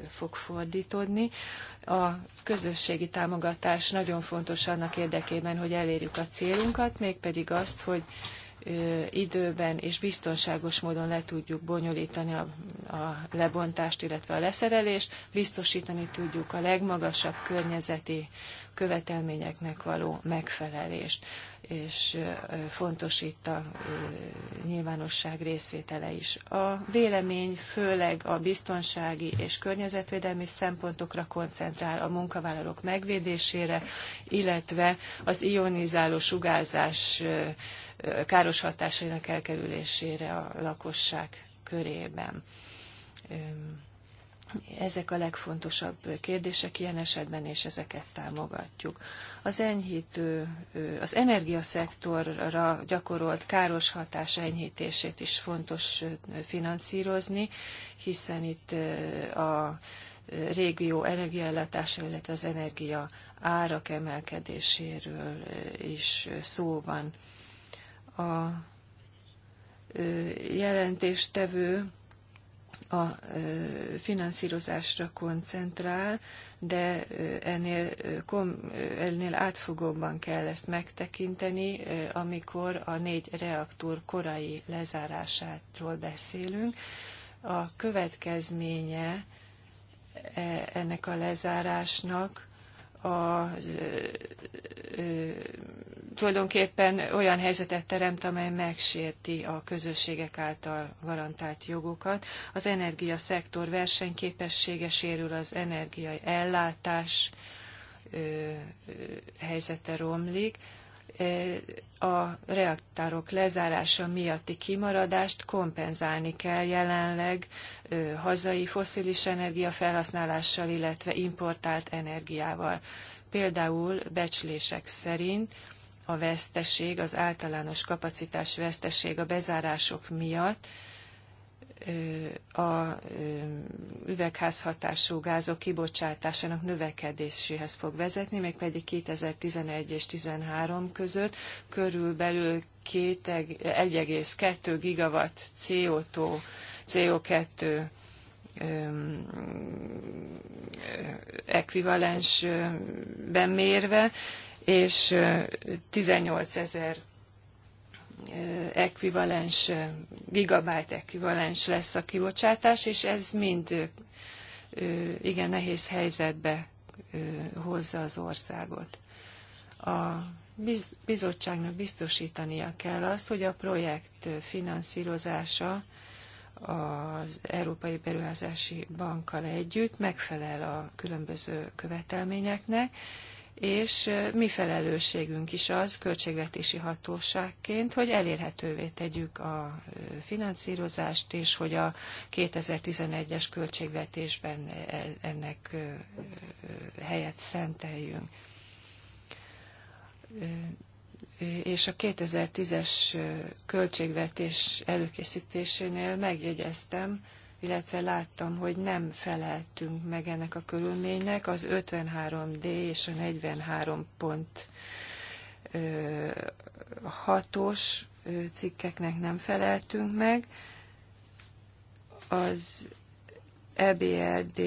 fog fordítódni. A közösségi támogatás nagyon fontos annak érdekében, hogy elérjük a célunkat, mégpedig azt, hogy időben és biztonságos módon le tudjuk bonyolítani a, a lebontást, illetve a leszerelést, biztosítani tudjuk a legmagasabb környezeti követelményeknek való megfelelést és fontos itt a nyilvánosság részvétele is. A vélemény főleg a biztonsági és környezetvédelmi szempontokra koncentrál a munkavállalók megvédésére, illetve az ionizáló sugárzás káros hatásainak elkerülésére a lakosság körében ezek a legfontosabb kérdések ilyen esetben, és ezeket támogatjuk. Az enyhítő, az energiaszektorra gyakorolt káros hatás enyhítését is fontos finanszírozni, hiszen itt a régió energiaellátása, illetve az energia árak emelkedéséről is szó van. A jelentéstevő a finanszírozásra koncentrál, de ennél, ennél átfogóbban kell ezt megtekinteni, amikor a négy reaktor korai lezárásáról beszélünk. A következménye e, ennek a lezárásnak a tulajdonképpen olyan helyzetet teremt, amely megsérti a közösségek által garantált jogokat. Az energiaszektor versenyképessége sérül, az energiai ellátás helyzete romlik. A reaktárok lezárása miatti kimaradást kompenzálni kell jelenleg hazai foszilis energia felhasználással, illetve importált energiával például becslések szerint a veszteség, az általános kapacitás veszteség a bezárások miatt a üvegházhatású gázok kibocsátásának növekedéséhez fog vezetni, mégpedig 2011 és 2013 között körülbelül 1,2 gigawatt CO2, CO2 ekvivalensben mérve, és 18 ezer ekvivalens, gigabyte ekvivalens lesz a kibocsátás, és ez mind igen nehéz helyzetbe hozza az országot. A bizottságnak biztosítania kell azt, hogy a projekt finanszírozása az Európai Beruházási Bankkal együtt megfelel a különböző követelményeknek, és mi felelősségünk is az költségvetési hatóságként, hogy elérhetővé tegyük a finanszírozást, és hogy a 2011-es költségvetésben ennek helyet szenteljünk. És a 2010-es költségvetés előkészítésénél megjegyeztem, illetve láttam, hogy nem feleltünk meg ennek a körülménynek. Az 53D és a 43 pont hatos cikkeknek nem feleltünk meg. Az EBRD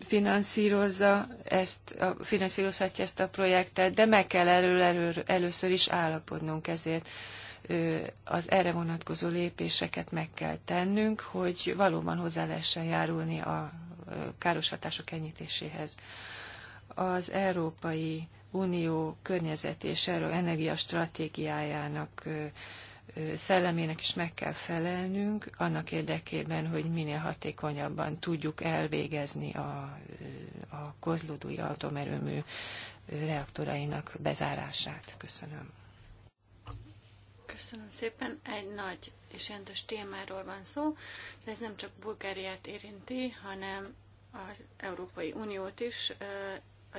finanszírozza ezt, finanszírozhatja ezt a projektet, de meg kell elő, elő, először is állapodnunk ezért az erre vonatkozó lépéseket meg kell tennünk, hogy valóban hozzá lehessen járulni a káros hatások enyítéséhez. Az Európai Unió környezet és energia stratégiájának szellemének is meg kell felelnünk, annak érdekében, hogy minél hatékonyabban tudjuk elvégezni a, a kozlódói atomerőmű reaktorainak bezárását. Köszönöm. Köszönöm szépen. Egy nagy és jelentős témáról van szó, de ez nem csak Bulgáriát érinti, hanem az Európai Uniót is. A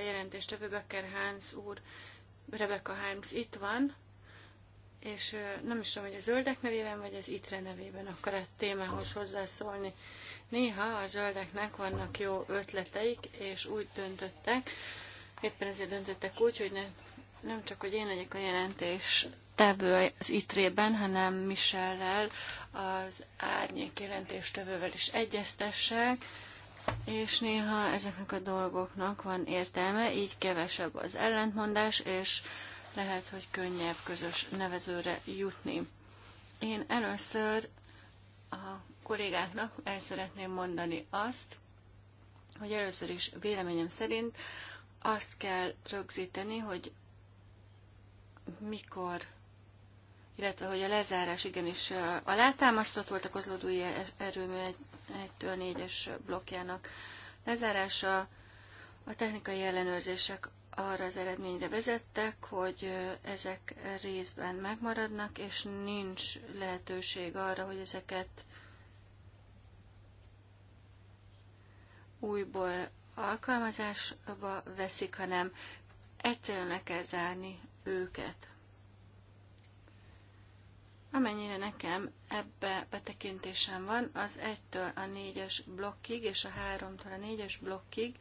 a Becker Hans úr, Rebecca Harms itt van, és nem is tudom, hogy a zöldek nevében, vagy az ITRE nevében akar a témához hozzászólni. Néha a zöldeknek vannak jó ötleteik, és úgy döntöttek, éppen ezért döntöttek úgy, hogy ne nem csak, hogy én legyek a jelentés tevő az ITRE-ben, hanem Michellel, az árnyék tevővel is egyeztessek, és néha ezeknek a dolgoknak van értelme, így kevesebb az ellentmondás, és lehet, hogy könnyebb közös nevezőre jutni. Én először a kollégáknak el szeretném mondani azt, hogy először is véleményem szerint azt kell rögzíteni, hogy mikor, illetve hogy a lezárás igenis alátámasztott volt a kozlódói erőmű 1-től 4-es blokkjának lezárása. A technikai ellenőrzések arra az eredményre vezettek, hogy ezek részben megmaradnak, és nincs lehetőség arra, hogy ezeket újból alkalmazásba veszik, hanem egyszerűen le kell zárni őket. Amennyire nekem ebbe betekintésem van, az 1-től a 4-es blokkig és a 3-től a 4-es blokkig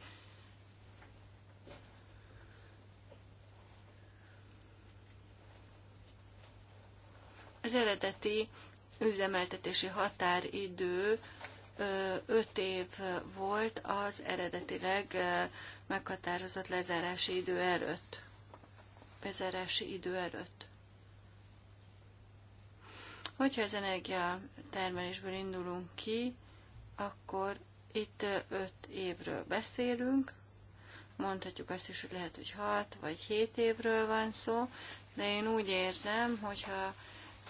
az eredeti üzemeltetési határidő 5 év volt az eredetileg meghatározott lezárási idő előtt bezárási idő előtt. Hogyha az termelésből indulunk ki, akkor itt 5 évről beszélünk, mondhatjuk azt is, hogy lehet, hogy 6 vagy 7 évről van szó, de én úgy érzem, hogyha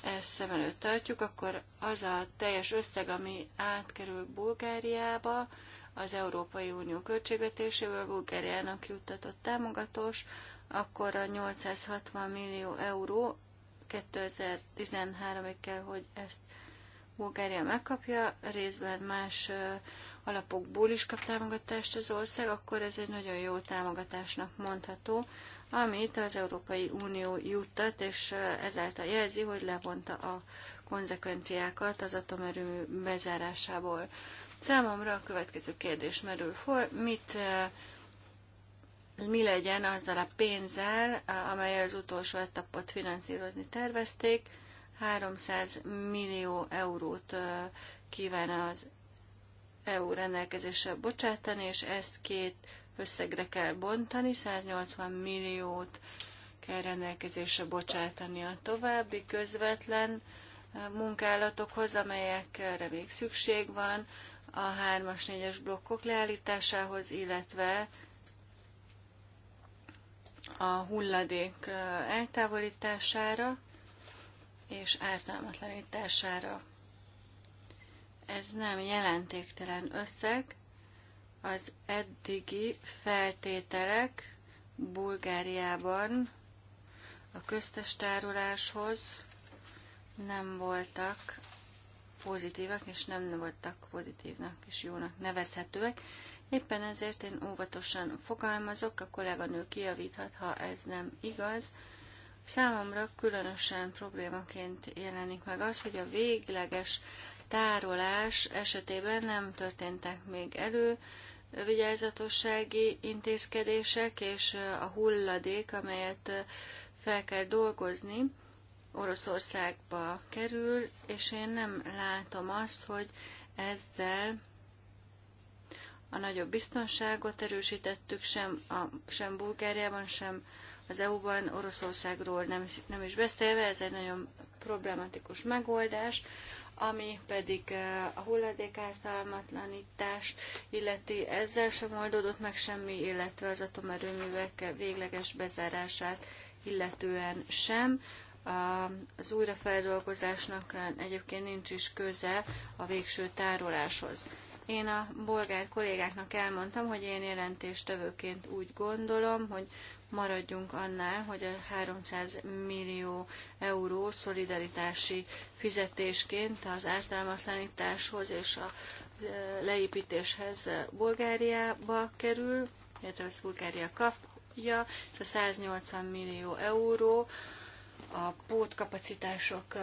ezt szem előtt tartjuk, akkor az a teljes összeg, ami átkerül Bulgáriába, az Európai Unió költségvetéséből Bulgáriának juttatott támogatós, akkor a 860 millió euró 2013-ig kell, hogy ezt Bulgária megkapja, részben más alapokból is kap támogatást az ország, akkor ez egy nagyon jó támogatásnak mondható, amit az Európai Unió juttat, és ezáltal jelzi, hogy levonta a konzekvenciákat az atomerőmű bezárásából. Számomra a következő kérdés merül fel, mit mi legyen azzal a pénzzel, amely az utolsó etapot finanszírozni tervezték. 300 millió eurót kíván az EU rendelkezésre bocsátani, és ezt két összegre kell bontani, 180 milliót kell rendelkezésre bocsátani a további közvetlen munkálatokhoz, amelyekre még szükség van, a 3-as, 4-es blokkok leállításához, illetve a hulladék eltávolítására és ártalmatlanítására. Ez nem jelentéktelen összeg, az eddigi feltételek Bulgáriában a köztes tároláshoz nem voltak pozitívak, és nem voltak pozitívnak és jónak nevezhetőek. Éppen ezért én óvatosan fogalmazok, a kolléganő kiavíthat ha ez nem igaz. Számomra különösen problémaként jelenik meg az, hogy a végleges tárolás esetében nem történtek még elő vigyázatossági intézkedések, és a hulladék, amelyet fel kell dolgozni, Oroszországba kerül, és én nem látom azt, hogy ezzel a nagyobb biztonságot erősítettük, sem, a, sem Bulgáriában, sem az EU-ban, Oroszországról nem, nem is beszélve, ez egy nagyon problematikus megoldás, ami pedig eh, a hulladék ártalmatlanítást illeti, ezzel sem oldódott meg semmi, illetve az atomerőművek végleges bezárását illetően sem. Az újrafeldolgozásnak eh, egyébként nincs is köze a végső tároláshoz. Én a bolgár kollégáknak elmondtam, hogy én jelentéstevőként úgy gondolom, hogy maradjunk annál, hogy a 300 millió euró szolidaritási fizetésként az ártalmatlanításhoz és a leépítéshez Bulgáriába kerül, illetve az Bulgária kapja, és a 180 millió euró a pótkapacitások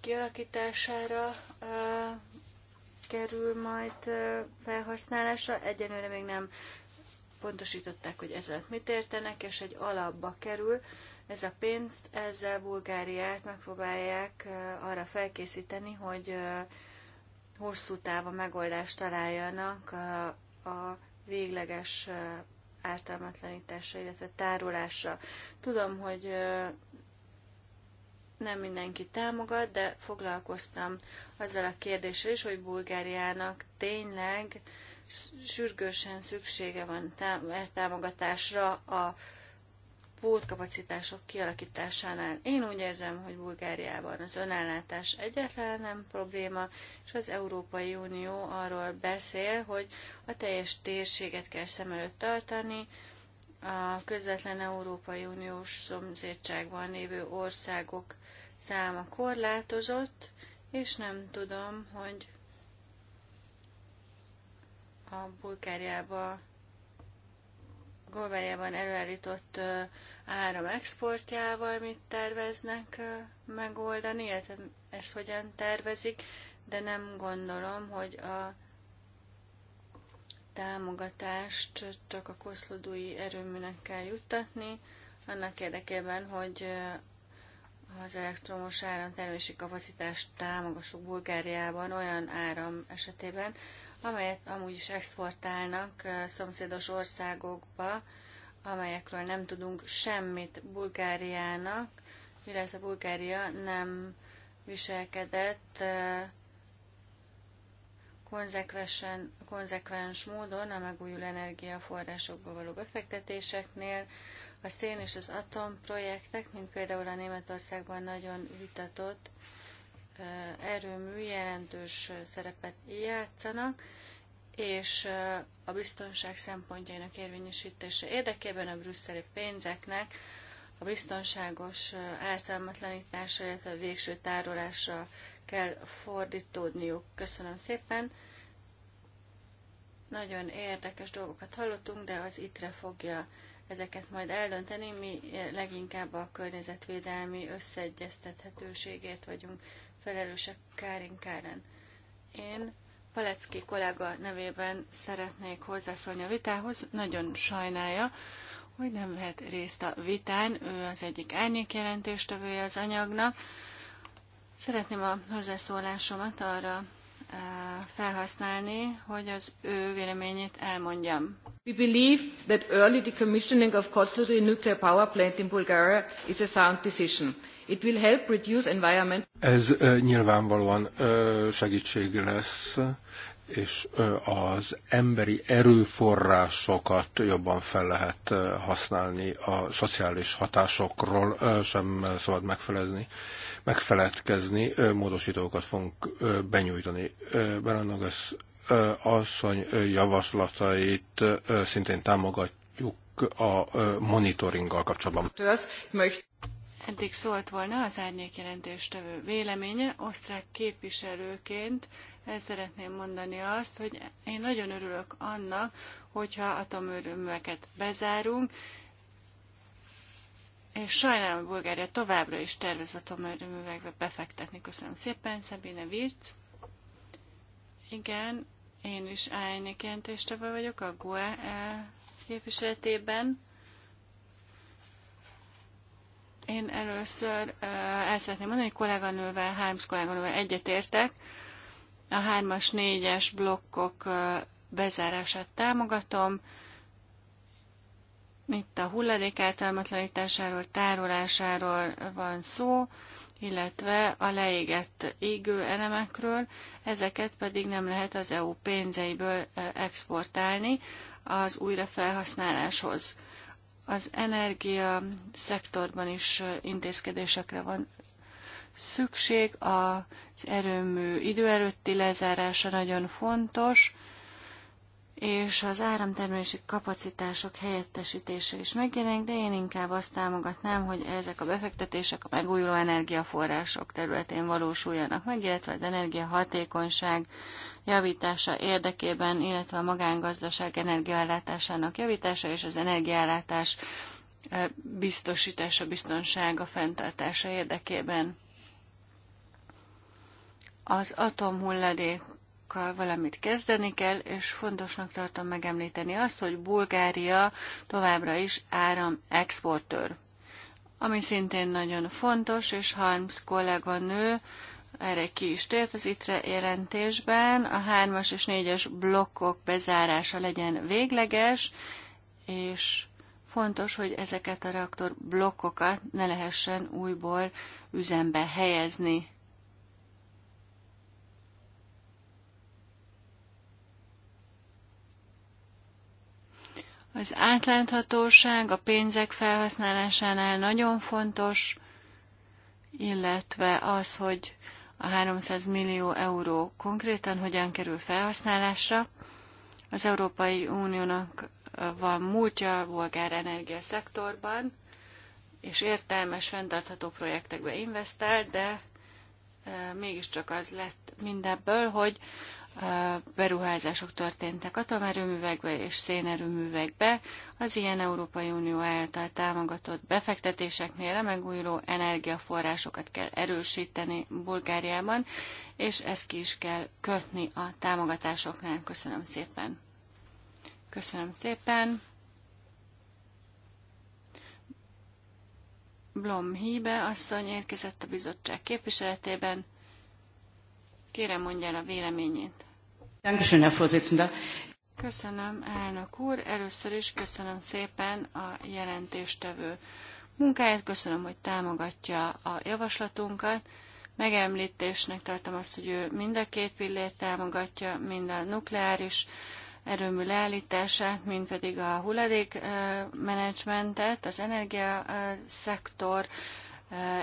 kialakítására kerül majd felhasználásra. Egyenőre még nem pontosították, hogy ezzel mit értenek, és egy alapba kerül ez a pénzt, ezzel Bulgáriát megpróbálják arra felkészíteni, hogy hosszú távon megoldást találjanak a végleges ártalmatlanításra, illetve tárolásra. Tudom, hogy nem mindenki támogat, de foglalkoztam azzal a kérdéssel is, hogy Bulgáriának tényleg sürgősen szüksége van e-, támogatásra a pótkapacitások kialakításánál. Én úgy érzem, hogy Bulgáriában az önállátás egyáltalán nem probléma, és az Európai Unió arról beszél, hogy a teljes térséget kell szem előtt tartani, a közvetlen Európai Uniós szomszédságban lévő országok száma korlátozott, és nem tudom, hogy a Bulgáriában, Golváriában előállított áram exportjával mit terveznek megoldani, illetve ezt hogyan tervezik, de nem gondolom, hogy a támogatást csak a koszlodói erőműnek kell juttatni, annak érdekében, hogy az elektromos áramtermési kapacitást támogassuk Bulgáriában olyan áram esetében, amelyet amúgy is exportálnak szomszédos országokba, amelyekről nem tudunk semmit Bulgáriának, illetve Bulgária nem viselkedett konzekvens módon a megújuló energiaforrásokba való befektetéseknél, a szén és az atom projektek, mint például a Németországban nagyon vitatott erőmű jelentős szerepet játszanak, és a biztonság szempontjainak érvényesítése érdekében a brüsszeli pénzeknek a biztonságos ártalmatlanításra, illetve a végső tárolásra kell fordítódniuk. Köszönöm szépen! Nagyon érdekes dolgokat hallottunk, de az ITRE fogja ezeket majd eldönteni. Mi eh, leginkább a környezetvédelmi összeegyeztethetőségért vagyunk felelősek Kárin Káren. Én Palecki kollega nevében szeretnék hozzászólni a vitához. Nagyon sajnálja, hogy nem vehet részt a vitán. Ő az egyik árnyékjelentéstevője az anyagnak. Szeretném a hozzászólásomat arra Eh, felhasználni, hogy az ő véleményét elmondjam. We believe that early decommissioning of Kozloduy nuclear power plant in Bulgaria is a sound decision. It will help reduce environment. Ez eh, nyilvánvalóan eh, segítség lesz és az emberi erőforrásokat jobban fel lehet használni, a szociális hatásokról sem szabad megfelezni, megfeledkezni, módosítókat fogunk benyújtani. az asszony javaslatait szintén támogatjuk a monitoringgal kapcsolatban. Eddig szólt volna az árnyék jelentéstevő véleménye, osztrák képviselőként el szeretném mondani azt, hogy én nagyon örülök annak, hogyha atomerőműveket bezárunk, és sajnálom, a Bulgária továbbra is tervez atomerőművekbe befektetni. Köszönöm szépen, Szabine Virc. Igen, én is állnék jelentéstevő vagyok a GUE eh, képviseletében. Én először eh, el szeretném mondani, hogy kolléganővel, Harms kolléganővel egyetértek, a 3-as, 4-es blokkok bezárását támogatom. Itt a hulladék általmatlanításáról, tárolásáról van szó, illetve a leégett égő elemekről, ezeket pedig nem lehet az EU pénzeiből exportálni az újrafelhasználáshoz. Az energia szektorban is intézkedésekre van szükség, az erőmű idő előtti lezárása nagyon fontos, és az áramtermelési kapacitások helyettesítése is megjelenik, de én inkább azt támogatnám, hogy ezek a befektetések a megújuló energiaforrások területén valósuljanak meg, illetve az energiahatékonyság javítása érdekében, illetve a magángazdaság energiaellátásának javítása és az energiaellátás eh, biztosítása, biztonsága fenntartása érdekében az atomhulladékkal valamit kezdeni kell, és fontosnak tartom megemlíteni azt, hogy Bulgária továbbra is áram exportőr. Ami szintén nagyon fontos, és Harms kolléganő erre ki is tért az ITRE jelentésben, a hármas és négyes blokkok bezárása legyen végleges, és fontos, hogy ezeket a reaktor blokkokat ne lehessen újból üzembe helyezni. Az átláthatóság a pénzek felhasználásánál nagyon fontos, illetve az, hogy a 300 millió euró konkrétan hogyan kerül felhasználásra. Az Európai Uniónak van múltja a bolgár szektorban és értelmes, fenntartható projektekbe investált, de e, mégiscsak az lett mindebből, hogy beruházások történtek atomerőművekbe és szénerőművekbe, az ilyen Európai Unió által támogatott befektetéseknél a megújuló energiaforrásokat kell erősíteni Bulgáriában, és ezt ki is kell kötni a támogatásoknál. Köszönöm szépen! Köszönöm szépen! Blom Híbe asszony érkezett a bizottság képviseletében. Kérem mondja el a véleményét. Köszönöm, elnök úr. Először is köszönöm szépen a jelentéstevő munkáját, köszönöm, hogy támogatja a javaslatunkat. Megemlítésnek tartom azt, hogy ő mind a két pillért támogatja, mind a nukleáris erőmű leállítását, mint pedig a hulladékmenedzsmentet, az energiaszektor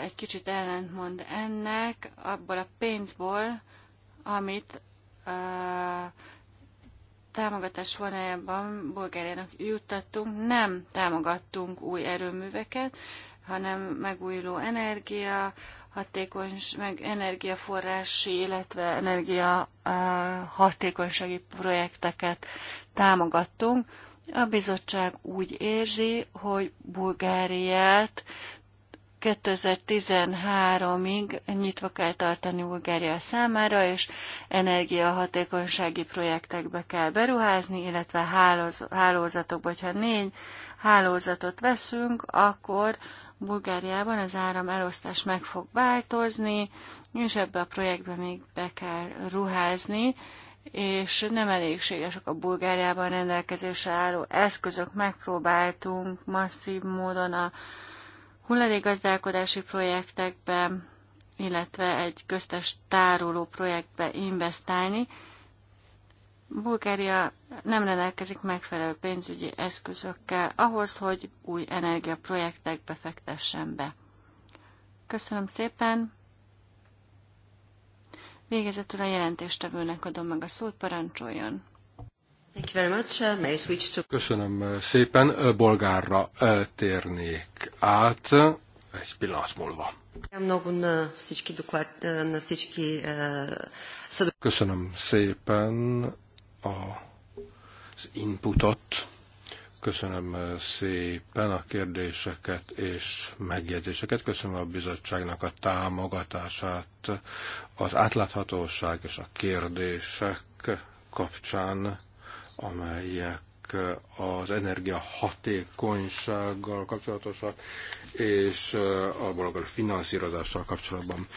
egy kicsit ellentmond ennek, abból a pénzból, amit támogatás vonájában Bulgáriának juttattunk, nem támogattunk új erőműveket, hanem megújuló energia, hatékony, meg energiaforrási, illetve energia hatékonysági projekteket támogattunk. A bizottság úgy érzi, hogy Bulgáriát 2013-ig nyitva kell tartani Bulgária számára, és energiahatékonysági projektekbe kell beruházni, illetve hálózatokba. Ha négy hálózatot veszünk, akkor Bulgáriában az áram elosztás meg fog változni, és ebbe a projektbe még be kell ruházni, és nem elégségesek a Bulgáriában rendelkezésre álló eszközök. Megpróbáltunk masszív módon a hulladékgazdálkodási projektekbe, illetve egy köztes tároló projektbe investálni. Bulgária nem rendelkezik megfelelő pénzügyi eszközökkel ahhoz, hogy új energiaprojektekbe fektessen be. Köszönöm szépen! Végezetül a jelentéstevőnek adom meg a szót, parancsoljon! Uh, Köszönöm uh, szépen. Uh, bolgárra térnék át egy pillanat múlva. Köszönöm szépen a, az inputot. Köszönöm szépen a kérdéseket és megjegyzéseket. Köszönöm a bizottságnak a támogatását az átláthatóság és a kérdések kapcsán amelyek az energia hatékonysággal kapcsolatosak, és a valakor finanszírozással kapcsolatban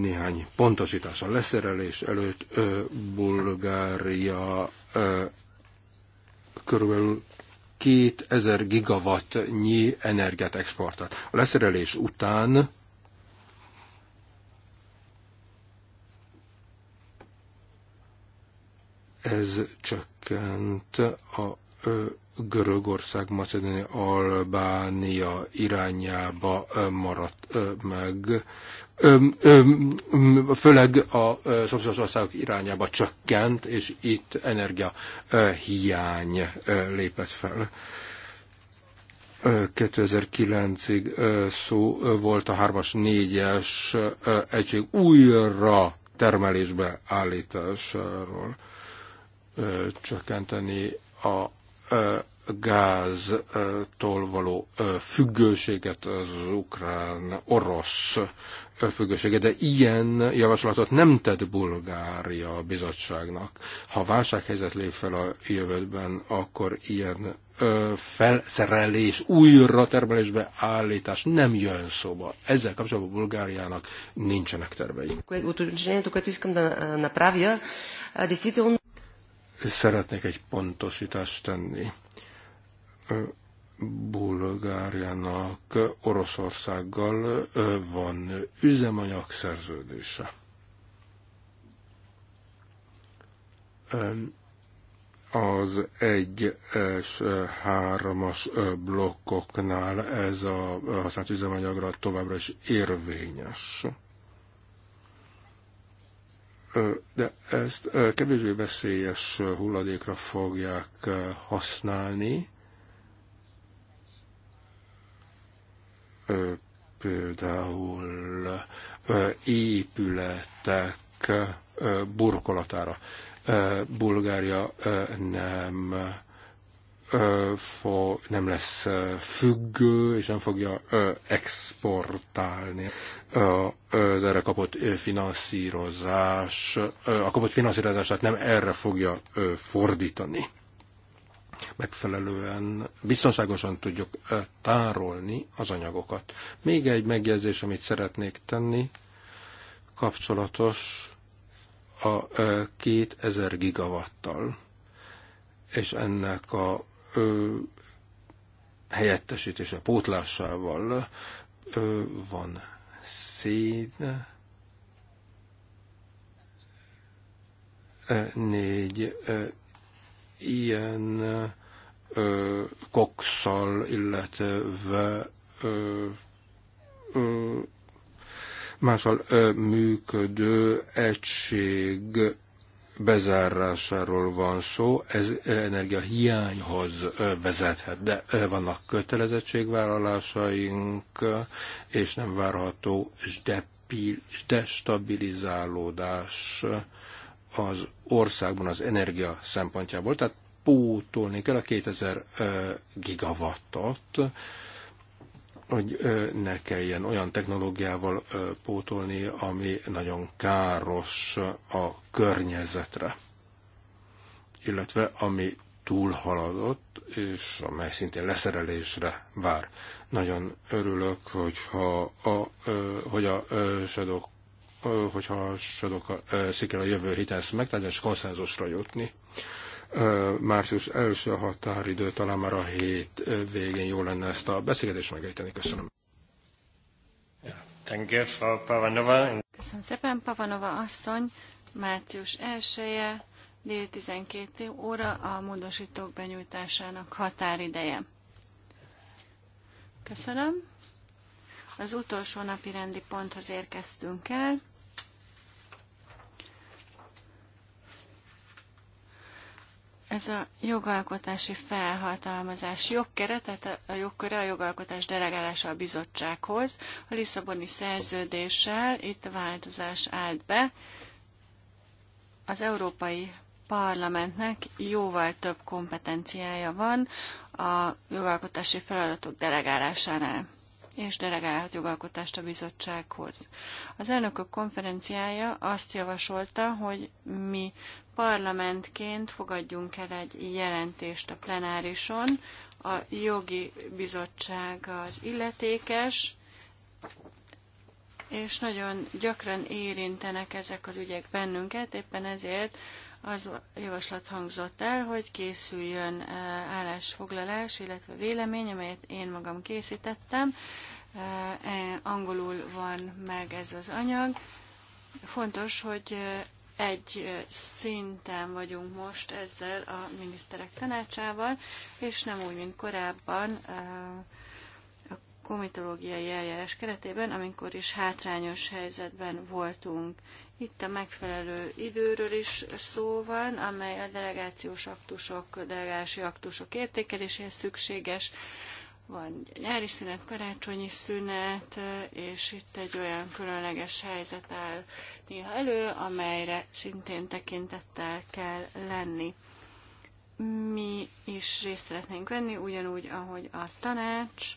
néhány pontosítás a leszerelés előtt Bulgária körülbelül 2000 gigawatt nyi energiát exportált. A leszerelés után Ez csökkent a Görögország, Macedónia, Albánia irányába maradt meg, főleg a szomszédos országok irányába csökkent, és itt energia hiány lépett fel. 2009-ig szó volt a 3-as, 4-es egység újra termelésbe állításáról csökkenteni a gáztól való függőséget, az ukrán-orosz függőséget, de ilyen javaslatot nem tett Bulgária a bizottságnak. Ha válsághelyzet lép fel a jövőben, akkor ilyen felszerelés, újra termelésbe állítás nem jön szóba. Ezzel kapcsolatban Bulgáriának nincsenek tervei szeretnék egy pontosítást tenni. Bulgáriának Oroszországgal van üzemanyag szerződése. Az egy és hármas blokkoknál ez a használt üzemanyagra továbbra is érvényes de ezt kevésbé veszélyes hulladékra fogják használni, például épületek burkolatára. Bulgária nem nem lesz függő, és nem fogja exportálni az erre kapott finanszírozás, a kapott finanszírozását nem erre fogja fordítani. Megfelelően biztonságosan tudjuk tárolni az anyagokat. Még egy megjegyzés, amit szeretnék tenni, kapcsolatos a 2000 gigawattal és ennek a helyettesítése, pótlásával van szín négy ilyen kokszal, illetve mással működő egység bezárásáról van szó, ez energiahiányhoz vezethet, de vannak kötelezettségvállalásaink, és nem várható destabilizálódás az országban az energia szempontjából, tehát pótolni kell a 2000 gigawattot, hogy ne kelljen olyan technológiával pótolni, ami nagyon káros a környezetre, illetve ami túlhaladott, és amely szintén leszerelésre vár. Nagyon örülök, hogyha a, hogy a Shadow hogyha a Shadow a jövő héten ezt megtárgyal, és konszenzusra jutni március első határidő, talán már a hét végén jó lenne ezt a beszélgetést megejteni. Köszönöm. Köszönöm szépen, Pavanova asszony. Március 1-e, dél 12 óra a módosítók benyújtásának határideje. Köszönöm. Az utolsó napi rendi ponthoz érkeztünk el. Ez a jogalkotási felhatalmazás jogkere, tehát a jogköre a jogalkotás delegálása a bizottsághoz. A Lisszaboni szerződéssel itt a változás állt be. Az Európai Parlamentnek jóval több kompetenciája van a jogalkotási feladatok delegálásánál és delegálhat jogalkotást a bizottsághoz. Az elnökök konferenciája azt javasolta, hogy mi parlamentként fogadjunk el egy jelentést a plenárison. A jogi bizottság az illetékes, és nagyon gyakran érintenek ezek az ügyek bennünket, éppen ezért az javaslat hangzott el, hogy készüljön eh, állásfoglalás, illetve vélemény, amelyet én magam készítettem. Eh, eh, angolul van meg ez az anyag. Fontos, hogy egy szinten vagyunk most ezzel a miniszterek tanácsával, és nem úgy, mint korábban a komitológiai eljárás keretében, amikor is hátrányos helyzetben voltunk. Itt a megfelelő időről is szó van, amely a delegációs aktusok, delegási aktusok értékeléséhez szükséges, van nyári szünet, karácsonyi szünet, és itt egy olyan különleges helyzet áll néha elő, amelyre szintén tekintettel kell lenni. Mi is részt szeretnénk venni, ugyanúgy, ahogy a tanács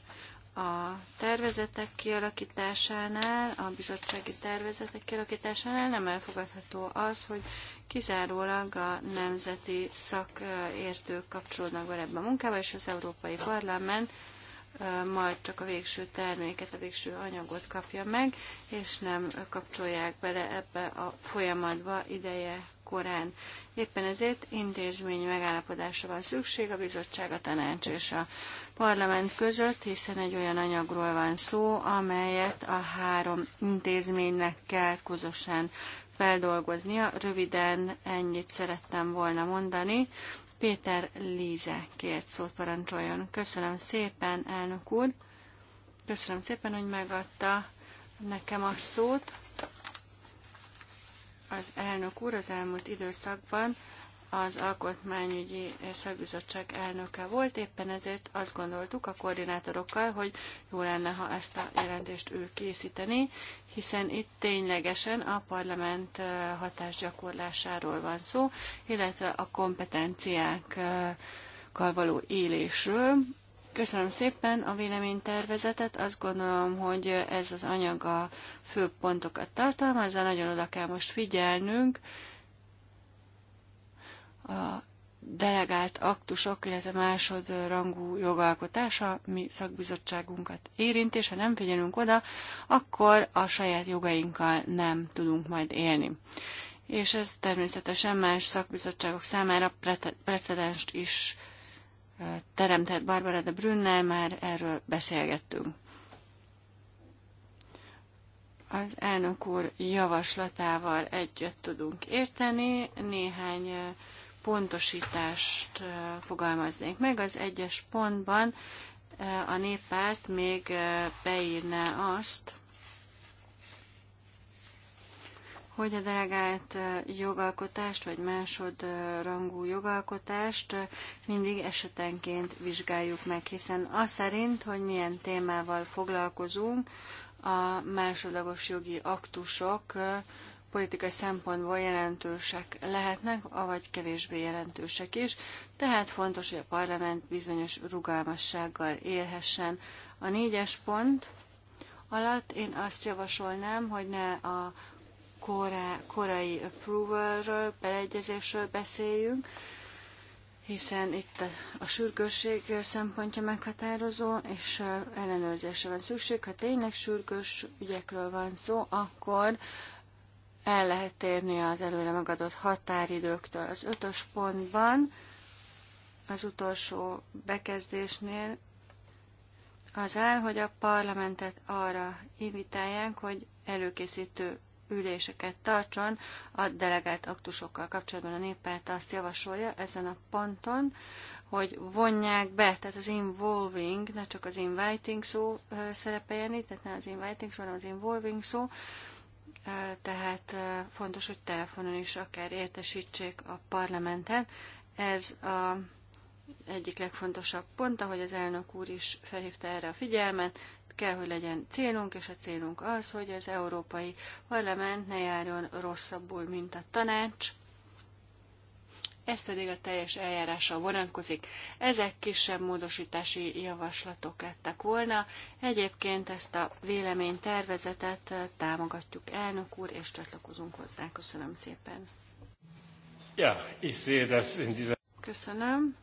a tervezetek kialakításánál, a bizottsági tervezetek kialakításánál nem elfogadható az, hogy kizárólag a nemzeti szakértők kapcsolódnak vele, ebbe a munkába, és az Európai Parlament majd csak a végső terméket, a végső anyagot kapja meg, és nem kapcsolják bele ebbe a folyamatba ideje korán. Éppen ezért intézmény megállapodása van szükség a bizottság, a tanács és a parlament között, hiszen egy olyan anyagról van szó, amelyet a három intézménynek kell közösen feldolgoznia. Röviden ennyit szerettem volna mondani Péter Líze kért szót parancsoljon. Köszönöm szépen, elnök úr. Köszönöm szépen, hogy megadta nekem a szót. Az elnök úr az elmúlt időszakban az Alkotmányügyi Szakbizottság elnöke volt, éppen ezért azt gondoltuk a koordinátorokkal, hogy jó lenne, ha ezt a jelentést ő készíteni, hiszen itt ténylegesen a parlament hatásgyakorlásáról van szó, illetve a kompetenciákkal való élésről. Köszönöm szépen a véleménytervezetet. Azt gondolom, hogy ez az anyag a fő pontokat tartalmazza, nagyon oda kell most figyelnünk, a delegált aktusok, illetve másodrangú jogalkotása mi szakbizottságunkat érint, és ha nem figyelünk oda, akkor a saját jogainkkal nem tudunk majd élni. És ez természetesen más szakbizottságok számára precedenst is teremtett Barbara de Brünnel, már erről beszélgettünk. Az elnök úr javaslatával egyet tudunk érteni, néhány pontosítást fogalmaznék meg. Az egyes pontban a néppárt még beírná azt, hogy a delegált jogalkotást, vagy másodrangú jogalkotást mindig esetenként vizsgáljuk meg, hiszen az szerint, hogy milyen témával foglalkozunk, a másodlagos jogi aktusok politikai szempontból jelentősek lehetnek, avagy kevésbé jelentősek is, tehát fontos, hogy a parlament bizonyos rugalmassággal élhessen. A négyes pont alatt én azt javasolnám, hogy ne a korá, korai approvalről, beleegyezésről beszéljünk, hiszen itt a sürgősség szempontja meghatározó, és ellenőrzésre van szükség. Ha tényleg sürgős ügyekről van szó, akkor el lehet térni az előre megadott határidőktől. Az ötös pontban, az utolsó bekezdésnél az áll, hogy a parlamentet arra invitálják, hogy előkészítő üléseket tartson a delegált aktusokkal kapcsolatban. A néppárt azt javasolja ezen a ponton, hogy vonják be, tehát az involving, ne csak az inviting szó szerepeljen itt, tehát nem az inviting szó, hanem az involving szó, tehát fontos, hogy telefonon is akár értesítsék a parlamentet. Ez a egyik legfontosabb pont, ahogy az elnök úr is felhívta erre a figyelmet, kell, hogy legyen célunk, és a célunk az, hogy az Európai Parlament ne járjon rosszabbul, mint a tanács, ez pedig a teljes eljárásra vonatkozik. Ezek kisebb módosítási javaslatok lettek volna. Egyébként ezt a véleménytervezetet eh, támogatjuk elnök úr, és csatlakozunk hozzá. Köszönöm szépen. Ja, és Köszönöm.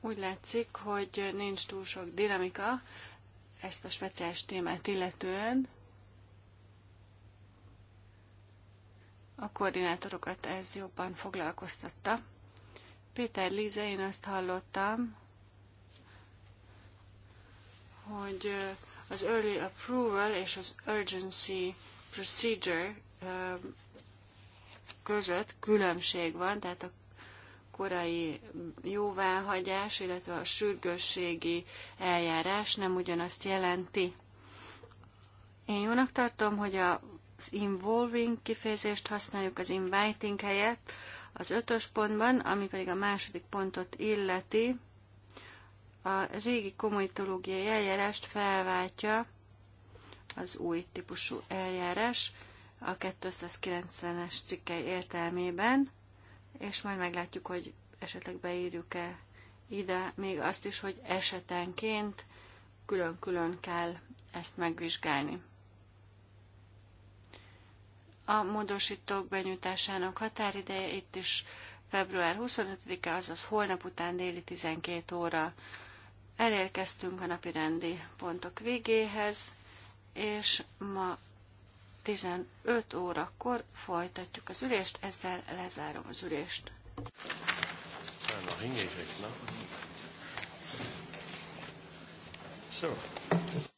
Úgy látszik, hogy nincs túl sok dinamika ezt a speciális témát illetően. A koordinátorokat ez jobban foglalkoztatta. Péter Líze, én azt hallottam, hogy az early approval és az urgency procedure között különbség van, tehát a korai jóváhagyás, illetve a sürgősségi eljárás nem ugyanazt jelenti. Én jónak tartom, hogy a az involving kifejezést használjuk az inviting helyett az ötös pontban, ami pedig a második pontot illeti, a régi komolytológiai eljárást felváltja az új típusú eljárás a 290-es cikkei értelmében, és majd meglátjuk, hogy esetleg beírjuk-e ide még azt is, hogy esetenként külön-külön kell ezt megvizsgálni. A módosítók benyújtásának határideje itt is február 25-e, azaz holnap után déli 12 óra. Elérkeztünk a napi rendi pontok végéhez, és ma 15 órakor folytatjuk az ülést, ezzel lezárom az ülést. So.